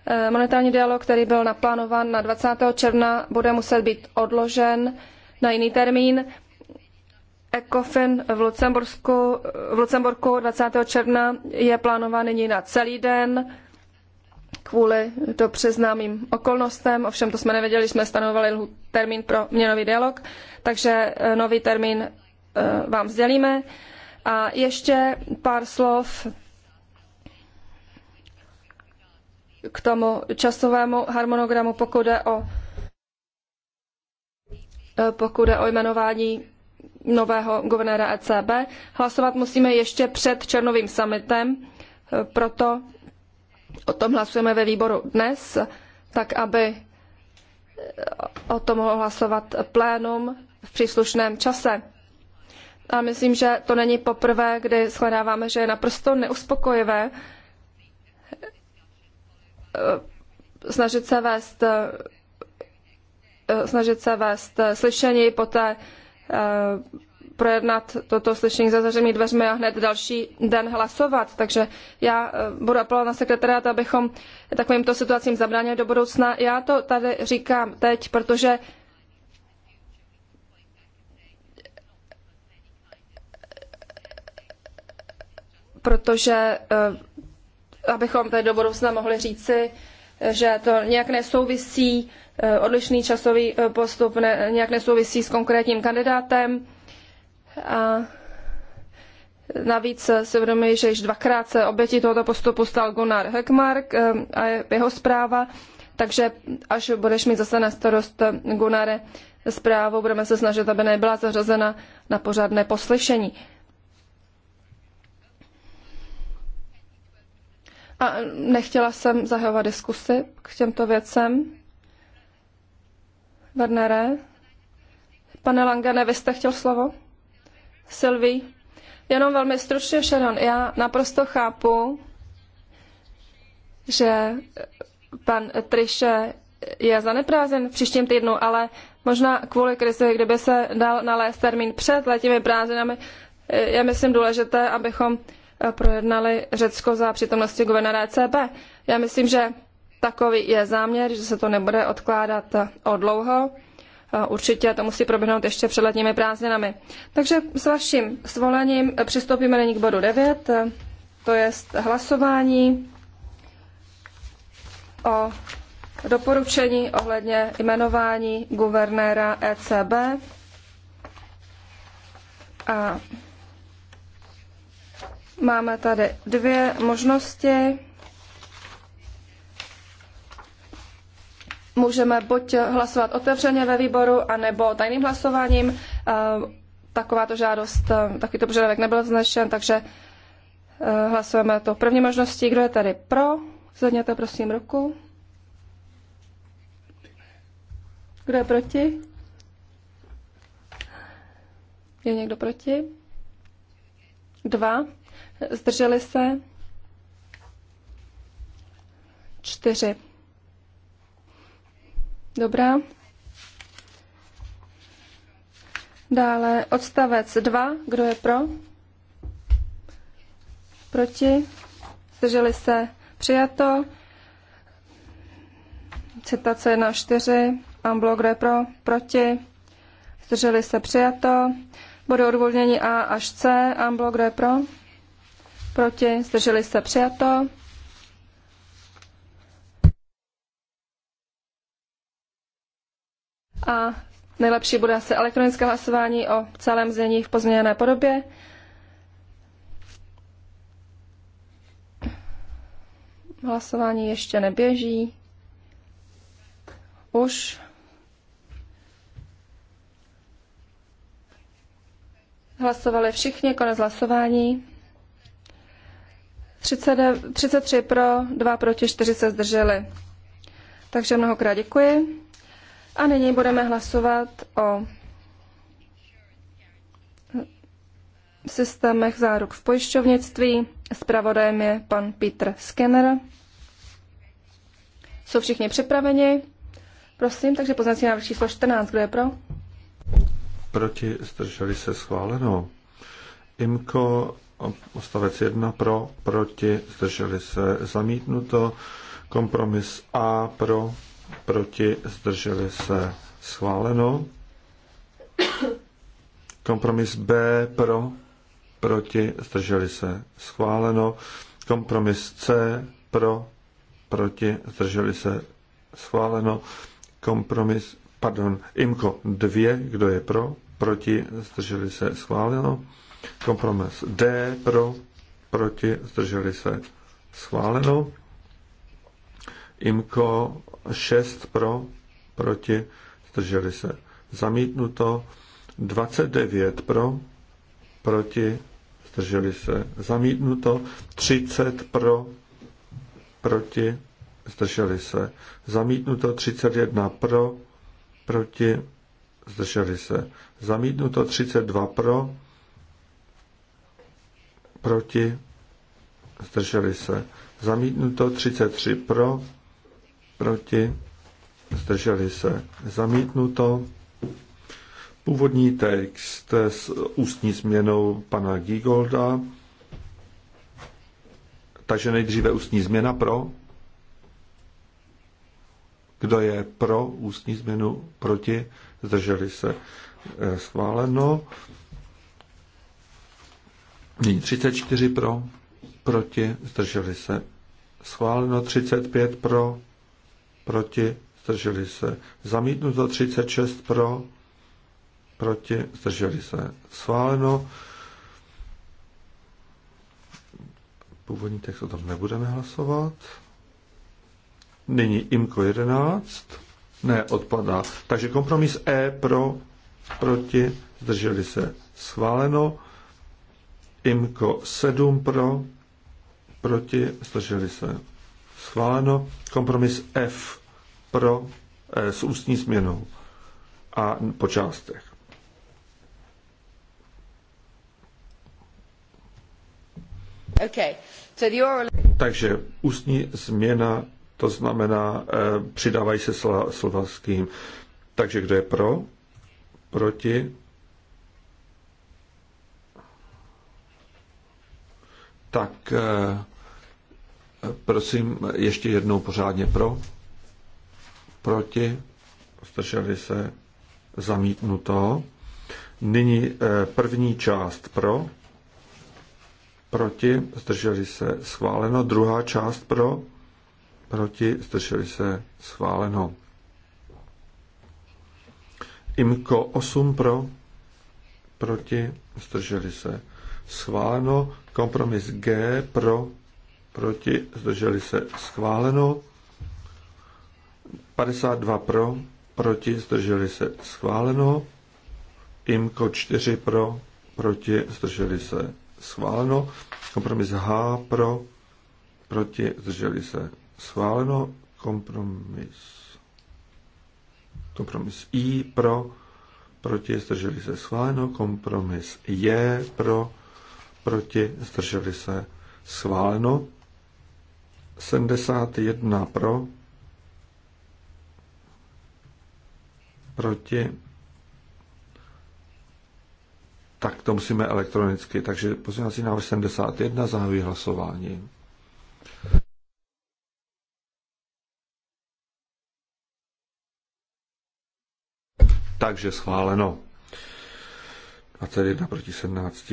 eh, monetární dialog, který byl naplánován na 20. června, bude muset být odložen na jiný termín. ECOFIN v Lucembursku, v Lucemburku 20. června je plánován nyní na celý den kvůli to přeznámým okolnostem. Ovšem to jsme nevěděli, jsme stanovali termín pro měnový dialog, takže nový termín vám sdělíme. A ještě pár slov k tomu časovému harmonogramu, pokud jde o, pokud jde o jmenování nového guvernéra ECB. Hlasovat musíme ještě před černovým summitem, proto o tom hlasujeme ve výboru dnes, tak aby o tom mohlo hlasovat plénum v příslušném čase a myslím, že to není poprvé, kdy shledáváme, že je naprosto neuspokojivé eh, snažit se vést, eh, snažit se vést slyšení, poté eh, projednat toto slyšení za zavřenými dveřmi a hned další den hlasovat. Takže já budu apelovat na sekretariát, abychom takovýmto situacím zabránili do budoucna. Já to tady říkám teď, protože protože eh, abychom tedy do budoucna mohli říci, že to nějak nesouvisí, eh, odlišný časový eh, postup ne, nějak nesouvisí s konkrétním kandidátem. A navíc si uvědomuji, že již dvakrát se obětí tohoto postupu stal Gunnar Höckmark a jeho zpráva, takže až budeš mít zase na starost Gunnare zprávu, budeme se snažit, aby nebyla zařazena na pořádné poslyšení. A nechtěla jsem zahajovat diskusy k těmto věcem. Wernere, pane Langane, vy jste chtěl slovo? Silví? jenom velmi stručně, Sharon, já naprosto chápu, že pan Triše je zaneprázen v příštím týdnu, ale možná kvůli krizi, kdyby se dal nalézt termín před letními prázdninami, je myslím důležité, abychom Eh, projednali Řecko za přítomnosti guvernéra ECB. Já myslím, že takový je záměr, že se to nebude odkládat eh, o dlouho. Eh, určitě to musí proběhnout ještě před letními prázdninami. Takže s vaším svolením přistoupíme nyní k bodu 9, to je hlasování o doporučení ohledně jmenování guvernéra ECB. A Máme tady dvě možnosti. Můžeme buď hlasovat otevřeně ve výboru, anebo tajným hlasováním. Eh, takováto žádost, eh, takovýto požadavek nebyl vznešen, takže eh, hlasujeme to první možností. Kdo je tady pro? Zvedněte prosím ruku. Kdo je proti? Je někdo proti? Dva zdrželi se, čtyři. Dobrá. Dále odstavec 2. Kdo je pro? Proti? Zdrželi se? Přijato. Citace na 4. Amblo, kdo je pro? Proti? Zdrželi se? Přijato. Body odvolnění A až C. Amblo, kdo je pro? proti, zdrželi se přijato. A nejlepší bude asi elektronické hlasování o celém znění v pozměněné podobě. Hlasování ještě neběží. Už. Hlasovali všichni, konec hlasování. 33 pro, 2 proti, 4 se zdrželi. Takže mnohokrát děkuji. A nyní budeme hlasovat o systémech záruk v pojišťovnictví. Spravodajem je pan Peter Skinner. Jsou všichni připraveni? Prosím, takže poznací návrh číslo 14. Kdo je pro? Proti, zdrželi se schváleno. IMKO Ostavec 1 pro, proti, zdrželi se, zamítnuto. Kompromis A pro, proti, zdrželi se, schváleno. Kompromis B pro, proti, zdrželi se, schváleno. Kompromis C pro, proti, zdrželi se, schváleno. Kompromis, pardon, IMKO 2, kdo je pro, proti, zdrželi se, schváleno. Kompromis D pro, proti, zdrželi se schváleno. IMKO 6 pro, proti, zdrželi se zamítnuto. 29 pro, proti, zdrželi se zamítnuto. 30 pro, proti, zdrželi se zamítnuto. 31 pro, proti, zdrželi se. Zamítnuto 32 pro, proti, zdrželi se. Zamítnuto 33 pro, proti, zdrželi se. Zamítnuto. Původní text s ústní změnou pana Gigolda. Takže nejdříve ústní změna pro. Kdo je pro ústní změnu proti, zdrželi se. Eh, schváleno. Nyní 34 pro, proti, zdrželi se. Schváleno 35 pro, proti, zdrželi se. Zamítnuto 36 pro, proti, zdrželi se. Schváleno. Původní text o tom nebudeme hlasovat. Nyní IMKO 11. Ne, odpadá. Takže kompromis E pro, proti, zdrželi se. Schváleno. IMKO 7 pro, proti, zdrželi se. Schváleno. Kompromis F pro eh, s ústní změnou a po částech. Okay. So the oral... Takže ústní změna, to znamená, eh, přidávají se slova, slova s kým. Takže kdo je pro, proti, tak eh, prosím ještě jednou pořádně pro, proti, zdrželi se, zamítnuto. Nyní eh, první část pro, proti, zdrželi se, schváleno. Druhá část pro, proti, zdrželi se, schváleno. IMKO 8 pro, proti, zdrželi se, schváleno. Kompromis G pro, proti, zdrželi se schváleno. 52 pro, proti, zdrželi se schváleno. IMKO 4 pro, proti, zdrželi se schváleno. Kompromis H pro, proti, zdrželi se schváleno. Kompromis kompromis I pro, proti, zdrželi se schváleno, kompromis J pro, proti, zdrželi se, schváleno. 71 pro, proti, tak to musíme elektronicky. Takže pozměňovací návrh 71 zahajuji hlasování. Takže schváleno. 21 proti 17.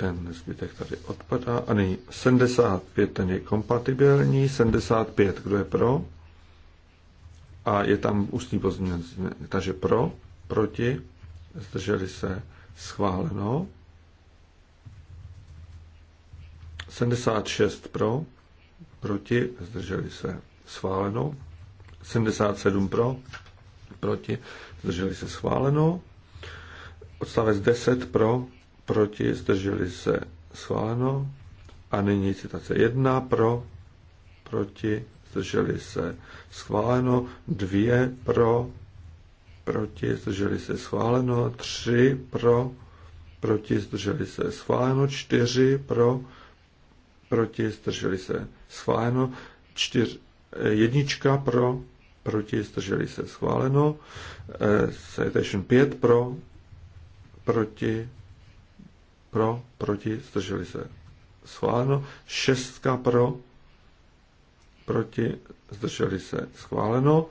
ten zbytek tady odpadá. A nyní 75, ten je kompatibilní. 75, kdo je pro? A je tam ústní pozměnění, takže pro, proti, zdrželi se, schváleno. 76 pro, proti, zdrželi se, schváleno. 77 pro, proti, zdrželi se, schváleno. Odstavec 10 pro, proti, zdrželi se, schváleno. A nyní citace jedna pro, proti, zdrželi se, schváleno. Dvě pro, proti, zdrželi se, schváleno. Tři pro, proti, zdrželi se, schváleno. čtyři pro, proti, zdrželi se, schváleno. čtyř eh, jednička pro, proti, zdrželi se, schváleno. Eh, citation 5 pro, proti, pro, proti, zdrželi se. Schváleno. Šestka pro, proti, zdrželi se. Schváleno.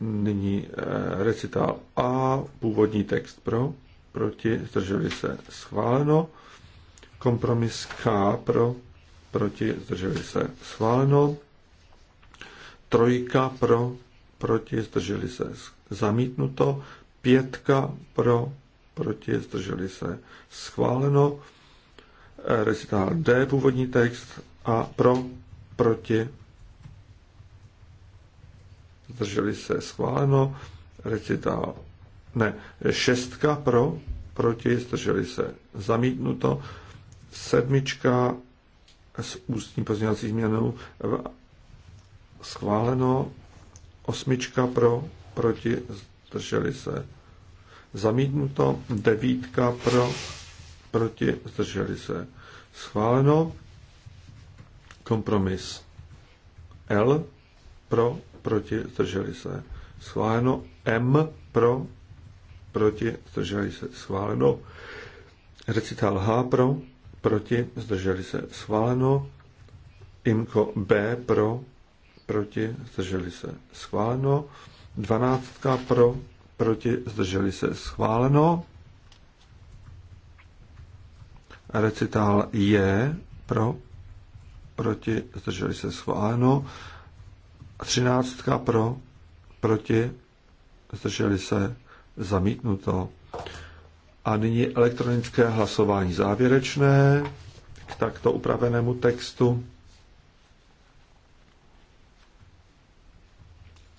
Nyní eh, recitál A, původní text pro, proti, zdrželi se. Schváleno. Kompromis K pro, proti, zdrželi se. Schváleno. Trojka pro, proti, zdrželi se. Zamítnuto. Pětka pro, proti, zdrželi se schváleno. Eh, recitál D, původní text, a pro, proti, zdrželi se schváleno. Recitál, ne, šestka pro, proti, zdrželi se zamítnuto. Sedmička s ústní pozměňovací změnou schváleno. Osmička pro, proti, zdrželi se Zamítnuto devítka pro, proti, zdrželi se. Schváleno. Kompromis L pro, proti, zdrželi se. Schváleno M pro, proti, zdrželi se. Schváleno. Recital H pro, proti, zdrželi se. Schváleno. Imko B pro, proti, zdrželi se. Schváleno. Dvanáctka pro, proti, zdrželi se schváleno. Recitál je pro, proti, zdrželi se schváleno. Třináctka pro, proti, zdrželi se zamítnuto. A nyní elektronické hlasování závěrečné k takto upravenému textu.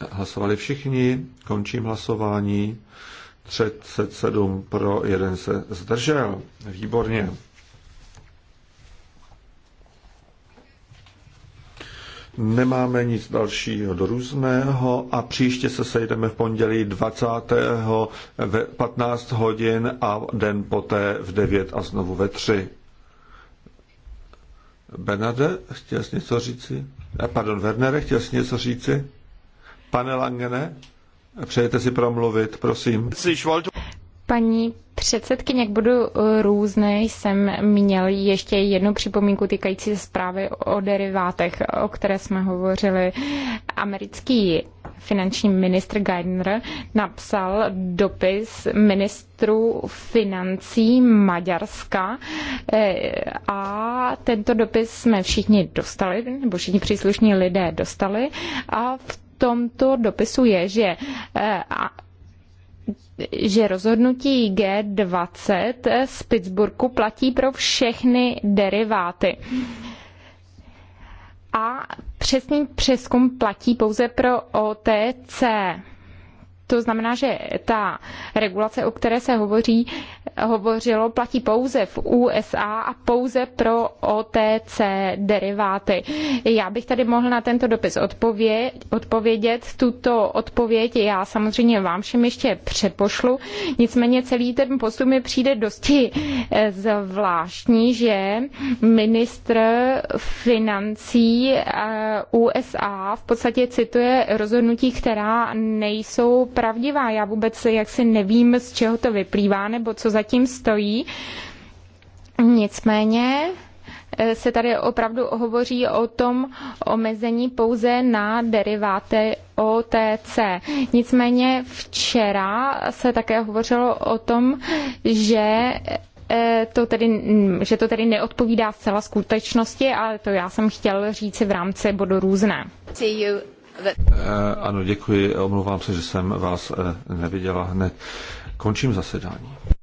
Hlasovali všichni, končím hlasování. 37 pro, jeden se zdržel. Výborně. Nemáme nic dalšího do různého a příště se sejdeme v pondělí 20. ve 15 hodin a den poté v 9 a znovu ve 3. Benade, chtěl jsi něco říci? Eh, pardon, Wernere, chtěl jsi něco říci? Pane Langene, přejete si promluvit, prosím. Paní předsedkyně, jak budu eh, různý. jsem měl ještě jednu připomínku týkající se zprávy o derivátech, o které jsme hovořili. Americký finanční ministr Geidner napsal dopis ministru financí Maďarska eh, a tento dopis jsme všichni dostali, nebo všichni příslušní lidé dostali a v tomto dopisu je, že eh, že rozhodnutí G20 z Pittsburghu platí pro všechny deriváty. A přesný přeskum platí pouze pro OTC. To znamená, že ta regulace, o které se hovoří, hovořilo, platí pouze v USA a pouze pro OTC deriváty. Já bych tady mohl na tento dopis odpověd, odpovědět. Tuto odpověď já samozřejmě vám všem ještě přepošlu. Nicméně celý ten postup mi přijde dosti eh, zvláštní, že ministr financí eh, USA v podstatě cituje rozhodnutí, která nejsou pravdivá. Já vůbec jaksi nevím, z čeho to vyplývá nebo co zatím stojí. Nicméně eh, se tady opravdu hovoří o tom omezení pouze na deriváty OTC. Nicméně včera se také hovořilo o tom, že eh, to tedy, mm, že to tedy neodpovídá zcela skutečnosti, ale to já jsem chtěl říci v rámci bodu různé. Eh, ano, děkuji. Omlouvám se, že jsem vás eh, neviděla hned. Končím zasedání.